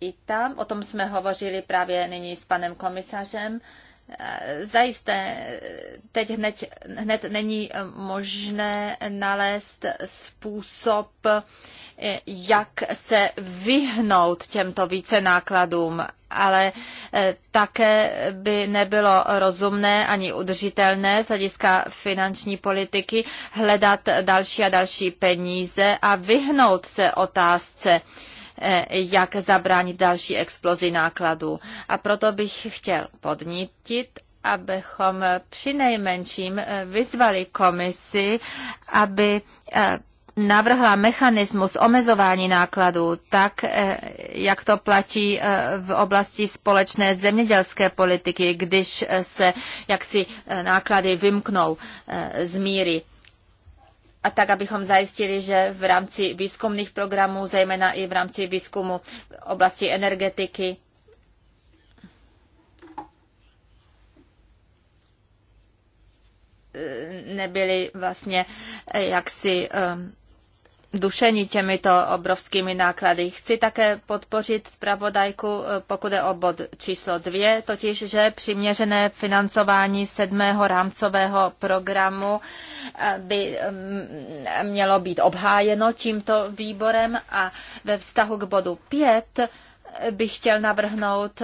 ITA. O tom jsme hovořili právě nyní s panem komisařem. Zajisté teď hned, hned není možné nalézt způsob, jak se vyhnout těmto více nákladům, ale eh, také by nebylo rozumné ani udržitelné z hlediska finanční politiky hledat další a další peníze a vyhnout se otázce, Eh, jak zabránit další explozi nákladů. A proto bych chtěl podnítit, abychom při nejmenším eh, vyzvali komisi, aby eh, navrhla mechanismus omezování nákladů tak, jak to platí v oblasti společné zemědělské politiky, když se jaksi náklady vymknou z míry a tak, abychom zajistili, že v rámci výzkumných programů, zejména i v rámci výzkumu v oblasti energetiky, nebyly vlastně eh, jaksi eh, dušení těmito obrovskými náklady. Chci také podpořit zpravodajku, eh, pokud je o bod číslo dvě, totiž, že přiměřené financování sedmého rámcového programu eh, by mm, mělo být obhájeno tímto výborem a ve vztahu k bodu pět eh, bych chtěl navrhnout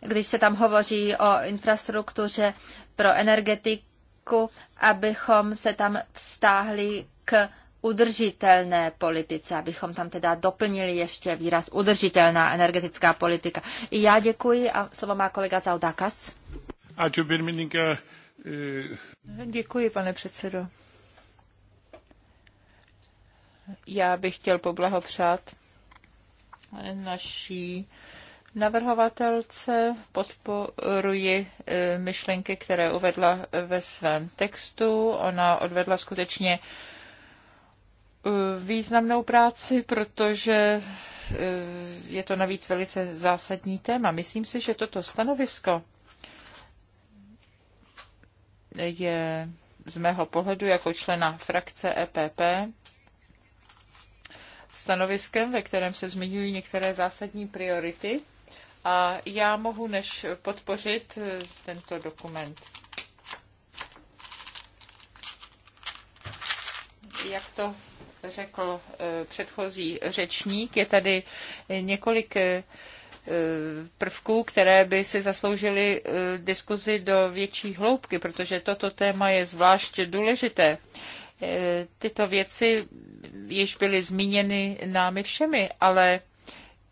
když se tam hovoří o infrastruktuře pro energetiku, abychom se tam vztáhli k udržitelné politice, abychom tam teda doplnili ještě výraz udržitelná energetická politika. I já děkuji a slovo má kolega Zaudakas. E- děkuji, pane předsedo. Já bych chtěl poblahopřát naší navrhovatelce podporuji e, myšlenky, které uvedla ve svém textu. Ona odvedla skutečně Eh, významnou práci, protože eh, je to navíc velice zásadní téma. Myslím si, že toto stanovisko je z mého pohledu jako člena frakce EPP stanoviskem, ve kterém se zmiňují některé zásadní priority a já mohu než podpořit eh, tento dokument. Jak to řekl eh, předchozí řečník, je tady eh, několik eh, prvků, které by si zasloužily diskuzi do větší hloubky, protože toto téma je zvlášť důležité. Tyto věci již byly zmíněny námi všemi, ale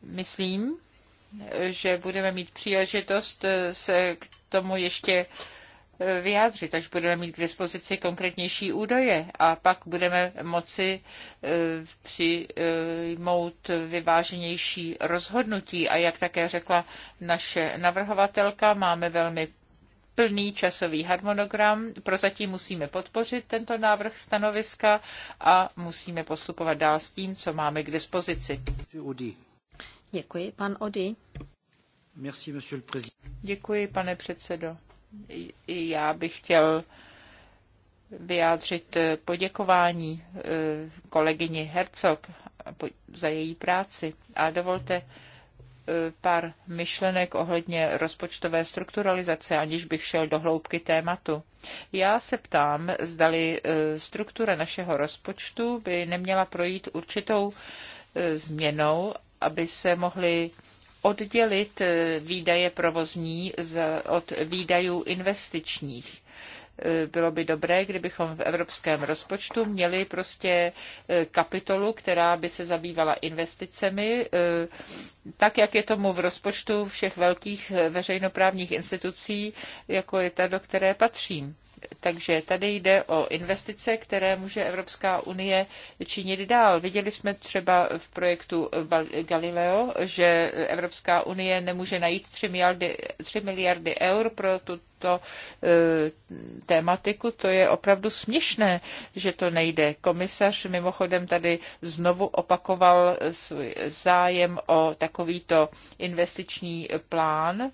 myslím, že budeme mít příležitost se k tomu ještě vyjádřit, až budeme mít k dispozici konkrétnější údaje a pak budeme moci e, přijmout vyváženější rozhodnutí. A jak také řekla naše navrhovatelka, máme velmi plný časový harmonogram. Prozatím musíme podpořit tento návrh stanoviska a musíme postupovat dál s tím, co máme k dispozici. Děkuji, pan Odi. Děkuji, pane předsedo. I já bych chtěl vyjádřit eh, poděkování eh, kolegyni Hercog za její práci. A dovolte eh, pár myšlenek ohledně rozpočtové strukturalizace, aniž bych šel do hloubky tématu. Já se ptám, zdali struktura našeho rozpočtu by neměla projít určitou změnou, aby se mohly oddělit eh, výdaje provozní od výdajů investičních eh, bylo by dobré, kdybychom v evropském rozpočtu měli prostě eh, kapitolu, která by se zabývala investicemi, tak jak je tomu v rozpočtu všech velkých veřejnoprávních institucí, jako je ta, do které patřím. Takže tady jde o investice, které může Evropská unie činit dál. Viděli jsme třeba v projektu Galileo, že Evropská unie nemůže najít 3 miliardy, 3 miliardy eur pro tuto e, tématiku. To je opravdu směšné, že to nejde. Komisař mimochodem tady znovu opakoval svůj zájem o takovýto investiční plán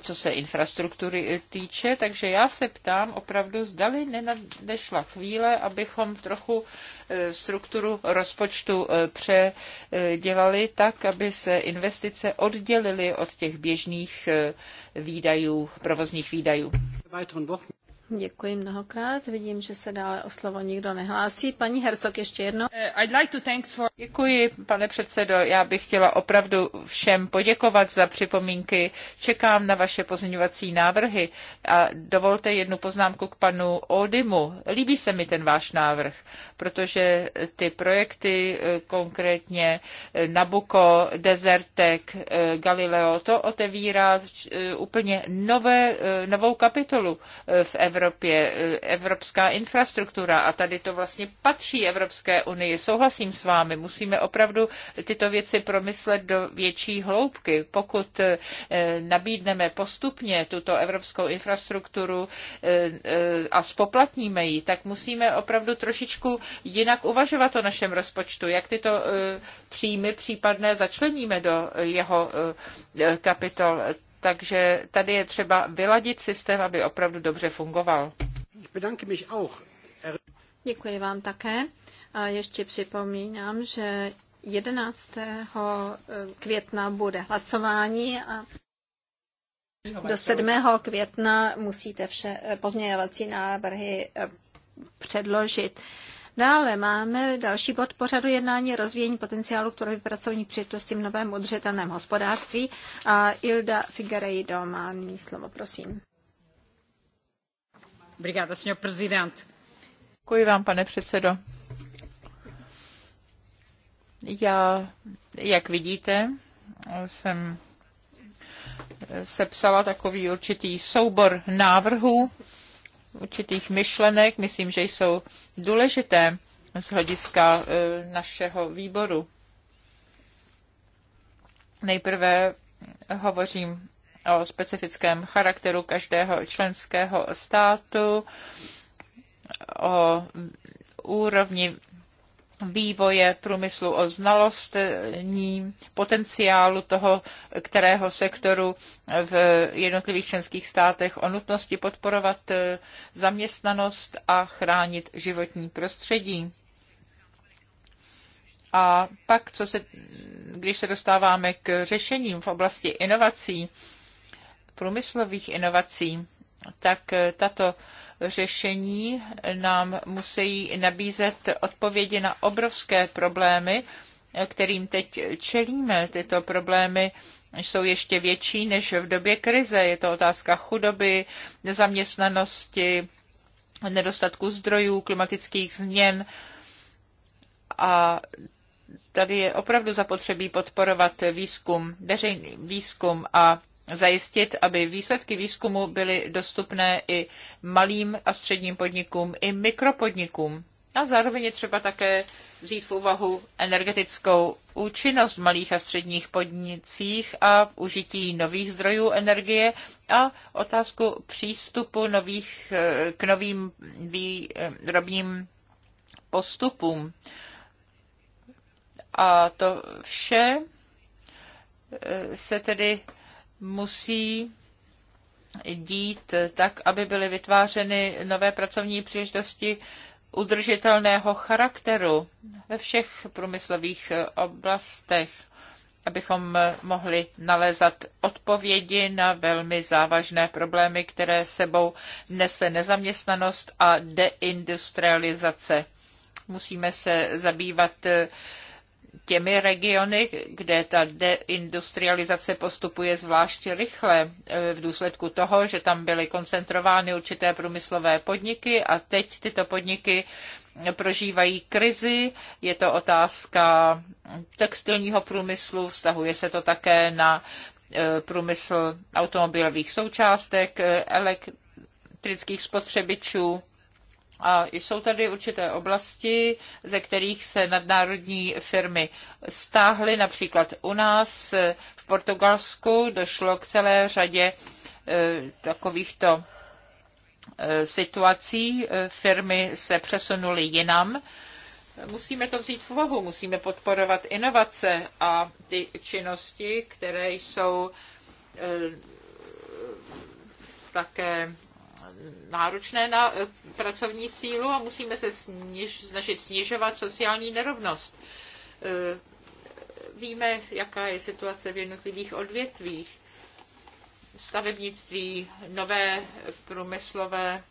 co se infrastruktury týče, takže já se ptám opravdu, zdali nenadešla chvíle, abychom trochu e, strukturu rozpočtu e, předělali tak, aby se investice oddělily od těch běžných e, výdajů, provozních výdajů. Děkuji mnohokrát. Vidím, že se dále o slovo nikdo nehlásí. Paní Hercok ještě jedno. Eh, I'd like to thanks for... Děkuji, pane předsedo. Já bych chtěla opravdu všem poděkovat za připomínky. Čekám na vaše pozměňovací návrhy a dovolte jednu poznámku k panu Odimu. Líbí se mi ten váš návrh, protože ty projekty, eh, konkrétně eh, Nabuko, Desertek, Galileo, to otevírá úplně nové, novou kapitolu v Evropě Evropě, e, evropská infrastruktura a tady to vlastně patří Evropské unii. Souhlasím s vámi, musíme opravdu tyto věci promyslet do větší hloubky. Pokud e, nabídneme postupně tuto evropskou infrastrukturu e, a spoplatníme ji, tak musíme opravdu trošičku jinak uvažovat o našem rozpočtu, jak tyto příjmy případné začleníme do jeho kapitol takže tady je třeba vyladit systém, aby opravdu dobře fungoval. Děkuji vám také. A ještě připomínám, že 11. Eh, května bude hlasování a do 7. května musíte vše eh, pozměňovací návrhy eh, předložit. Dále máme další bod pořadu jednání rozvíjení potenciálu tvorby pracovních příležitostí v novém udržitelném hospodářství. A Ilda Figueiredo má nyní slovo, prosím. Obrigada, senhor prezident. Děkuji vám, pane předsedo. Já, jak vidíte, jsem sepsala takový určitý soubor návrhů, určitých myšlenek, myslím, že jsou důležité z hlediska e, našeho výboru. Nejprve hovořím o specifickém charakteru každého členského státu, o úrovni vývoje průmyslu, o znalostní potenciálu toho, kterého sektoru v jednotlivých členských státech, o nutnosti podporovat eh, zaměstnanost a chránit životní prostředí. A pak, co se, když se dostáváme k řešením v oblasti inovací, průmyslových inovací, tak eh, tato řešení nám musí nabízet odpovědi na obrovské problémy, eh, kterým teď čelíme. Tyto problémy jsou ještě větší než v době krize. Je to otázka chudoby, nezaměstnanosti, nedostatku zdrojů, klimatických změn. A tady je opravdu zapotřebí podporovat výzkum, veřejný výzkum a zajistit, aby výsledky výzkumu byly dostupné i malým a středním podnikům, i mikropodnikům. A zároveň je třeba také vzít v úvahu energetickou účinnost v malých a středních podnicích a užití nových zdrojů energie a otázku přístupu nových, eh, k novým výrobním eh, postupům. A to vše eh, se tedy musí dít tak, aby byly vytvářeny nové pracovní příležitosti udržitelného charakteru ve všech průmyslových eh, oblastech, abychom eh, mohli nalézat odpovědi na velmi závažné problémy, které sebou nese nezaměstnanost a deindustrializace. Musíme se zabývat eh, těmi regiony, kde ta deindustrializace postupuje zvláště rychle e, v důsledku toho, že tam byly koncentrovány určité průmyslové podniky a teď tyto podniky prožívají krizi. Je to otázka textilního průmyslu, vztahuje se to také na e, průmysl automobilových součástek, e, elektrických spotřebičů a jsou tady určité oblasti, ze kterých se nadnárodní firmy stáhly. Například u nás eh, v Portugalsku došlo k celé řadě eh, takovýchto eh, situací. Firmy se přesunuly jinam. Musíme to vzít v úvahu, musíme podporovat inovace a ty činnosti, které jsou také náročné na eh, pracovní sílu a musíme se sniž, snažit snižovat sociální nerovnost. Eh, víme, jaká je situace v jednotlivých odvětvích. Stavebnictví, nové průmyslové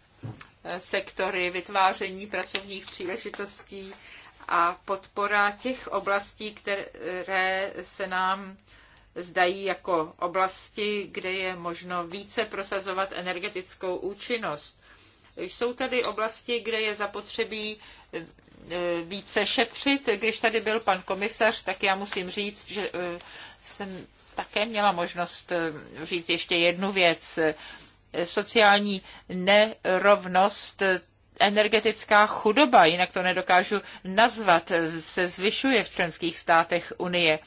eh, sektory, vytváření pracovních příležitostí a podpora těch oblastí, které se nám zdají jako oblasti, kde je možno více prosazovat energetickou účinnost. Jsou tady oblasti, kde je zapotřebí eh, více šetřit. Když tady byl pan komisař, tak já musím říct, že eh, jsem také měla možnost eh, říct ještě jednu věc. Sociální nerovnost energetická chudoba, jinak to nedokážu nazvat, se zvyšuje v členských státech Unie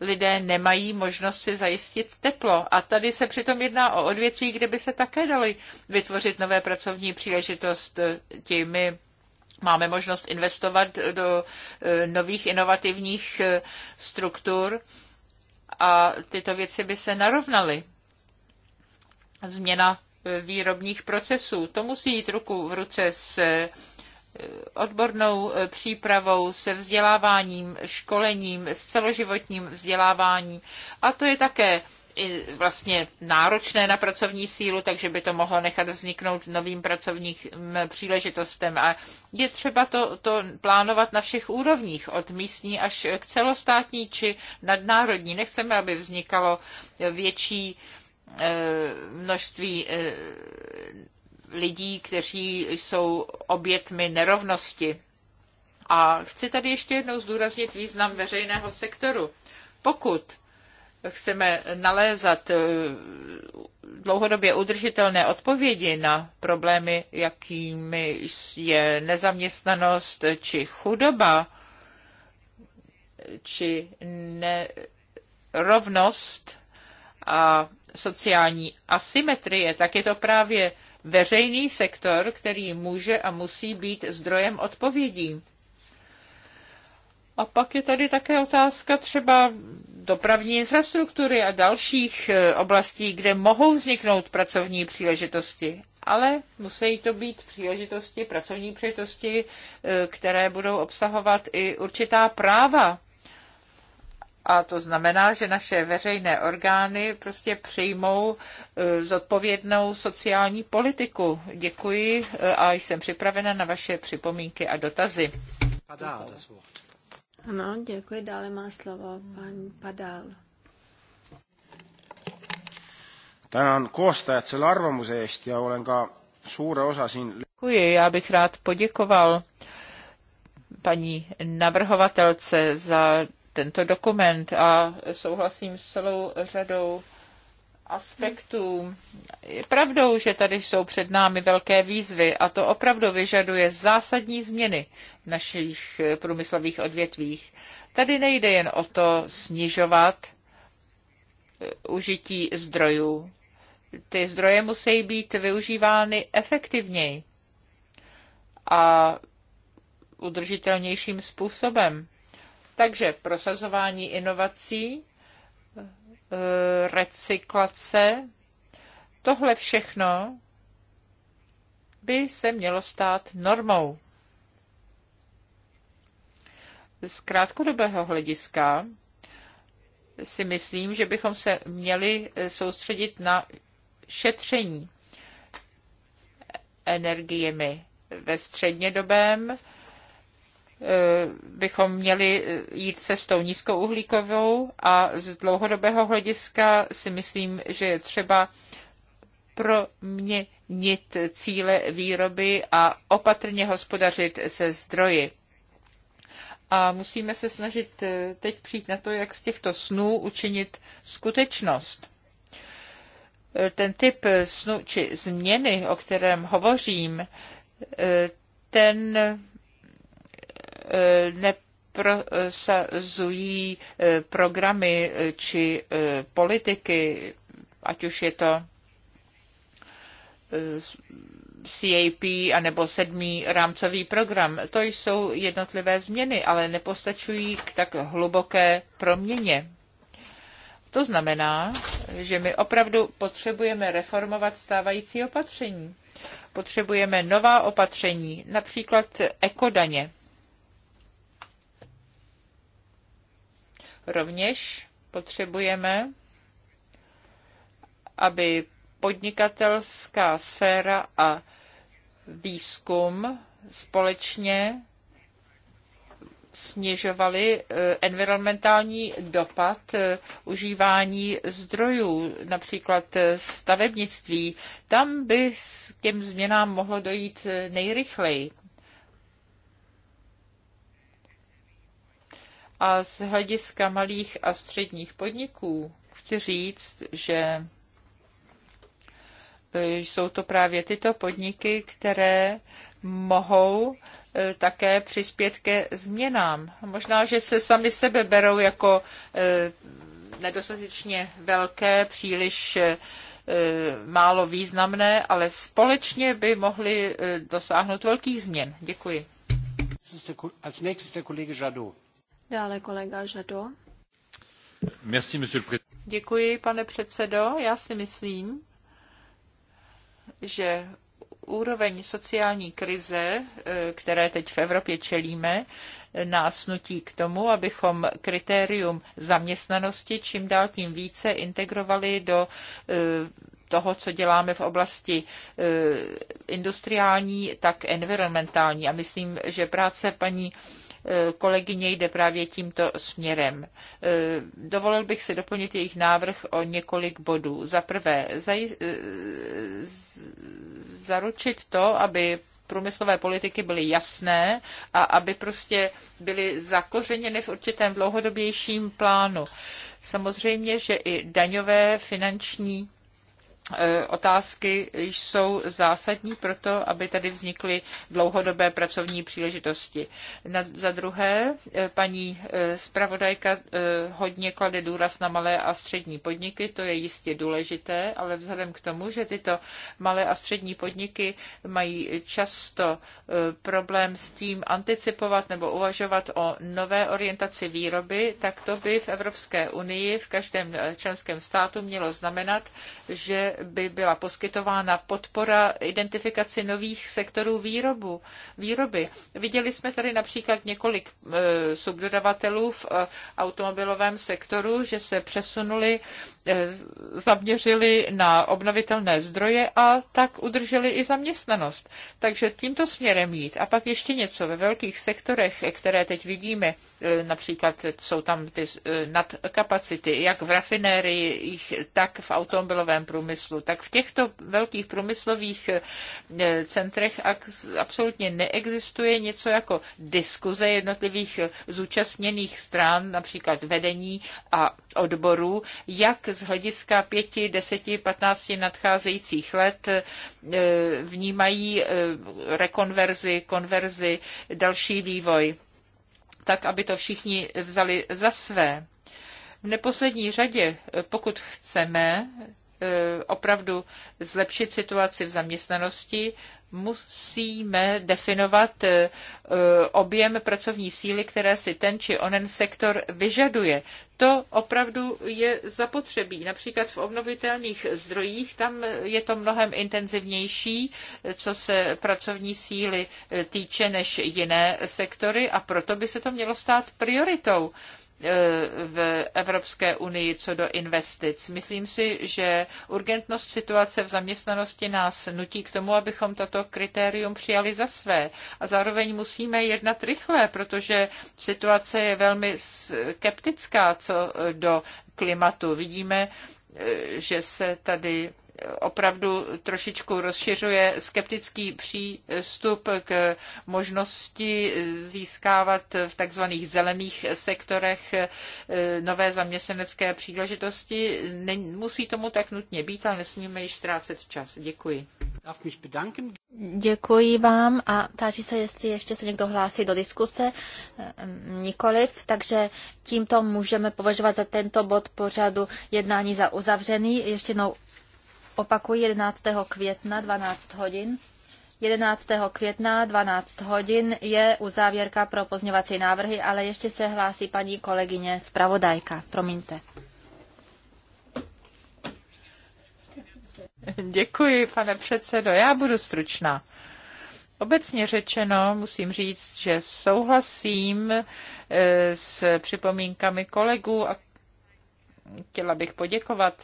lidé nemají možnost si zajistit teplo. A tady se přitom jedná o odvětví, kde by se také daly vytvořit nové pracovní příležitosti. těmi máme možnost investovat do e, nových inovativních e, struktur a tyto věci by se narovnaly. Změna e, výrobních procesů. To musí jít ruku v ruce s odbornou eh, přípravou, se vzděláváním, školením, s celoživotním vzděláváním. A to je také eh, vlastně náročné na pracovní sílu, takže by to mohlo nechat vzniknout novým pracovním mm, příležitostem. A je třeba to, to plánovat na všech úrovních, od místní až k celostátní či nadnárodní. Nechceme, aby vznikalo větší eh, množství lidí, kteří jsou obětmi nerovnosti. A chci tady ještě jednou zdůraznit význam veřejného sektoru. Pokud chceme nalézat eh, dlouhodobě udržitelné odpovědi na problémy, jakými je nezaměstnanost či chudoba, či nerovnost a sociální asymetrie, tak je to právě veřejný sektor, který může a musí být zdrojem odpovědí. A pak je tady také otázka třeba dopravní infrastruktury a dalších e, oblastí, kde mohou vzniknout pracovní příležitosti. Ale musí to být příležitosti, pracovní příležitosti, e, které budou obsahovat i určitá práva a to znamená, že naše veřejné orgány prostě přijmou e, zodpovědnou sociální politiku. Děkuji e, a jsem připravena na vaše připomínky a dotazy. Ano, děkuji. Dále má slovo pan Padal. Tänan koostajat arvamuse eest ja olen ka suure osa siin... Děkuji, já bych rád poděkoval paní navrhovatelce za tento dokument a souhlasím s celou řadou aspektů. Je pravdou, že tady jsou před námi velké výzvy a to opravdu vyžaduje zásadní změny v našich průmyslových odvětvích. Tady nejde jen o to snižovat eh, užití zdrojů. Ty zdroje musí být využívány efektivněji a udržitelnějším způsobem. Takže prosazování inovací, eh, recyklace, tohle všechno by se mělo stát normou. Z krátkodobého hlediska si myslím, že bychom se měli eh, soustředit na šetření energiemi ve střednědobém Eh, bychom měli eh, jít cestou nízkouhlíkovou a z dlouhodobého hlediska si myslím, že je třeba proměnit cíle výroby a opatrně hospodařit se zdroji. A musíme se snažit eh, teď přijít na to, jak z těchto snů učinit skutečnost. Ten typ snu či změny, o kterém hovořím, ten Eh, neprosazují eh, programy eh, či politiky, ať už je to CAP nebo sedmý rámcový program. To jsou jednotlivé změny, ale nepostačují k tak hluboké proměně. To znamená, že my opravdu potřebujeme reformovat stávající opatření. Potřebujeme nová opatření, například ekodaně. Rovněž potřebujeme, aby podnikatelská sféra a výzkum společně snižovali eh, environmentální dopad eh, užívání zdrojů, například eh, stavebnictví. Tam by k těm změnám mohlo dojít nejrychleji. A z hlediska malých a středních podniků chci říct, že e, jsou to právě tyto podniky, které mohou e, také přispět ke změnám. Možná, že se sami sebe berou jako e, nedostatečně velké, příliš málo významné, ale společně by mohli dosáhnout velkých změn. Děkuji. Als Dále kolega Děkuji, pane předsedo. Já si myslím, že úroveň sociální krize, eh, které teď v Evropě čelíme, nás nutí k tomu, abychom kritérium zaměstnanosti čím dál tím více integrovali do eh, toho, co děláme v oblasti eh, industriální, tak environmentální. A myslím, že práce paní kolegyně jde právě tímto směrem. Eh, dovolil bych si doplnit jejich návrh o několik bodů. Za prvé, zaj- eh, zaručit to, aby průmyslové politiky byly jasné a aby prostě byly zakořeněny v určitém dlouhodobějším plánu. Samozřejmě, že i daňové, finanční E, otázky jsou zásadní pro to, aby tady vznikly dlouhodobé pracovní příležitosti. Na, za druhé, e, paní e, zpravodajka hodně klade důraz na malé a střední podniky, to je jistě důležité, ale vzhledem k tomu, že tyto malé a střední podniky mají často problém s tím anticipovat nebo uvažovat o nové orientaci výroby, tak to by v Evropské unii v každém členském státu mělo znamenat, že by byla poskytována podpora identifikaci nových sektorů výrobu, výroby. Viděli jsme tady například několik e, subdodavatelů v e, automobilovém sektoru, že se přesunuli, e, zaměřili na obnovitelné zdroje a tak udrželi i zaměstnanost. Takže tímto směrem jít. A pak ještě něco ve velkých sektorech, které teď vidíme, například jsou tam ty nadkapacity, jak v rafinérii, tak v automobilovém průmyslu průmyslu, tak v těchto velkých průmyslových eh, centrech absolutně neexistuje něco jako diskuze jednotlivých eh, zúčastněných stran, například vedení a odborů, jak z hlediska pěti, deseti, patnácti nadcházejících let eh, vnímají rekonverzi, konverzi, další vývoj, tak aby to všichni vzali za své. V neposlední řadě, pokud chceme E, opravdu zlepšit situaci v zaměstnanosti, musíme definovat e, objem pracovní síly, které si ten či onen sektor vyžaduje. To opravdu je zapotřebí. Například v obnovitelných zdrojích, tam je to mnohem intenzivnější, co se pracovní síly e, týče, než jiné sektory a proto by se to mělo stát prioritou. E, v Evropské unii co do investic. Myslím si, že urgentnost situace v zaměstnanosti nás nutí k tomu, abychom toto kritérium přijali za své. A zároveň musíme jednat rychle, protože situace je velmi skeptická co do klimatu. Vidíme, e, že se tady opravdu trošičku rozšiřuje skeptický přístup k možnosti získávat v takzvaných zelených sektorech eh, nové zaměstnanecké příležitosti. musí tomu tak nutně být, ale nesmíme již ztrácet čas. Děkuji. Děkuji vám a táží se, jestli ještě se někdo hlásí do diskuse. Eh, nikoliv, takže tímto můžeme považovat za tento bod pořadu jednání za uzavřený. Ještě jednou Opakuji 11. května 12 hodin. 11. května 12 hodin je uzávěrka pro pozňovací návrhy, ale ještě se hlásí paní kolegyně zpravodajka. Promiňte. Děkuji, pane předsedo. Já budu stručná. Obecně řečeno musím říct, že souhlasím e, s připomínkami kolegů a chtěla bych poděkovat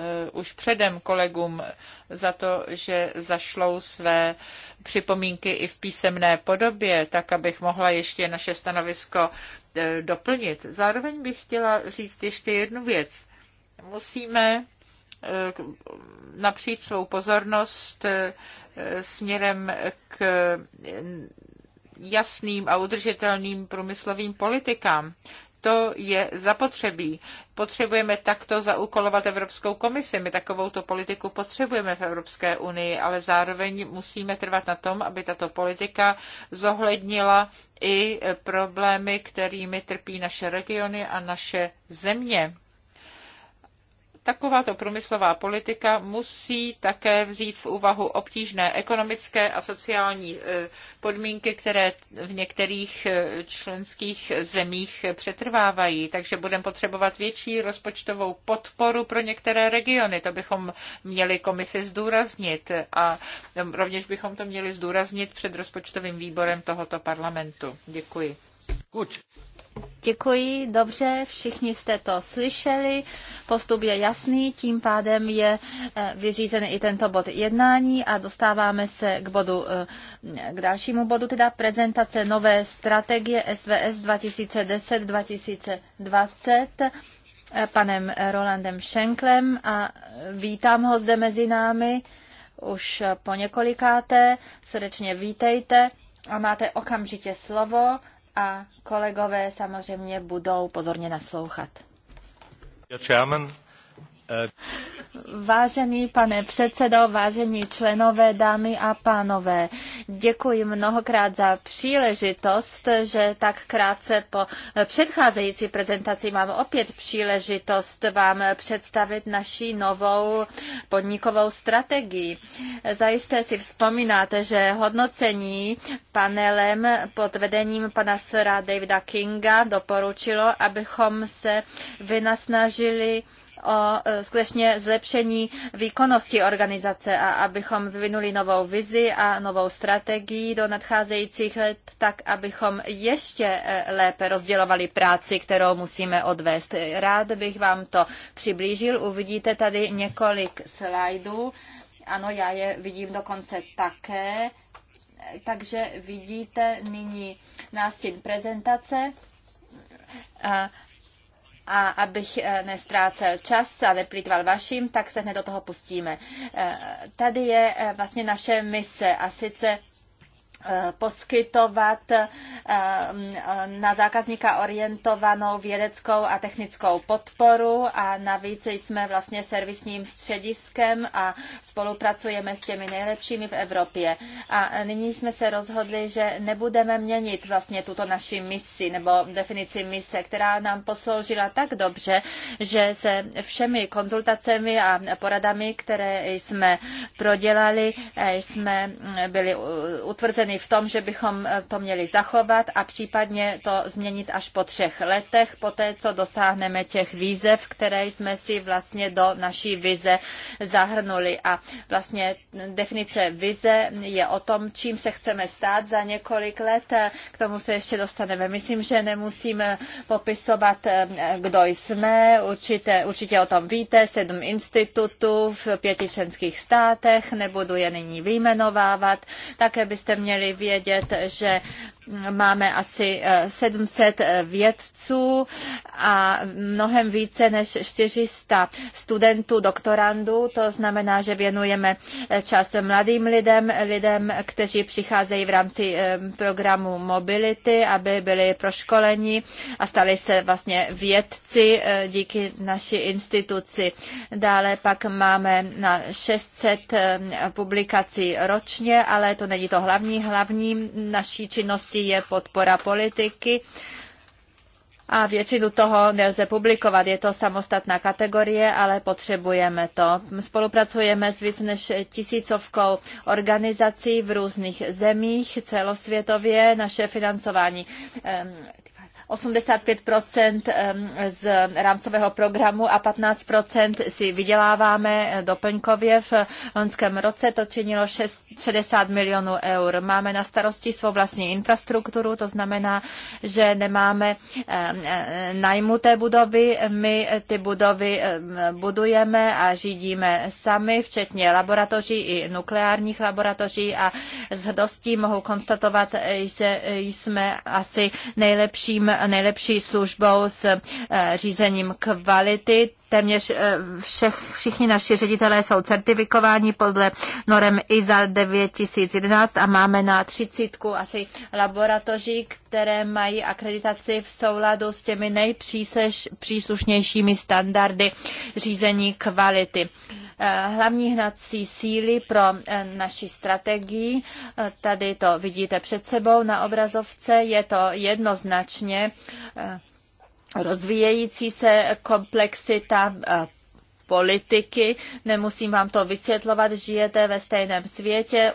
Eh, už předem kolegům za to, že zašlou své připomínky i v písemné podobě, tak abych mohla ještě naše stanovisko eh, doplnit. Zároveň bych chtěla říct ještě jednu věc. Musíme eh, napřít svou pozornost směrem k jasným a udržitelným průmyslovým politikám to je zapotřebí. Potřebujeme takto zaúkolovat Evropskou komisi. My takovouto politiku potřebujeme v Evropské unii, ale zároveň musíme trvat na tom, aby tato politika zohlednila i problémy, kterými trpí naše regiony a naše země takováto průmyslová politika musí také vzít v úvahu obtížné ekonomické a sociální e, podmínky, které v některých e, členských zemích přetrvávají. Takže budeme potřebovat větší rozpočtovou podporu pro některé regiony. To bychom měli komisi zdůraznit a rovněž bychom to měli zdůraznit před rozpočtovým výborem tohoto parlamentu. Děkuji. Good. Děkuji, dobře, všichni jste to slyšeli, postup je jasný, tím pádem je eh, vyřízen i tento bod jednání a dostáváme se k bodu, eh, k dalšímu bodu, teda prezentace nové strategie SVS 2010-2020 eh, panem Rolandem Schenklem a vítám ho zde mezi námi už po několikáté. Srdečně vítejte a máte okamžitě slovo a kolegové samozřejmě budou pozorně naslouchat. Chairman, uh... Vážený pane předsedo, vážení členové, dámy a pánové, děkuji mnohokrát za příležitost, že tak krátce po předcházející prezentaci mám opět příležitost vám představit naší novou podnikovou strategii. Zajisté si vzpomínáte, že hodnocení panelem pod vedením pana Sra Davida Kinga doporučilo, abychom se vynasnažili o e, skutečně zlepšení výkonnosti organizace a abychom vyvinuli novou vizi a novou strategii do nadcházejících let, tak abychom ještě e, lépe rozdělovali práci, kterou musíme odvést. Rád bych vám to přiblížil. Uvidíte tady několik slajdů. Ano, já je vidím dokonce také. Takže vidíte nyní nástěn prezentace. A abych eh, nestrácel čas a neplýtval vaším, tak se hned do toho pustíme. Eh, tady je eh, vlastně naše mise a sice poskytovat eh, eh, na zákazníka orientovanou vědeckou a technickou podporu a navíc jsme vlastně servisním střediskem a spolupracujeme s těmi nejlepšími v Evropě. A nyní jsme se rozhodli, že nebudeme měnit vlastně tuto naši misi nebo definici mise, která nám posloužila tak dobře, že se všemi konzultacemi a poradami, které jsme prodělali, eh, jsme byli utvrzeni utvrzeny v tom, že bychom eh, to měli zachovat a případně to změnit až po třech letech, poté co dosáhneme těch výzev, které jsme si vlastně do naší vize zahrnuli. A vlastně definice vize je o tom, čím se chceme stát za několik let. Eh, k tomu se ještě dostaneme. Myslím, že nemusíme popisovat, eh, kdo jsme. Určitě, určitě o tom víte. Sedm institutů v pětičenských státech. Nebudu je nyní vyjmenovávat. Také byste měli měli vědět, že Máme asi 700 eh, eh, vědců a mnohem více než 400 studentů, doktorandů. To znamená, že věnujeme eh, čas mladým lidem, lidem, kteří přicházejí v rámci programu mobility, aby byli proškoleni a stali se vlastně vědci díky naší instituci. Dále pak máme na 600 publikací ročně, ale to není to hlavní. Hlavní naší činnosti oblasti je podpora politiky a většinu toho nelze publikovat. Je to samostatná kategorie, ale potřebujeme to. Spolupracujeme s víc než tisícovkou organizací v různých zemích celosvětově. Naše financování 85 z rámcového programu a 15 si vyděláváme doplňkově. V loňském roce to činilo 60 milionů eur. Máme na starosti svou vlastní infrastrukturu, to znamená, že nemáme najmuté budovy. My ty budovy budujeme a řídíme sami, včetně laboratoří i nukleárních laboratoří a s hrdostí mohu konstatovat, že jsme asi nejlepším nejlepší službou s eh, řízením kvality téměř eh, všech, všichni naši ředitelé jsou certifikováni podle norem ISA 9011 a máme na třicítku asi laboratoří, které mají akreditaci v souladu s těmi nejpříslušnějšími standardy řízení kvality. Eh, hlavní hnací síly pro eh, naši strategii, tady to vidíte před sebou na obrazovce, je to jednoznačně rozvíjející se komplexita eh, politiky. Nemusím vám to vysvětlovat, žijete ve stejném světě,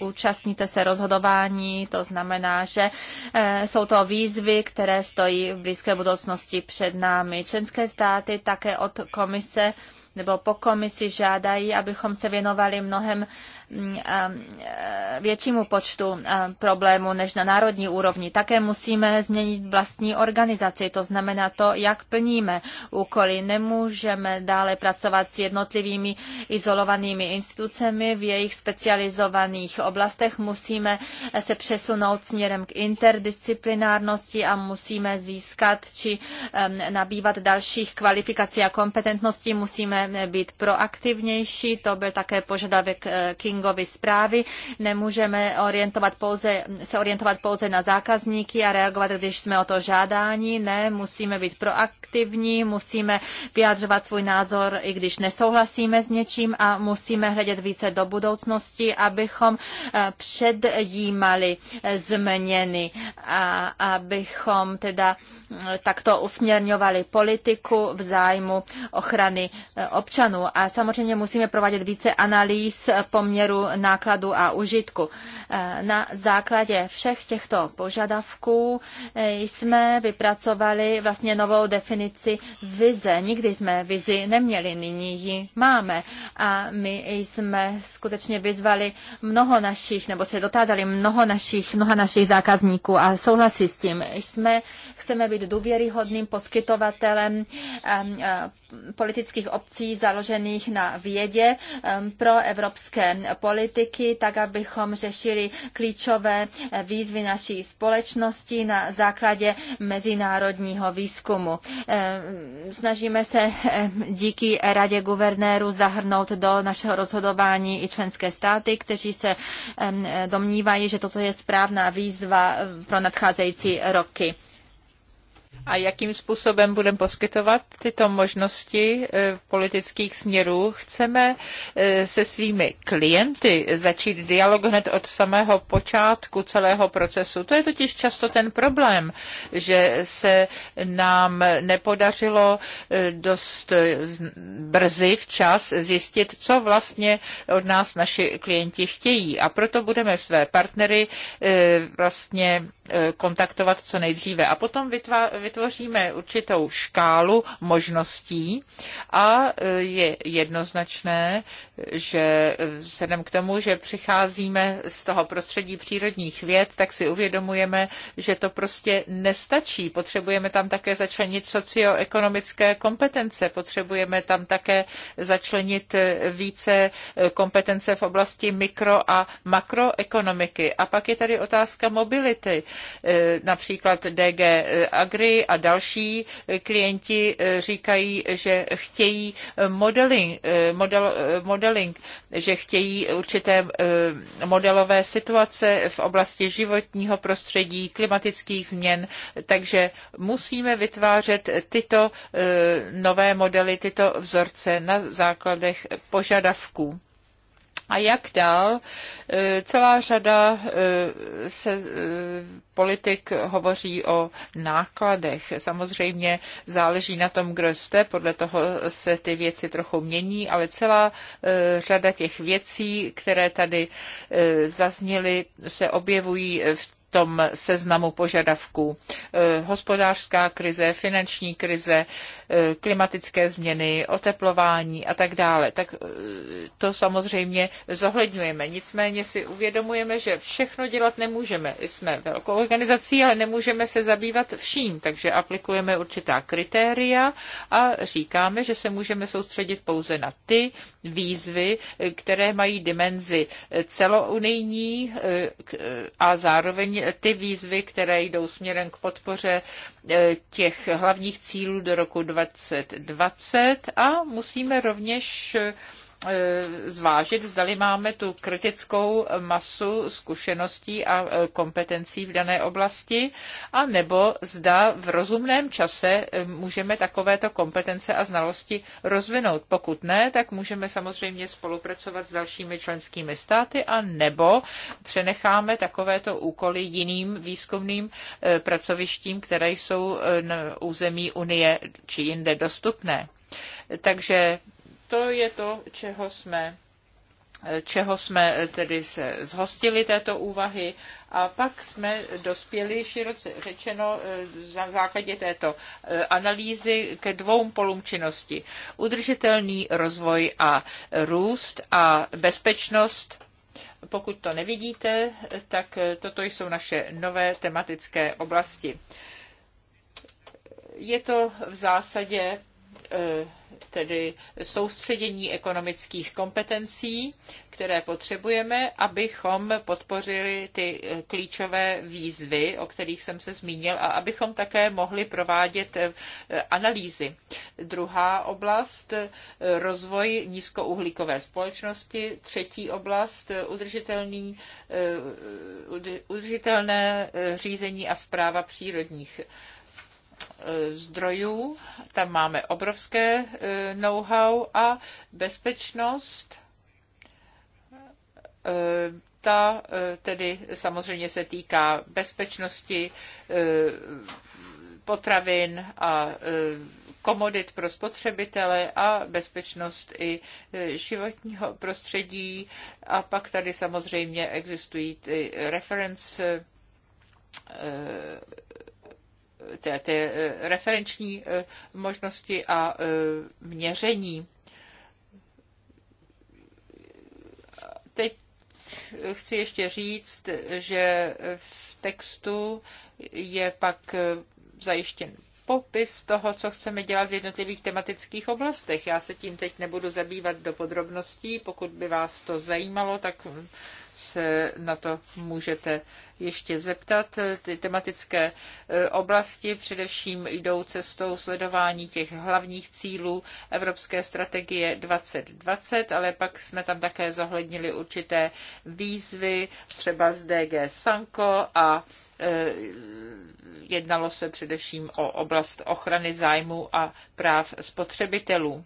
účastníte se rozhodování, to znamená, že eh, jsou to výzvy, které stojí v blízké budoucnosti před námi. Členské státy také od komise nebo po komisi žádají, abychom se věnovali mnohem Mm, eh, eh, většímu počtu eh, problémů než na národní úrovni. Také musíme změnit vlastní organizaci, to znamená to, jak plníme úkoly. Nemůžeme dále pracovat s jednotlivými izolovanými institucemi v jejich specializovaných oblastech. Musíme se přesunout směrem k interdisciplinárnosti a musíme získat či nabývat dalších kvalifikací a kompetentností. Musíme být proaktivnější, to byl také požadavek King marketingové zprávy. Nemůžeme orientovat pouze, se orientovat pouze na zákazníky a reagovat, když jsme o to žádání. Ne, musíme být proaktivní, musíme vyjadřovat svůj názor, i když nesouhlasíme s něčím a musíme hledět více do budoucnosti, abychom eh, předjímali eh, změny a abychom teda eh, takto usměrňovali politiku v zájmu ochrany občanů. A samozřejmě musíme provádět více analýz poměrně poměru nákladu a užitku. Eh, na základě všech těchto požadavků eh, jsme vypracovali vlastně novou definici vize. Nikdy jsme vizi neměli, nyní ji máme. A my jsme skutečně vyzvali mnoho našich, nebo se dotázali mnoho našich, mnoha našich zákazníků a souhlasí s tím. Jsme, chceme být důvěryhodným poskytovatelem eh, politických obcí založených na vědě pro evropské politiky, tak abychom řešili klíčové eh, výzvy naší společnosti na základě mezinárodního výzkumu. Eh, snažíme se eh, díky Radě guvernéru zahrnout do našeho rozhodování i členské státy, kteří se domnívají, že toto je správná výzva pro nadcházející roky a jakým způsobem budeme poskytovat tyto možnosti eh, politických směrů. Chceme eh, se svými klienty začít dialog hned od samého počátku celého procesu. To je totiž často ten problém, že se nám nepodařilo eh, dost brzy včas zjistit, co vlastně od nás naši klienti chtějí. A proto budeme své partnery vlastně Eh, kontaktovat co nejdříve. A potom vytvoříme určitou škálu možností a eh, je jednoznačné, že eh, vzhledem k tomu, že přicházíme z toho prostředí přírodních věd, tak si uvědomujeme, že to prostě nestačí. Potřebujeme tam také začlenit socioekonomické kompetence, potřebujeme tam také začlenit více kompetence v oblasti mikro a makroekonomiky. A pak je tady otázka mobility Eh, například DG eh, Agri a další eh, klienti říkají, že chtějí modeling, model, modeling že chtějí určité modelové situace v oblasti životního prostředí, klimatických změn, takže musíme vytvářet tyto nové modely, tyto vzorce na základech požadavků a jak dál. E, celá řada e, se, e, politik hovoří o nákladech. Samozřejmě záleží na tom, kdo jste, podle toho se ty věci trochu mění, ale celá řada těch věcí, které tady zazněly, se objevují v tom seznamu požadavků. Hospodářská krize, finanční krize, E, klimatické změny, oteplování a tak dále. Tak e, to samozřejmě zohledňujeme. Nicméně si uvědomujeme, že všechno dělat nemůžeme. Jsme velkou organizací, ale nemůžeme se zabývat vším, takže aplikujeme určitá kritéria a říkáme, že se můžeme soustředit pouze na ty výzvy, které mají dimenzi celounijní e, a zároveň ty výzvy, které jdou směrem k podpoře E, těch hlavních cílů do roku 2020 a musíme rovněž Eh, zvážit, zdali máme tu kritickou masu zkušeností a eh, kompetencí v dané oblasti, a nebo zda v rozumném čase eh, můžeme takovéto kompetence a znalosti rozvinout. Pokud ne, tak můžeme samozřejmě spolupracovat s dalšími členskými státy a nebo přenecháme takovéto úkoly jiným výzkumným pracovištím, které jsou na území Unie či jinde dostupné. Takže to je to, čeho jsme čeho jsme eh, tedy se zhostili této úvahy a pak jsme dospěli, široce řečeno, na eh, základě této eh, analýzy ke dvou polům činnosti. Udržitelný rozvoj a růst a bezpečnost. Pokud to nevidíte, tak toto jsou naše nové tematické oblasti. Je to v zásadě Eh, tedy soustředění ekonomických kompetencí, které potřebujeme, abychom podpořili ty eh, klíčové výzvy, o kterých jsem se zmínil, a abychom také mohli provádět eh, analýzy. Druhá oblast, rozvoj nízkouhlíkové společnosti. Třetí oblast, udržitelný, udržitelné řízení a zpráva přírodních Eh, zdrojů, tam máme obrovské eh, know-how a bezpečnost. Eh, ta tedy samozřejmě se týká bezpečnosti potravin a komodit pro spotřebitele a bezpečnost i životního prostředí. A pak tady samozřejmě existují ty reference té, té eh, referenční eh, možnosti a eh, měření. Teď chci ještě říct, že v textu je pak zajištěn popis toho, co chceme dělat v jednotlivých tematických oblastech. Já se tím teď nebudu zabývat do podrobností. Pokud by vás to zajímalo, tak se na to můžete ještě zeptat. Ty tematické e, oblasti především jdou cestou sledování těch hlavních cílů Evropské strategie 2020, ale pak jsme tam také zohlednili určité výzvy, třeba z DG Sanko a e, jednalo se především o oblast ochrany zájmu a práv spotřebitelů.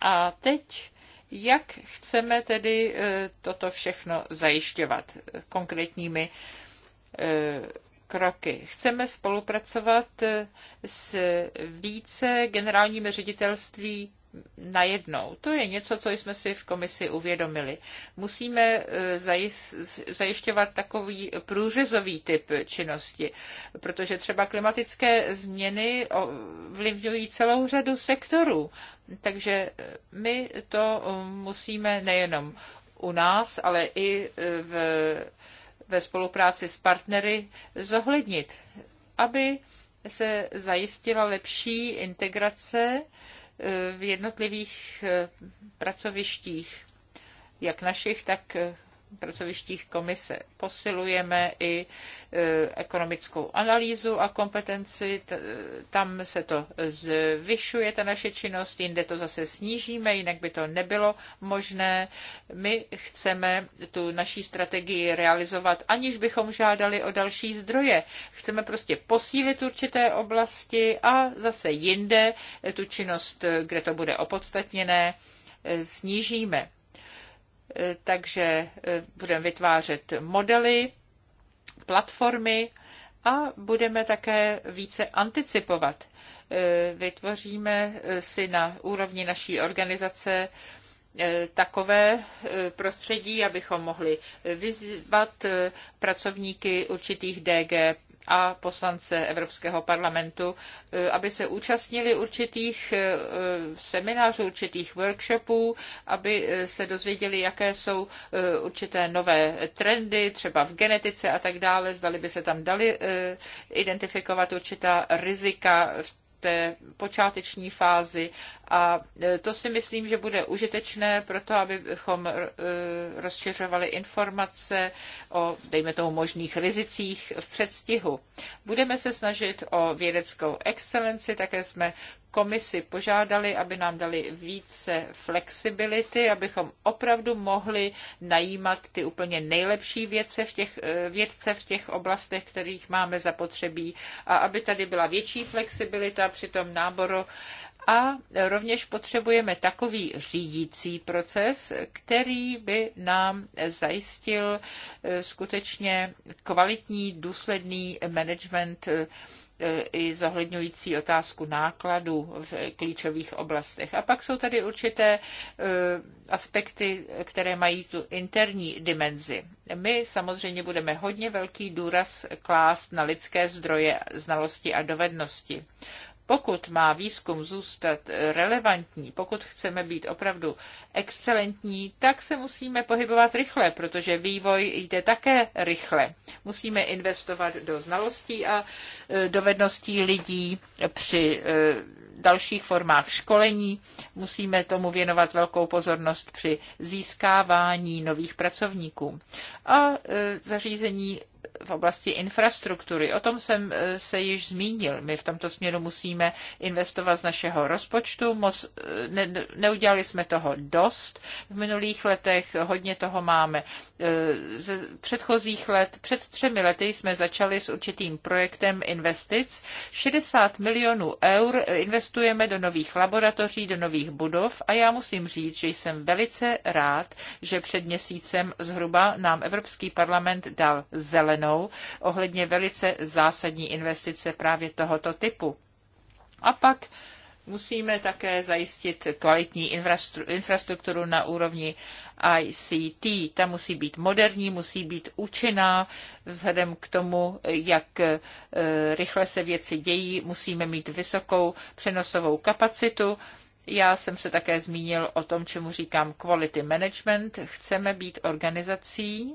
A teď jak chceme tedy eh, toto všechno zajišťovat eh, konkrétními eh, kroky. Chceme spolupracovat s více generálními ředitelství najednou. To je něco, co jsme si v komisi uvědomili. Musíme e, zajišťovat takový průřezový typ činnosti, protože třeba klimatické změny vlivňují celou řadu sektorů. Takže e, my to musíme nejenom u nás, ale i e, v, ve spolupráci s partnery zohlednit, aby se zajistila lepší integrace E, v jednotlivých e, pracovištích, jak našich, tak e, pracovištích komise. Posilujeme i e, ekonomickou analýzu a kompetenci, e, tam se to zvyšuje, ta naše činnost, jinde to zase snížíme, jinak by to nebylo možné. My chceme tu naší strategii realizovat, aniž bychom žádali o další zdroje. Chceme prostě posílit určité oblasti a zase jinde tu činnost, kde to bude opodstatněné, e, snížíme. Eh, takže eh, budeme vytvářet modely, platformy a budeme také více anticipovat. Eh, vytvoříme si na úrovni naší organizace takové prostředí, abychom mohli vyzývat pracovníky určitých DG a poslance Evropského parlamentu, eh, aby se účastnili určitých eh, seminářů, určitých workshopů, aby eh, se dozvěděli, jaké jsou určité nové trendy, třeba v genetice a tak dále, zdali by se tam dali identifikovat určitá rizika v té počáteční fázi a e, to si myslím, že bude užitečné pro to, abychom e, rozšiřovali informace o, dejme tomu, možných rizicích v předstihu. Budeme se snažit o vědeckou excelenci, také jsme komisi požádali, aby nám dali více flexibility, abychom opravdu mohli najímat ty úplně nejlepší vědce v těch, eh, vědce v těch oblastech, kterých máme zapotřebí a aby tady byla větší flexibilita při tom náboru a rovněž potřebujeme takový řídící proces, který by nám zajistil eh, skutečně kvalitní, důsledný management eh, E, i zohledňující otázku nákladů v klíčových oblastech. A pak jsou tady určité e, aspekty, které mají tu interní dimenzi. My samozřejmě budeme hodně velký důraz klást na lidské zdroje, znalosti a dovednosti. Pokud má výzkum zůstat relevantní, pokud chceme být opravdu excelentní, tak se musíme pohybovat rychle, protože vývoj jde také rychle. Musíme investovat do znalostí a e, dovedností lidí při e, dalších formách školení. Musíme tomu věnovat velkou pozornost při získávání nových pracovníků. A e, zařízení v oblasti infrastruktury. O tom jsem eh, se již zmínil. My v tomto směru musíme investovat z našeho rozpočtu. Moc, eh, ne, neudělali jsme toho dost v minulých letech. Hodně toho máme eh, z předchozích let. Před třemi lety jsme začali s určitým projektem investic. 60 milionů eur investujeme do nových laboratoří, do nových budov a já musím říct, že jsem velice rád, že před měsícem zhruba nám Evropský parlament dal zelenou zelenou ohledně velice zásadní investice právě tohoto typu. A pak musíme také zajistit kvalitní infrastrukturu na úrovni ICT. Ta musí být moderní, musí být účinná. Vzhledem k tomu, jak e, rychle se věci dějí, musíme mít vysokou přenosovou kapacitu. Já jsem se také zmínil o tom, čemu říkám quality management. Chceme být organizací,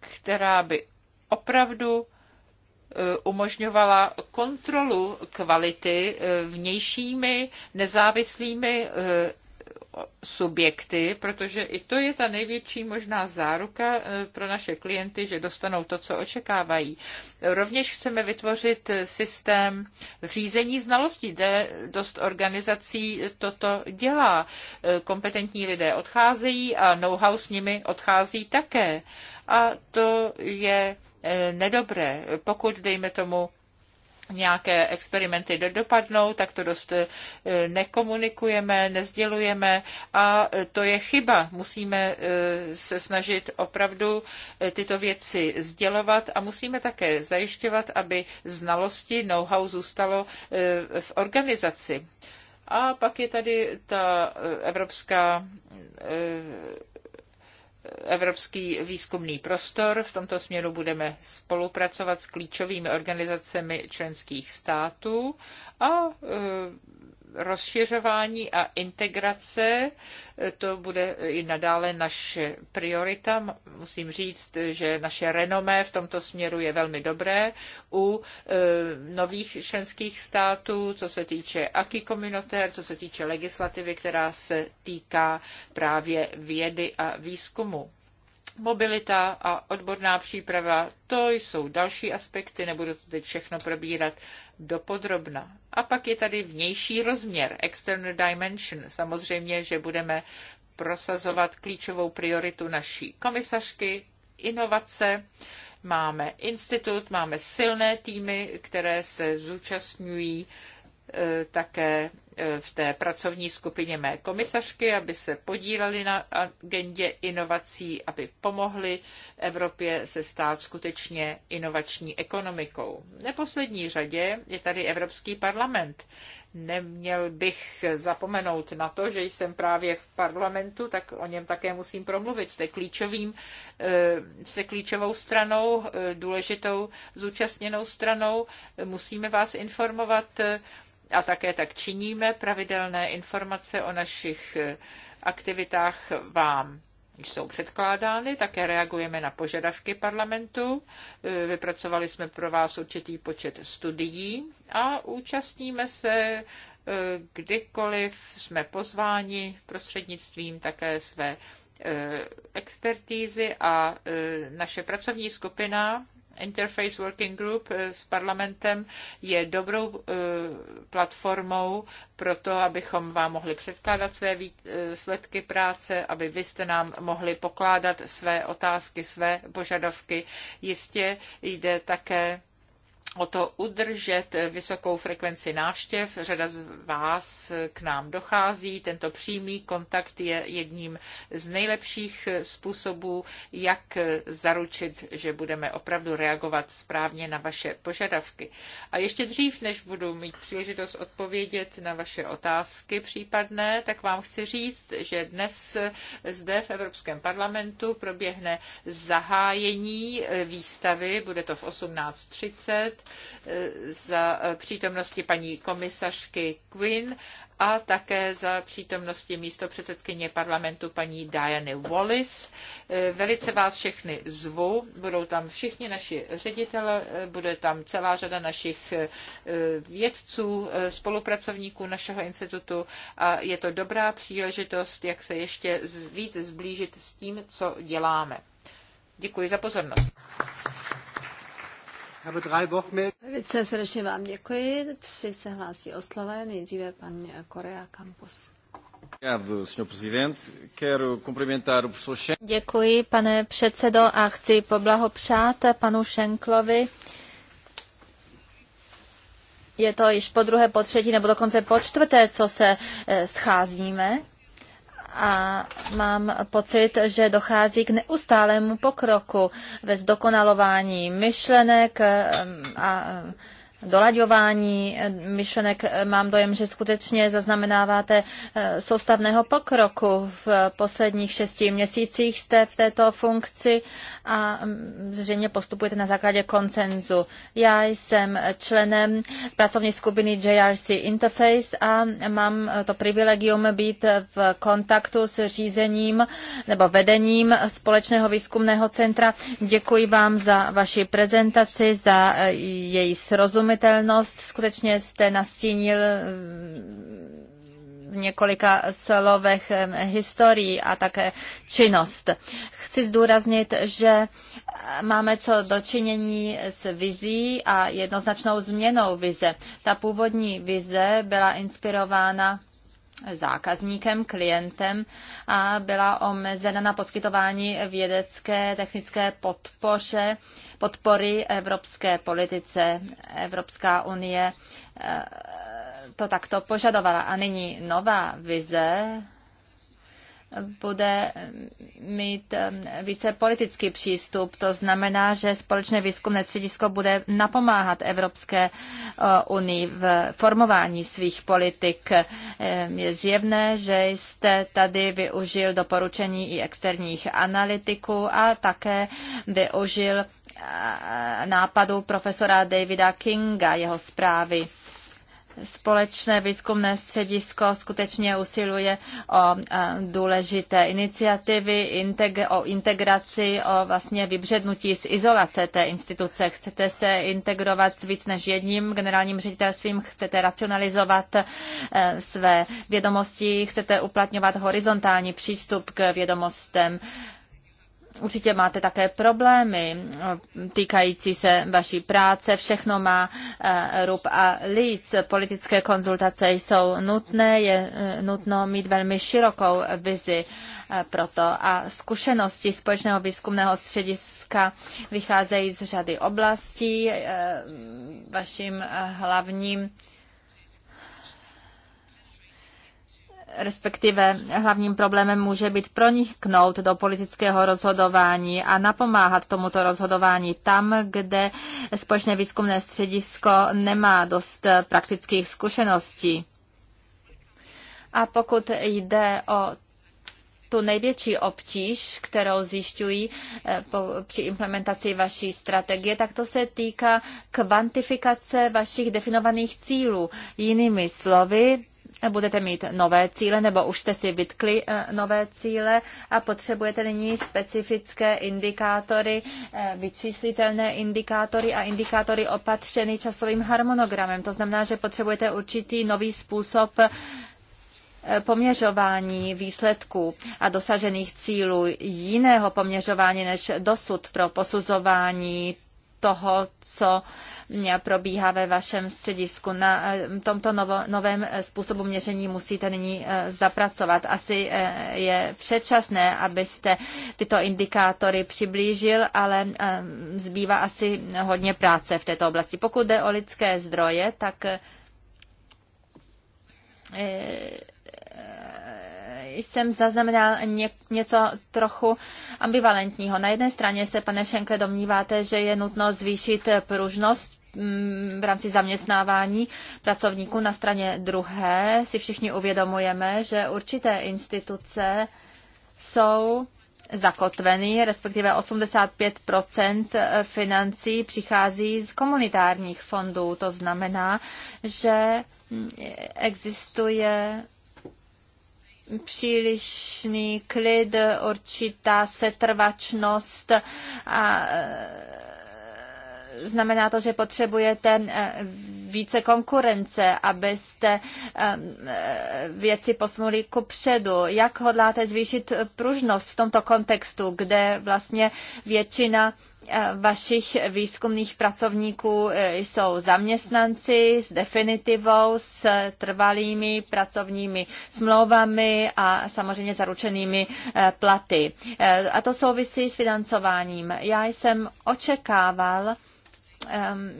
která by opravdu eh, umožňovala kontrolu kvality eh, vnějšími nezávislými eh, subjekty, protože i to je ta největší možná záruka eh, pro naše klienty, že dostanou to, co očekávají. Rovněž chceme vytvořit systém řízení znalostí, kde dost organizací toto dělá. Eh, kompetentní lidé odcházejí a know-how s nimi odchází také. A to je eh, nedobré, pokud, dejme tomu, nějaké experimenty dopadnou, tak to dost eh, nekomunikujeme, nezdělujeme a eh, to je chyba. Musíme eh, se snažit opravdu tyto věci sdělovat a musíme také zajišťovat, aby znalosti, know-how zůstalo v organizaci. A pak je tady ta evropská Evropský výzkumný prostor. V tomto směru budeme spolupracovat s klíčovými organizacemi členských států a e, rozšiřování a integrace, to bude i nadále naše priorita. Musím říct, že naše renomé v tomto směru je velmi dobré u e, nových členských států, co se týče aký komunitér, co se týče legislativy, která se týká právě vědy a výzkumu. Mobilita a odborná příprava, to jsou další aspekty, nebudu to teď všechno probírat do podrobna. A pak je tady vnější rozměr, external dimension. Samozřejmě, že budeme prosazovat klíčovou prioritu naší komisařky, inovace, máme institut, máme silné týmy, které se zúčastňují E, také e, v té pracovní skupině mé komisařky, aby se podíleli na agendě inovací, aby pomohli Evropě se stát skutečně inovační ekonomikou. V neposlední řadě je tady Evropský parlament. Neměl bych zapomenout na to, že jsem právě v parlamentu, tak o něm také musím promluvit. Jste, klíčovým, e, jste klíčovou stranou, důležitou zúčastněnou stranou. Musíme vás informovat a také tak činíme. Pravidelné informace o našich eh, aktivitách vám jsou předkládány, také reagujeme na požadavky parlamentu. Eh, vypracovali jsme pro vás určitý počet studií a účastníme se eh, kdykoliv jsme pozváni prostřednictvím také své expertízy a naše pracovní skupina Interface Working Group eh, s parlamentem je dobrou eh, platformou pro to, abychom vám mohli předkládat své výsledky eh, práce, aby vy jste nám mohli pokládat své otázky, své požadavky. Jistě jde také o to udržet vysokou frekvenci návštěv. Řada z vás k nám dochází. Tento přímý kontakt je jedním z nejlepších způsobů, jak zaručit, že budeme opravdu reagovat správně na vaše požadavky. A ještě dřív, než budu mít příležitost odpovědět na vaše otázky případné, tak vám chci říct, že dnes zde v Evropském parlamentu proběhne zahájení výstavy, bude to v 18.30 2020 eh, za eh, přítomnosti paní komisařky Quinn a také za přítomnosti místo předsedkyně parlamentu paní Diany Wallis. Eh, velice vás všechny zvu, budou tam všichni naši ředitele, bude tam celá řada našich vědců, spolupracovníků našeho institutu a je to dobrá příležitost, jak se ještě víc zblížit s tím, co děláme. Děkuji za pozornost. Velice srdečně vám děkuji. Tři se hlásí o slova. nejdříve pan Korea Campus. Děkuji, pane předsedo, a chci poblahopřát panu Šenklovi. Je to již po druhé, po třetí nebo dokonce po čtvrté, co se eh, scházíme a mám pocit, že dochází k neustálému pokroku ve zdokonalování myšlenek a dolaďování eh, myšlenek. Eh, mám dojem, že skutečně zaznamenáváte eh, soustavného pokroku. V posledních šesti měsících jste v této funkci a mm, zřejmě postupujete na základě koncenzu. Já jsem členem pracovní skupiny JRC Interface a mám to privilegium být v kontaktu s řízením nebo vedením společného výzkumného centra. Děkuji vám za vaši prezentaci, za její srozumění srozumitelnost skutečně jste nastínil mm, v několika slovech mm, historii a také činnost. Chci zdůraznit, že máme co dočinění s vizí a jednoznačnou změnou vize. Ta původní vize byla inspirována zákazníkem, klientem a byla omezena na poskytování vědecké technické podpoře, podpory evropské politice. Evropská unie eh, to takto požadovala. A nyní nová vize bude mít více politický přístup. To znamená, že společné výzkumné středisko bude napomáhat Evropské eh, unii v formování svých politik. Je zjevné, že jste tady využil doporučení i externích analytiků a také využil eh, nápadu profesora Davida Kinga, jeho zprávy společné výzkumné středisko skutečně usiluje o důležité iniciativy, o integraci, o vlastně vybřednutí z izolace té instituce. Chcete se integrovat s víc než jedním generálním ředitelstvím, chcete racionalizovat e, své vědomosti, chcete uplatňovat horizontální přístup k vědomostem. Určitě máte také problémy eh, týkající se vaší práce. Všechno má eh, rub a líc. Politické konzultace jsou nutné, je eh, nutno mít velmi širokou vizi to A zkušenosti společného výzkumného střediska vycházejí z řady oblastí. Vaším hlavním respektive hlavním problémem může být proniknout do politického rozhodování a napomáhat tomuto rozhodování tam, kde společné výzkumné středisko nemá dost praktických zkušeností. A pokud jde o tu největší obtíž, kterou zjišťují eh, při implementaci vaší strategie, tak to se týká kvantifikace vašich definovaných cílů. Jinými slovy, budete mít nové cíle, nebo už jste si vytkli eh, nové cíle a potřebujete nyní specifické indikátory, eh, vyčíslitelné indikátory a indikátory opatřeny časovým harmonogramem. To znamená, že potřebujete určitý nový způsob eh, poměřování výsledků a dosažených cílů jiného poměřování než dosud pro posuzování toho, co mm, probíhá ve vašem středisku. Na eh, tomto novém eh, způsobu měření musíte nyní eh, zapracovat. Asi je předčasné, abyste tyto indikátory přiblížil, ale zbývá asi hodně práce v této oblasti. Pokud jde o lidské zdroje, tak jsem zaznamenal ně, něco trochu ambivalentního. Na jedné straně se, pane Šenkle, domníváte, že je nutno zvýšit pružnost mm, v rámci zaměstnávání pracovníků. Na straně druhé si všichni uvědomujeme, že určité instituce jsou zakotveny, respektive 85 financí přichází z komunitárních fondů. To znamená, že existuje přílišný klid, určitá setrvačnost a e, znamená to, že potřebujete e, více konkurence, abyste e, věci posunuli ku předu. Jak hodláte zvýšit pružnost v tomto kontextu, kde vlastně většina Eh, vašich výzkumných pracovníků eh, jsou zaměstnanci s definitivou, s trvalými pracovními smlouvami a samozřejmě zaručenými eh, platy. A to souvisí s financováním. Já jsem očekával ehm,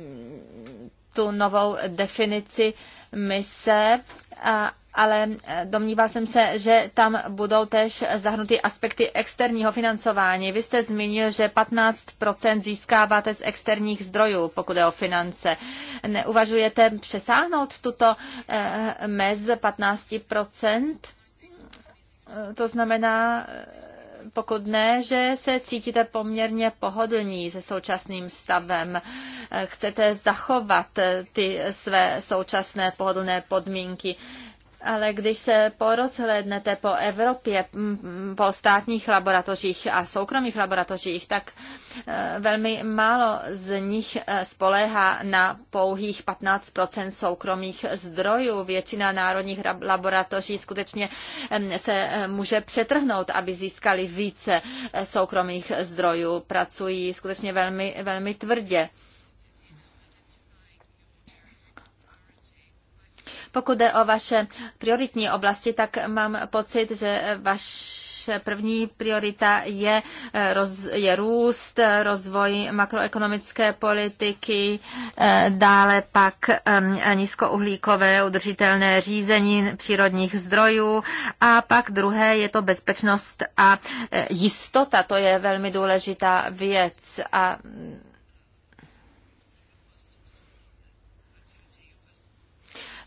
tu novou definici mise a, ale eh, domníval jsem se, že tam budou tež zahrnuty aspekty externího financování. Vy jste zmínil, že 15% získáváte z externích zdrojů, pokud je o finance. Neuvažujete přesáhnout tuto eh, mez 15%? Eh, to znamená, pokud ne, že se cítíte poměrně pohodlní se současným stavem. Chcete zachovat ty své současné pohodlné podmínky. Ale když se porozhlednete po Evropě, po státních laboratořích a soukromých laboratořích, tak e, velmi málo z nich e, spoléhá na pouhých 15 soukromých zdrojů. Většina národních laboratoří skutečně se e, může přetrhnout, aby získali více soukromých zdrojů. Pracují skutečně velmi, velmi tvrdě. Pokud jde o vaše prioritní oblasti, tak mám pocit, že vaše první priorita je, eh, roz, je růst, rozvoj makroekonomické politiky, eh, dále pak ehm, nízkouhlíkové udržitelné řízení přírodních zdrojů a pak druhé je to bezpečnost a eh, jistota. To je velmi důležitá věc a mm,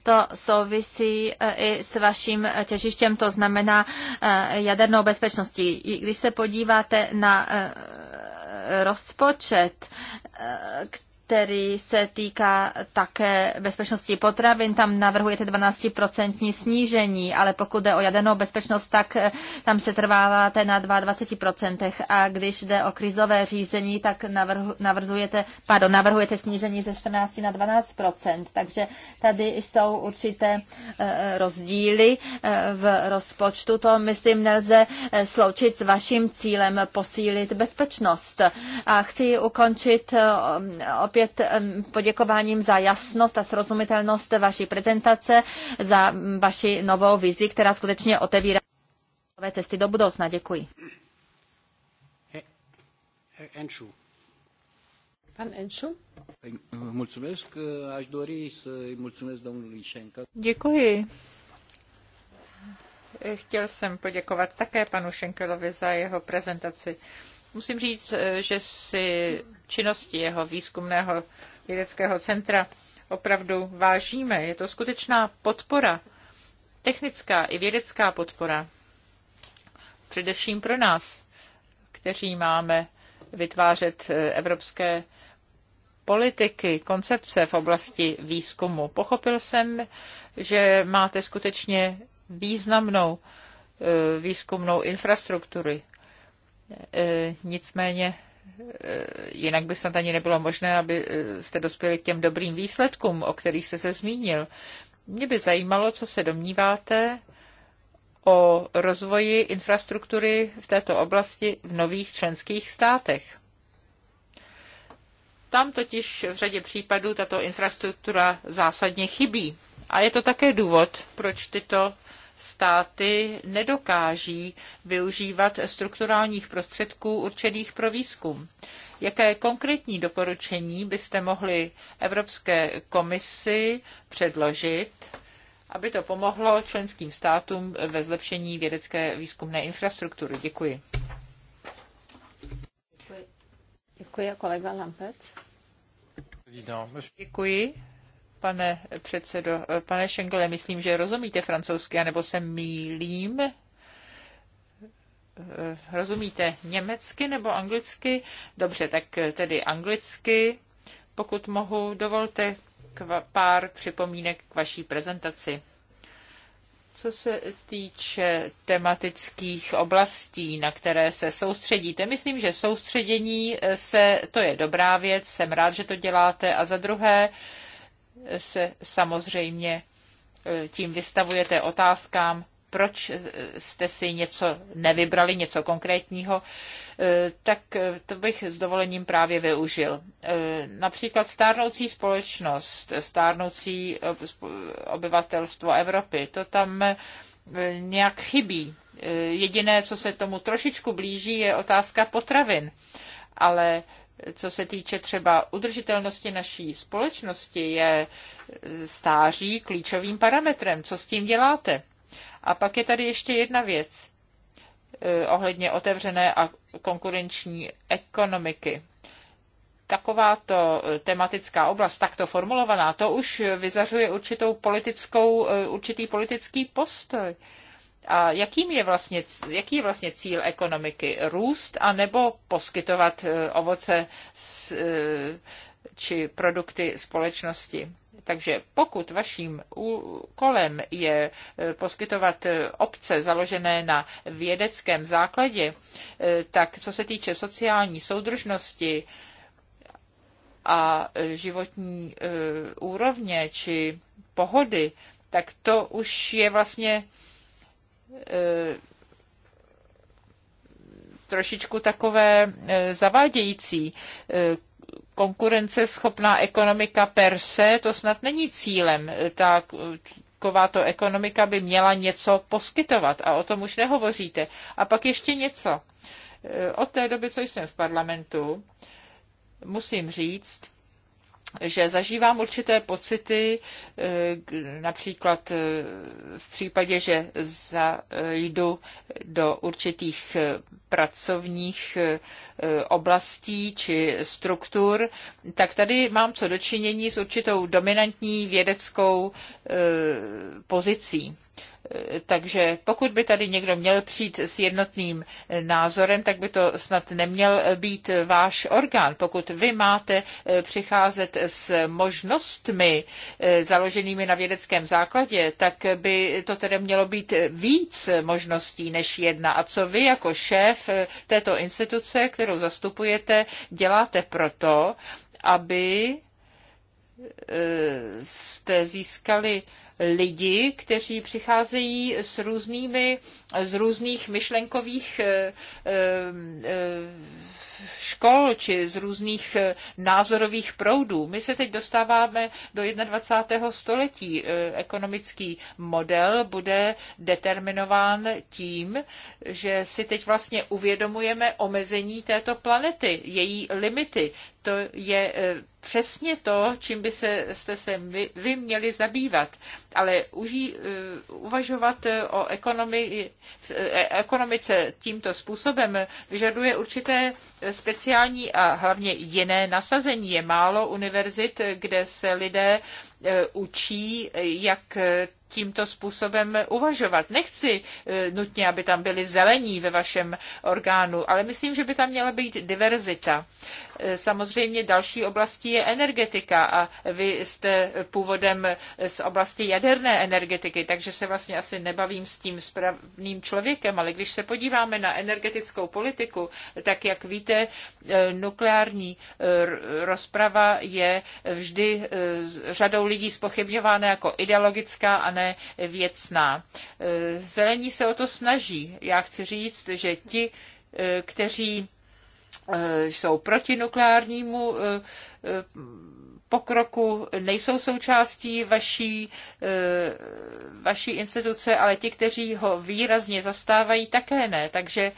to souvisí e, i s vaším e, těžištěm, to znamená e, jadernou bezpečností. Když se podíváte na rozpočet, který se týká také bezpečnosti potravin. Tam navrhujete 12% snížení, ale pokud jde o jadernou bezpečnost, tak eh, tam se trváváte na 22%. A když jde o krizové řízení, tak navrhu, pardon, navrhujete snížení ze 14 na 12%. Takže tady jsou určité eh, rozdíly eh, v rozpočtu. To, myslím, nelze sloučit s vaším cílem posílit bezpečnost. A chci ukončit opět poděkováním za jasnost a srozumitelnost vaší prezentace, za vaši novou vizi, která skutečně otevírá nové cesty do budoucna. Děkuji. Eh, eh, Enšu. Pan Enšu. Eh, Děkuji. Chtěl jsem poděkovat také panu Šenkelovi za jeho prezentaci. Musím říct, že si činnosti jeho výzkumného vědeckého centra opravdu vážíme. Je to skutečná podpora, technická i vědecká podpora, především pro nás, kteří máme vytvářet eh, evropské politiky, koncepce v oblasti výzkumu. Pochopil jsem, že máte skutečně významnou eh, výzkumnou infrastrukturu. Eh, nicméně jinak by snad ani nebylo možné, aby eh, dospěli k těm dobrým výsledkům, o kterých jste se zmínil. Mě by zajímalo, co se domníváte o rozvoji infrastruktury v této oblasti v nových členských státech. Tam totiž v řadě případů tato infrastruktura zásadně chybí. A je to také důvod, proč tyto státy nedokáží využívat strukturálních prostředků určených pro výzkum. Jaké konkrétní doporučení byste mohli Evropské komisi předložit, aby to pomohlo členským státům ve zlepšení vědecké výzkumné infrastruktury? Děkuji. Děkuji, kolega Lampec. Děkuji pane předsedo. Pane Schengle, myslím, že rozumíte francouzsky, anebo se mýlím? Rozumíte německy nebo anglicky? Dobře, tak tedy anglicky. Pokud mohu, dovolte pár připomínek k vaší prezentaci. Co se týče tematických oblastí, na které se soustředíte, myslím, že soustředění eh, se, to je dobrá věc, jsem rád, že to děláte. A za druhé, se samozřejmě e, tím vystavujete otázkám, proč e, jste si něco nevybrali, něco konkrétního, e, tak to bych s dovolením právě využil. Například stárnoucí společnost, stárnoucí obyvatelstvo Evropy, to tam nějak chybí. Jediné, co se tomu trošičku blíží, je otázka potravin. Ale co se týče třeba udržitelnosti naší společnosti, je stáří klíčovým parametrem. Co s tím děláte? A pak je tady ještě jedna věc eh, ohledně otevřené a konkurenční ekonomiky. Takováto eh, tematická oblast, takto formulovaná, to už vyzařuje určitou politickou, eh, určitý politický postoj. A jakým je vlastně, jaký je vlastně cíl ekonomiky? Růst anebo poskytovat eh, ovoce s, eh, či produkty společnosti? Takže pokud vaším úkolem je eh, poskytovat obce založené na vědeckém základě, tak co se týče sociální soudržnosti a životní úrovně či pohody, tak to už je vlastně Eh, trošičku takové eh, zavádějící. Eh, konkurenceschopná ekonomika per se, to snad není cílem. Ta, takováto ekonomika by měla něco poskytovat a o tom už nehovoříte. A pak ještě něco. Od té doby, co jsem v parlamentu, musím říct, že zažívám určité pocity, eh, například eh, v případě, že zajdu do určitých eh, pracovních oblastí či struktur, tak tady mám co dočinění s určitou dominantní vědeckou pozicí. Takže pokud by tady někdo měl přijít s jednotným názorem, tak by to snad neměl být váš orgán. Pokud vy máte eh, přicházet s možnostmi eh, založenými na vědeckém základě, tak by to tedy mělo být víc možností než jedna. A co vy jako šéf eh, této instituce, kterou zastupujete, děláte proto, aby jste získali lidi, kteří přicházejí s různými, z různých myšlenkových eh, eh, škol či z různých eh, názorových proudů. My se teď dostáváme do 21. století. Ekonomický model bude determinován tím, že si teď vlastně uvědomujeme omezení této planety, její limity. To je přesně to, čím by se, se vy, vy měli zabývat ale uží, eh, uvažovat eh, o ekonomii, eh, ekonomice tímto způsobem vyžaduje určité speciální a hlavně jiné nasazení. Je málo univerzit, kde se lidé učí, jak tímto způsobem uvažovat. Nechci nutně, aby tam byli zelení ve vašem orgánu, ale myslím, že by tam měla být diverzita. Samozřejmě další oblastí je energetika a vy jste původem z oblasti jaderné energetiky, takže se vlastně asi nebavím s tím správným člověkem, ale když se podíváme na energetickou politiku, tak jak víte, nukleární rozprava je vždy eh, řadou lidí spochybňována jako ideologická a ne věcná. Eh, zelení se o to snaží. Já chci říct, že ti, eh, kteří Eh, jsou proti nukleárnímu eh, pokroku, nejsou součástí vaší, eh, vaší instituce, ale ti, kteří ho výrazně zastávají, také ne. Takže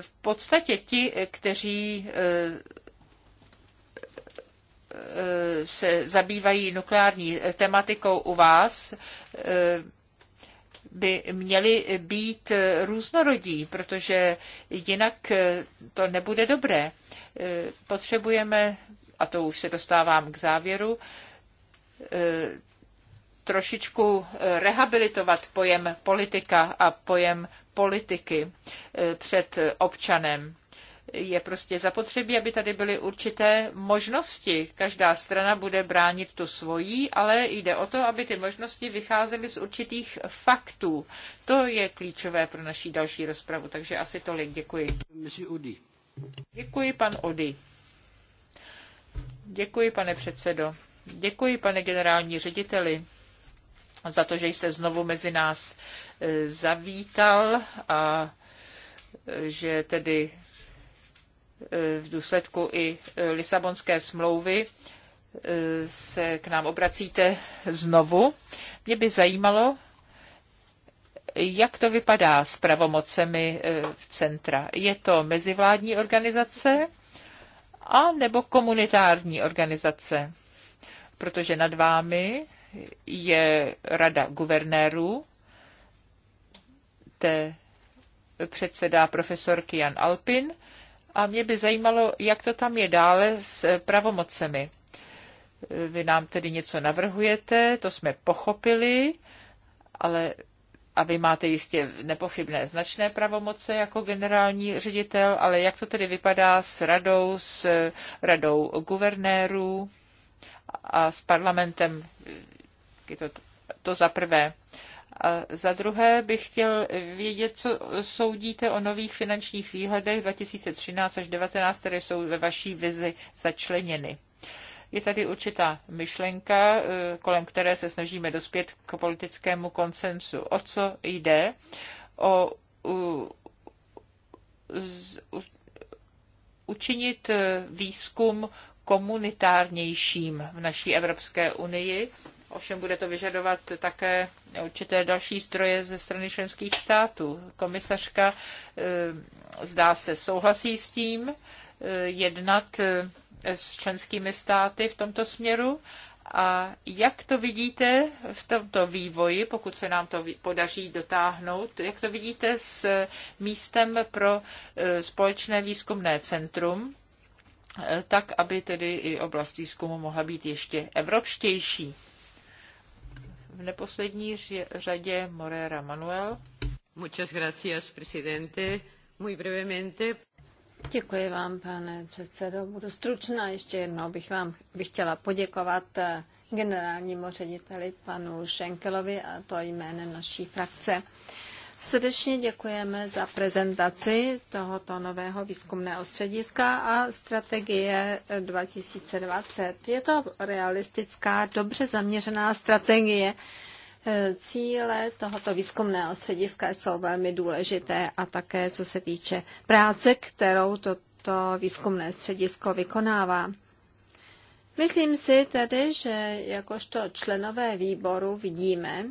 v podstatě ti, kteří se zabývají nukleární tematikou u vás, by měli být různorodí, protože jinak to nebude dobré. Potřebujeme, a to už se dostávám k závěru, trošičku rehabilitovat pojem politika a pojem politiky před občanem je prostě zapotřebí, aby tady byly určité možnosti. Každá strana bude bránit tu svojí, ale jde o to, aby ty možnosti vycházely z určitých faktů. To je klíčové pro naší další rozpravu, takže asi tolik. Děkuji. Děkuji, pan Ody. Děkuji, pane předsedo. Děkuji, pane generální řediteli, za to, že jste znovu mezi nás eh, zavítal a eh, že tedy v důsledku i Lisabonské smlouvy e, se k nám obracíte znovu. Mě by zajímalo, jak to vypadá s pravomocemi e, centra. Je to mezivládní organizace a nebo komunitární organizace? Protože nad vámi je rada guvernérů, te předsedá profesor Kian Alpin a mě by zajímalo, jak to tam je dále s eh, pravomocemi. Eh, vy nám tedy něco navrhujete, to jsme pochopili, ale a vy máte jistě nepochybné značné pravomoce jako generální ředitel, ale jak to tedy vypadá s radou, s eh, radou guvernérů a s parlamentem? Je to, to za prvé. A za druhé bych chtěl vědět, co soudíte o nových finančních výhledech 2013 až 2019, které jsou ve vaší vizi začleněny. Je tady určitá myšlenka, eh, kolem které se snažíme dospět k politickému koncensu. O co jde? O u, z, u, učinit eh, výzkum komunitárnějším v naší Evropské unii Ovšem bude to vyžadovat také určité další stroje ze strany členských států. Komisařka eh, zdá se souhlasí s tím eh, jednat eh, s členskými státy v tomto směru. A jak to vidíte v tomto vývoji, pokud se nám to podaří dotáhnout, jak to vidíte s místem pro společné výzkumné centrum, tak aby tedy i oblast výzkumu mohla být ještě evropštější? v neposlední řadě Morera Manuel. Muchas gracias, presidente. Muy brevemente. Děkuji vám, pane předsedo. Budu stručná. Ještě jednou bych vám bych chtěla poděkovat eh, generálnímu řediteli panu Šenkelovi a to jménem naší frakce. Srdečně děkujeme za prezentaci tohoto nového výzkumného střediska a strategie 2020. Je to realistická, dobře zaměřená strategie. Cíle tohoto výzkumného střediska jsou velmi důležité a také co se týče práce, kterou toto výzkumné středisko vykonává. Myslím si tedy, že jakožto členové výboru vidíme,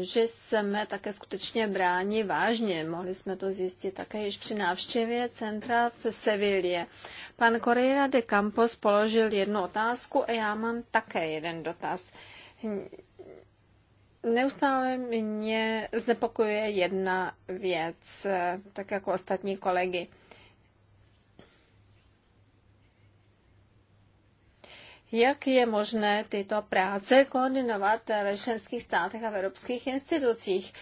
že jsme také skutečně bráni vážně. Mohli jsme to zjistit také již při návštěvě centra v Sevilie. Pan Correira de Campos položil jednu otázku a já mám také jeden dotaz. Neustále mě znepokojuje jedna věc, tak jako ostatní kolegy. jak je možné tyto práce koordinovat ve členských státech a v evropských institucích.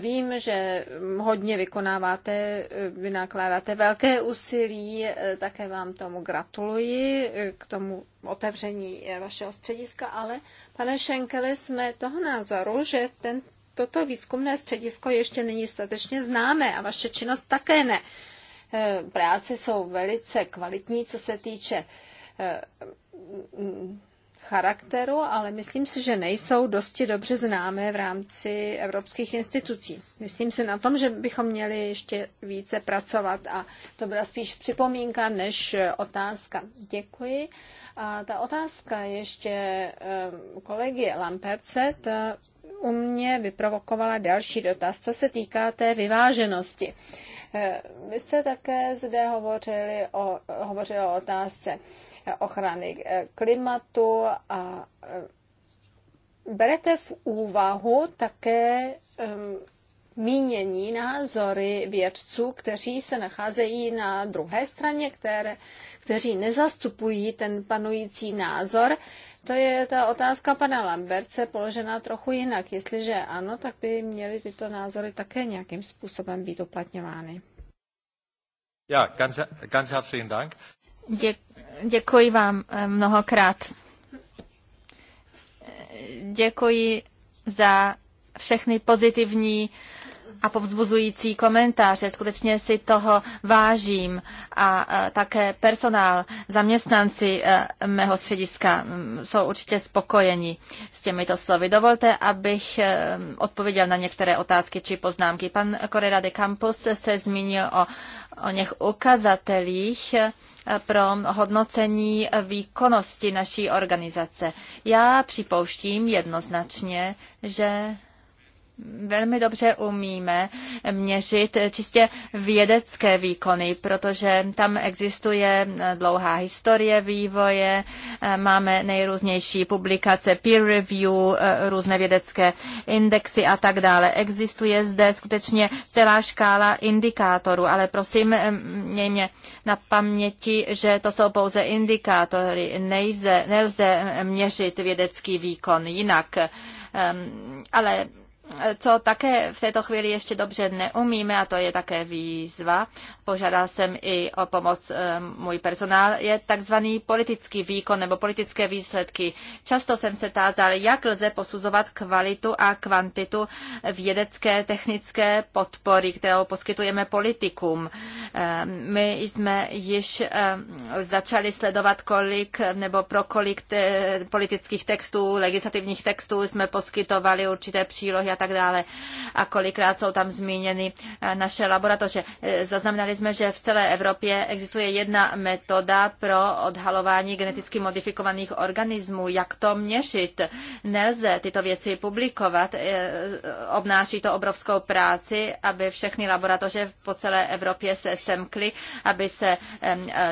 Vím, že hodně vykonáváte, vynakládáte velké úsilí, také vám tomu gratuluji, k tomu otevření vašeho střediska, ale pane Šenkele, jsme toho názoru, že ten, toto výzkumné středisko ještě není dostatečně známé a vaše činnost také ne. Práce jsou velice kvalitní, co se týče charakteru, ale myslím si, že nejsou dosti dobře známé v rámci evropských institucí. Myslím si na tom, že bychom měli ještě více pracovat a to byla spíš připomínka než otázka. Děkuji. A ta otázka ještě eh, kolegy Lamperce, ta u mě vyprovokovala další dotaz, co se týká té vyváženosti. Eh, vy jste také zde hovořili o, hovořili o otázce ochrany eh, klimatu a eh, berete v úvahu také eh, mínění, názory vědců, kteří se nacházejí na druhé straně, které, kteří nezastupují ten panující názor. To je ta otázka pana Lamberce položená trochu jinak. Jestliže ano, tak by měly tyto názory také nějakým způsobem být uplatňovány. Ja, ganz, ganz herzlichen Dank. Děkuji vám eh, mnohokrát. Děkuji za všechny pozitivní a povzbuzující komentáře. Skutečně si toho vážím a eh, také personál, zaměstnanci eh, mého střediska mm, jsou určitě spokojeni s těmito slovy. Dovolte, abych odpověděl na některé otázky či poznámky. Pan Correra de Campos se zmínil o o něch ukazatelích eh, pro hodnocení výkonnosti naší organizace. Já připouštím jednoznačně, že velmi dobře umíme měřit čistě vědecké výkony, protože tam existuje dlouhá historie vývoje, máme nejrůznější publikace, peer review, různé vědecké indexy a tak dále. Existuje zde skutečně celá škála indikátorů, ale prosím, mějme na paměti, že to jsou pouze indikátory, nejze, nelze měřit vědecký výkon jinak ehm, ale co také v této chvíli ještě dobře neumíme, a to je také výzva, požádal jsem i o pomoc eh, můj personál, je takzvaný politický výkon nebo politické výsledky. Často jsem se tázal, jak lze posuzovat kvalitu a kvantitu vědecké technické podpory, kterou poskytujeme politikům. Ehm, my jsme již ehm, začali sledovat, kolik nebo pro kolik eh, politických textů, legislativních textů jsme poskytovali určité přílohy a tak dále. A kolikrát jsou tam zmíněny eh, naše laboratoře. Eh, zaznamenali jsme, že v celé Evropě existuje jedna metoda pro odhalování geneticky modifikovaných organismů. Jak to měřit? Nelze tyto věci publikovat. Eh, obnáší to obrovskou práci, aby všechny laboratoře po celé Evropě se semkly, aby se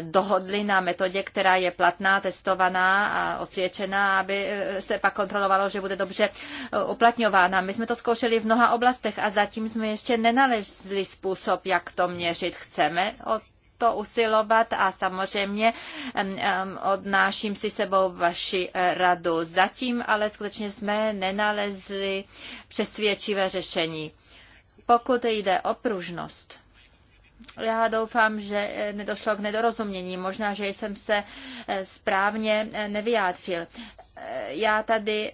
dohodli na metodě, která je platná, testovaná a osvědčená, aby se pak kontrolovalo, že bude dobře uplatňována. My jsme to zkoušeli v mnoha oblastech a zatím jsme ještě nenalezli způsob, jak to měřit chceme. O to usilovat a samozřejmě odnáším si sebou vaši eh, radu. Zatím ale skutečně jsme nenalezli přesvědčivé řešení. Pokud jde o pružnost, já doufám, že eh, nedošlo k nedorozumění. Možná, že jsem se eh, správně nevyjádřil. Já tady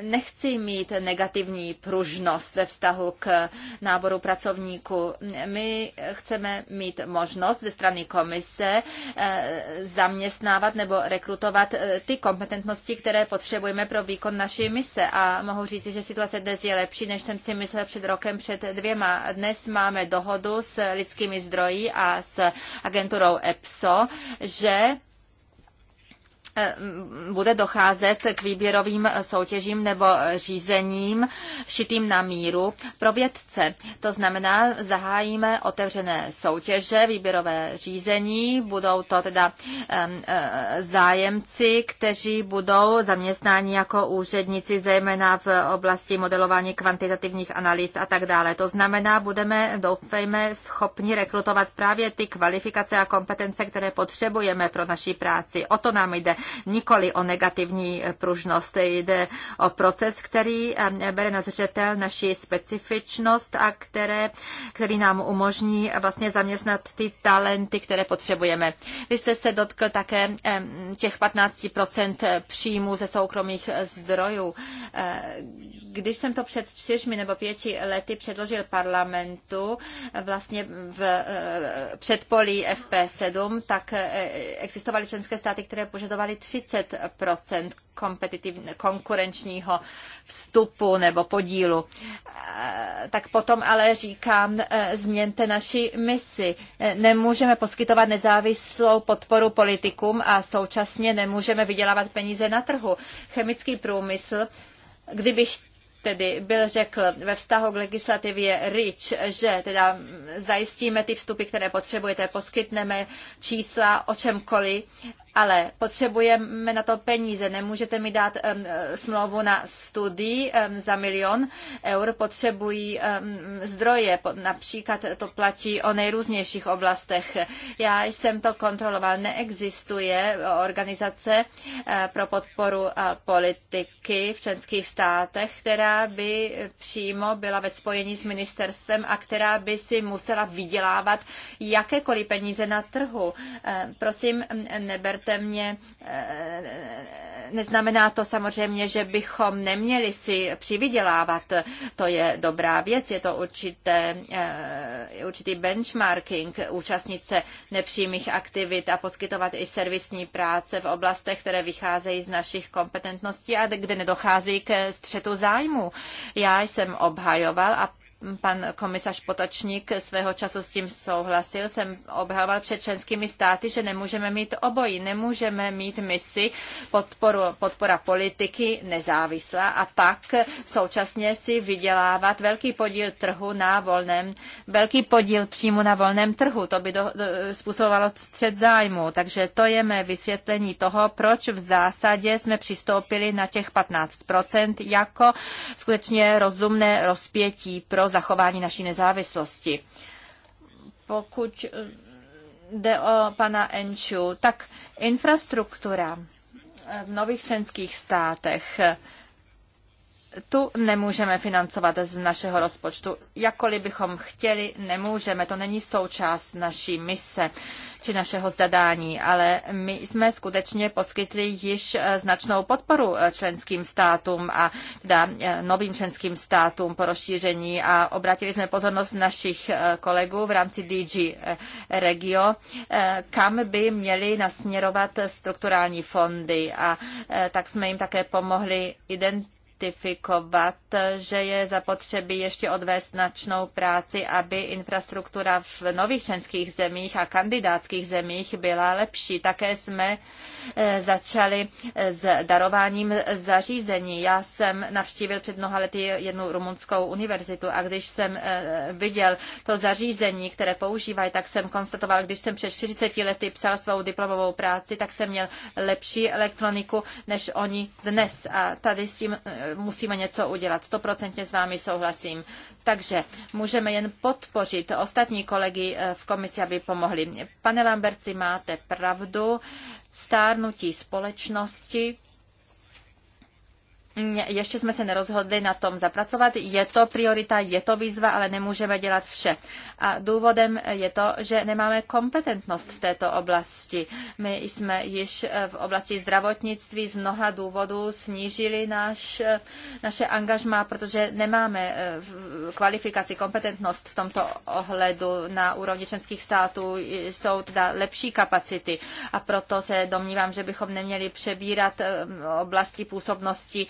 nechci mít negativní pružnost ve vztahu k náboru pracovníků. My chceme mít možnost ze strany komise eh, zaměstnávat nebo rekrutovat eh, ty kompetentnosti, které potřebujeme pro výkon naší mise. A mohu říct, že situace dnes je lepší, než jsem si myslel před rokem, před dvěma. Dnes máme dohodu s lidskými zdroji a s agenturou EPSO, že Eh, bude docházet k výběrovým soutěžím nebo řízením šitým na míru pro vědce. To znamená, zahájíme otevřené soutěže, výběrové řízení, budou to teda eh, zájemci, kteří budou zaměstnáni jako úředníci, zejména v oblasti modelování kvantitativních analýz a tak dále. To znamená, budeme, doufejme, schopni rekrutovat právě ty kvalifikace a kompetence, které potřebujeme pro naší práci. O to nám jde nikoli o negativní pružnost. Jde o proces, který eh, bere na zřetel naši specifičnost a které, který nám umožní vlastně zaměstnat ty talenty, které potřebujeme. Vy jste se dotkl také eh, těch 15% příjmů ze soukromých zdrojů. Eh, když jsem to před čtyřmi nebo pěti lety předložil parlamentu, vlastně v předpolí FP7, tak existovaly členské státy, které požadovaly dostali 30 konkurenčního vstupu nebo podílu. Eh, tak potom ale říkám, eh, změňte naši misi. Eh, nemůžeme poskytovat nezávislou podporu politikům a současně nemůžeme vydělávat peníze na trhu. Chemický průmysl, kdybych tedy byl řekl ve vztahu k legislativě RIČ, že teda zajistíme ty vstupy, které potřebujete, poskytneme čísla o čemkoliv, ale potřebujeme na to peníze. Nemůžete mi dát um, smlouvu na studii um, za milion eur, potřebují um, zdroje, například to platí o nejrůznějších oblastech. Já jsem to kontroloval, neexistuje organizace uh, pro podporu uh, politiky v členských státech, která by přímo byla ve spojení s ministerstvem a která by si musela vydělávat jakékoliv peníze na trhu. Uh, prosím, neberte mě. Eh, neznamená to samozřejmě, že bychom neměli si přivydělávat. To je dobrá věc, je to určité, eh, určitý benchmarking účastnice nepřímých aktivit a poskytovat i servisní práce v oblastech, které vycházejí z našich kompetentností a kde nedochází k střetu zájmu. Já jsem obhajoval a pan komisař Potočník svého času s tím souhlasil, jsem obhával před členskými státy, že nemůžeme mít obojí. Nemůžeme mít misi podporu, podpora politiky nezávislá a pak současně si vydělávat velký podíl trhu na volném, velký podíl příjmu na volném trhu. To by do, do, způsobovalo střed zájmu. Takže to je mé vysvětlení toho, proč v zásadě jsme přistoupili na těch 15% jako skutečně rozumné rozpětí pro zachování naší nezávislosti. Pokud jde o pana Enču, tak infrastruktura v nových členských státech tu nemůžeme financovat z našeho rozpočtu. Jakkoliv bychom chtěli, nemůžeme. To není součást naší mise či našeho zadání, ale my jsme skutečně poskytli již eh, značnou podporu eh, členským státům a teda eh, novým členským státům po rozšíření a obratili jsme pozornost našich kolegů v rámci DG Regio, kam by měli nasměrovat strukturální fondy a tak jsme jim také pomohli identifikovat identifikovat, že je zapotřebí ještě odvést značnou práci, aby infrastruktura v nových členských zemích a kandidátských zemích byla lepší. Také jsme eh, začali eh, s darováním zařízení. Já jsem navštívil před mnoha lety jednu rumunskou univerzitu a když jsem eh, viděl to zařízení, které používají, tak jsem konstatoval, když jsem před 40 lety psal svou diplomovou práci, tak jsem měl lepší elektroniku než oni dnes. A tady s tím musíme něco udělat. Stoprocentně s vámi souhlasím. Takže můžeme jen podpořit ostatní kolegy eh, v komisi, aby pomohli. Pane Lamberci, máte pravdu. Stárnutí společnosti ještě jsme se nerozhodli na tom zapracovat. Je to priorita, je to výzva, ale nemůžeme dělat vše. A důvodem je to, že nemáme kompetentnost v této oblasti. My jsme již eh, v oblasti zdravotnictví z mnoha důvodů snížili naš, eh, naše angažma, protože nemáme eh, kvalifikaci, kompetentnost v tomto ohledu na úrovni členských států. Jsou teda lepší kapacity a proto se domnívám, že bychom neměli přebírat oblasti působnosti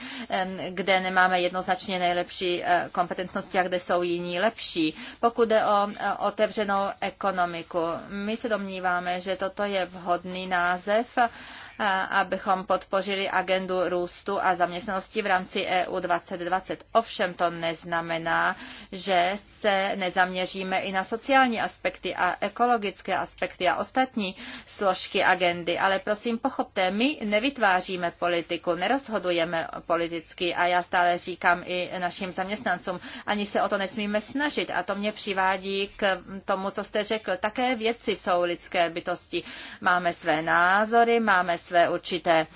kde nemáme jednoznačně nejlepší eh, kompetentnosti a kde jsou jiní lepší. Pokud jde o eh, otevřenou ekonomiku, my se domníváme, že toto je vhodný název abychom podpořili agendu růstu a zaměstnanosti v rámci EU 2020. Ovšem to neznamená, že se nezaměříme i na sociální aspekty a ekologické aspekty a ostatní složky agendy. Ale prosím, pochopte, my nevytváříme politiku, nerozhodujeme politicky a já stále říkám i našim zaměstnancům, ani se o to nesmíme snažit. A to mě přivádí k tomu, co jste řekl. Také věci jsou lidské bytosti. Máme své názory, máme své určité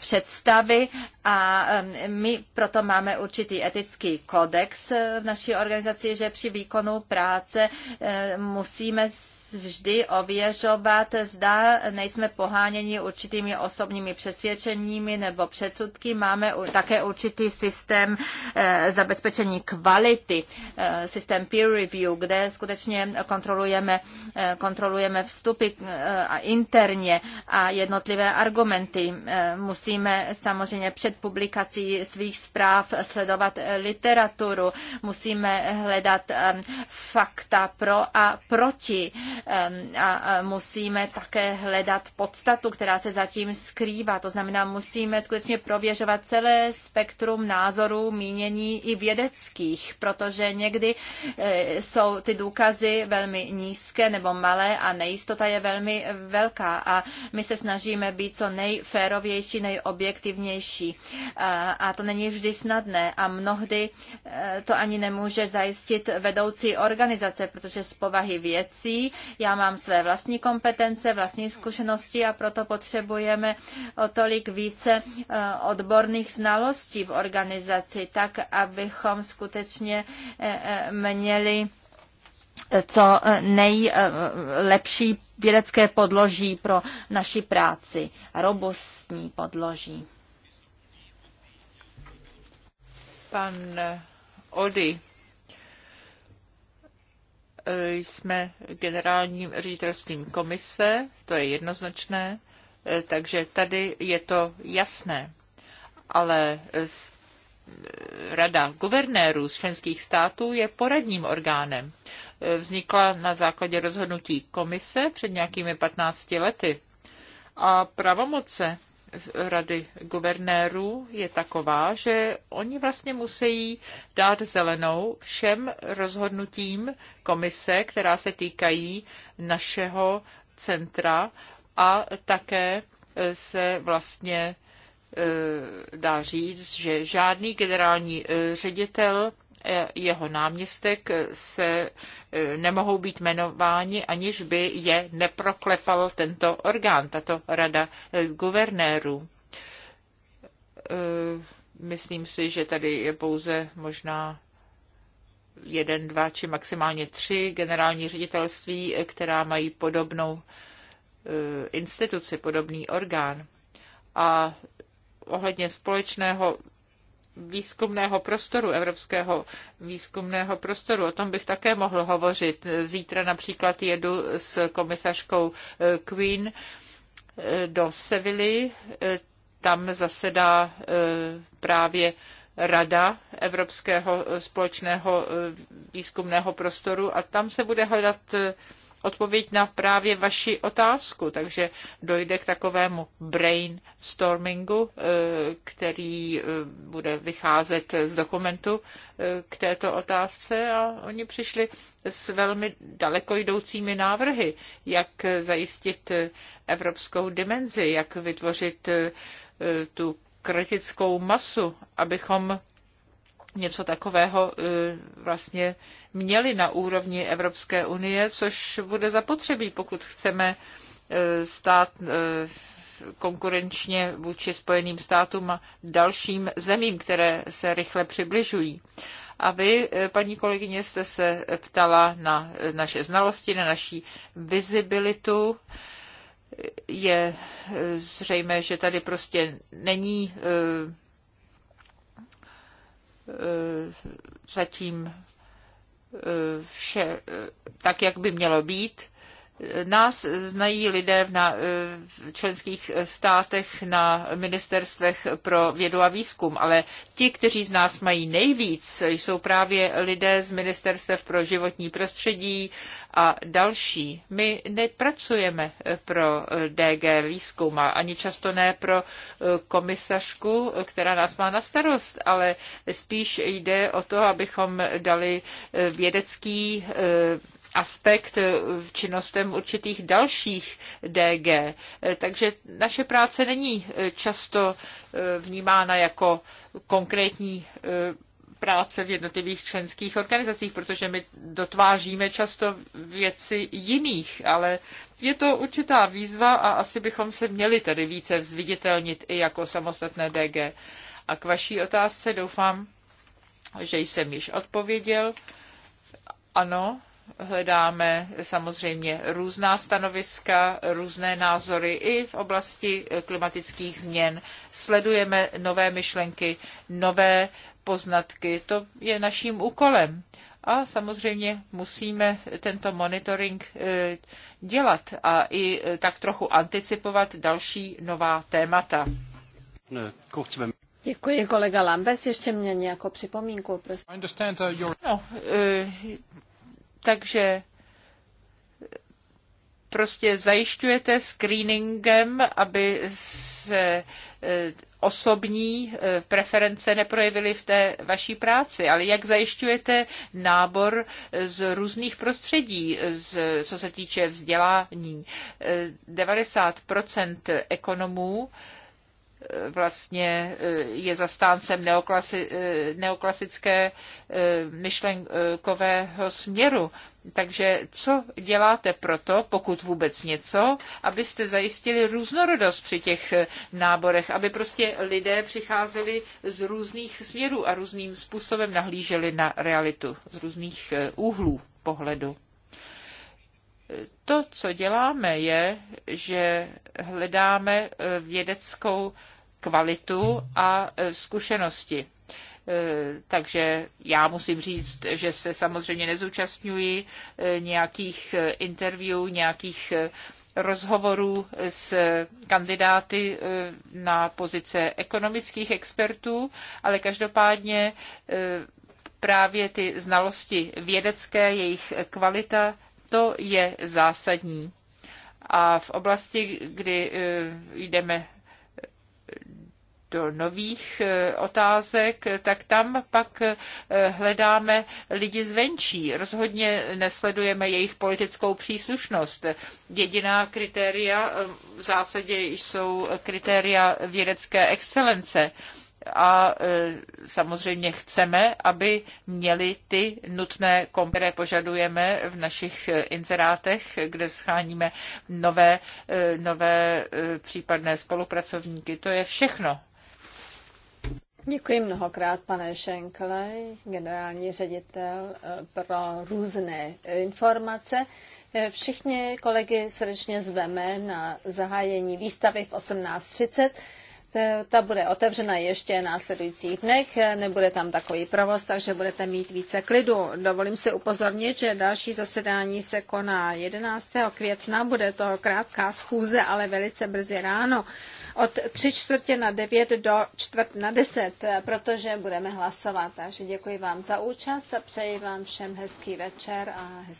představy a my proto máme určitý etický kodex eh, v naší organizaci, že při výkonu práce eh, musíme vždy ověřovat, zda nejsme poháněni určitými osobními přesvědčeními nebo předsudky. Máme také určitý systém eh, zabezpečení kvality, eh, systém peer review, kde skutečně kontrolujeme, eh, kontrolujeme vstupy a interně a jednotlivé argumenty. Musíme samozřejmě před publikací svých zpráv sledovat literaturu, musíme hledat fakta pro a proti a musíme také hledat podstatu, která se zatím skrývá. To znamená, musíme skutečně prověřovat celé spektrum názorů, mínění i vědeckých, protože někdy eh, jsou ty důkazy velmi nízké nebo malé a nejistota je velmi velká a my se snažíme být co nejférovější, nejobjektivnější. Eh, a to není vždy snadné a mnohdy eh, to ani nemůže zajistit vedoucí organizace, protože z povahy věcí já mám své vlastní kompetence, vlastní zkušenosti a proto potřebujeme o tolik více eh, odborných znalostí v organizaci, tak abychom skutečně eh, eh, měli co nejlepší vědecké podloží pro naši práci, robustní podloží. Pan Odi jsme generálním ředitelstvím komise, to je jednoznačné, e, takže tady je to jasné. Ale e, Rada guvernérů z členských států je poradním orgánem. E, vznikla na základě rozhodnutí komise před nějakými 15 lety. A pravomoce rady guvernérů je taková, že oni vlastně musí dát zelenou všem rozhodnutím komise, která se týkají našeho centra a také eh, se vlastně eh, dá říct, že žádný generální eh, ředitel jeho náměstek se e, nemohou být jmenováni, aniž by je neproklepal tento orgán, tato rada e, guvernérů. E, myslím si, že tady je pouze možná jeden, dva či maximálně tři generální ředitelství, která mají podobnou instituci, podobný orgán. A ohledně společného výzkumného prostoru, evropského výzkumného prostoru. O tom bych také mohl hovořit. Zítra například jedu s komisařkou eh, Queen eh, do Sevily. Eh, tam zasedá právě Rada Evropského společného výzkumného prostoru a tam se bude hledat odpověď na právě vaši otázku. Takže dojde k takovému brainstormingu, eh, který eh, bude vycházet z dokumentu eh, k této otázce a oni přišli s velmi daleko jdoucími návrhy, jak zajistit evropskou dimenzi, jak vytvořit tu kritickou masu, abychom něco takového e, vlastně měli na úrovni Evropské unie, což bude zapotřebí, pokud chceme e, stát e, konkurenčně vůči Spojeným státům a dalším zemím, které se rychle přibližují. A vy, paní kolegyně, jste se ptala na naše znalosti, na naší vizibilitu. Je zřejmé, že tady prostě není E, zatím e, vše e, tak, jak by mělo být Nás znají lidé v, na, eh, v členských státech na ministerstvech pro vědu a výzkum, ale ti, kteří z nás mají nejvíc, jsou právě lidé z ministerstev pro životní prostředí a další. My nepracujeme pro eh, DG výzkum a ani často ne pro eh, komisařku, která nás má na starost, ale spíš jde o to, abychom dali vědecký aspekt v činnostem určitých dalších DG. Takže naše práce není eh, často eh, vnímána jako konkrétní eh, práce v jednotlivých členských organizacích, protože my dotváříme často věci jiných, ale je to určitá výzva a asi bychom se měli tady více zviditelnit i jako samostatné DG. A k vaší otázce doufám, že jsem již odpověděl. Ano, hledáme samozřejmě různá stanoviska, různé názory i v oblasti klimatických změn. Sledujeme nové myšlenky, nové poznatky. To je naším úkolem. A samozřejmě musíme tento monitoring eh, dělat a i eh, tak trochu anticipovat další nová témata. Děkuji, kolega Lambert. Ještě mě nějakou připomínku, prosím. Uh, no, eh, takže prostě zajišťujete screeningem, aby se e, osobní e, preference neprojevily v té vaší práci, ale jak zajišťujete nábor e, z různých prostředí, z, co se týče vzdělání. 90% ekonomů vlastně eh, je zastáncem neoklasi, eh, neoklasické eh, myšlenkového směru. Takže co děláte proto, pokud vůbec něco, abyste zajistili různorodost při těch náborech, aby prostě lidé přicházeli z různých směrů a různým způsobem nahlíželi na realitu, z různých úhlů pohledu? To, co děláme, je, že hledáme eh, vědeckou kvalitu a eh, zkušenosti. Eh, takže já musím říct, že se samozřejmě nezúčastňuji nějakých interview, nějakých rozhovorů s kandidáty na pozice ekonomických expertů, ale každopádně právě ty znalosti vědecké, jejich kvalita to je zásadní. A v oblasti, kdy e, jdeme e, do nových e, otázek, tak tam pak hledáme lidi zvenčí. Rozhodně nesledujeme jejich politickou příslušnost. Jediná kritéria v zásadě jsou kritéria vědecké excelence a e, samozřejmě chceme, aby měli ty nutné kompetence, které požadujeme v našich e, inzerátech, kde scháníme nové, e, nové případné spolupracovníky. To je všechno. Děkuji mnohokrát, pane Šenkle, generální ředitel pro různé informace. Všichni kolegy srdečně zveme na zahájení výstavy v 18.30. E, ta bude otevřena ještě v následujících dnech, e, nebude tam takový provoz, takže budete mít více klidu. Dovolím si upozornit, že další zasedání se koná 11. května, bude to krátká schůze, ale velice brzy ráno od tři čtvrtě na devět do čtvrt na deset, e, protože budeme hlasovat. Takže děkuji vám za účast a přeji vám všem hezký večer a hezký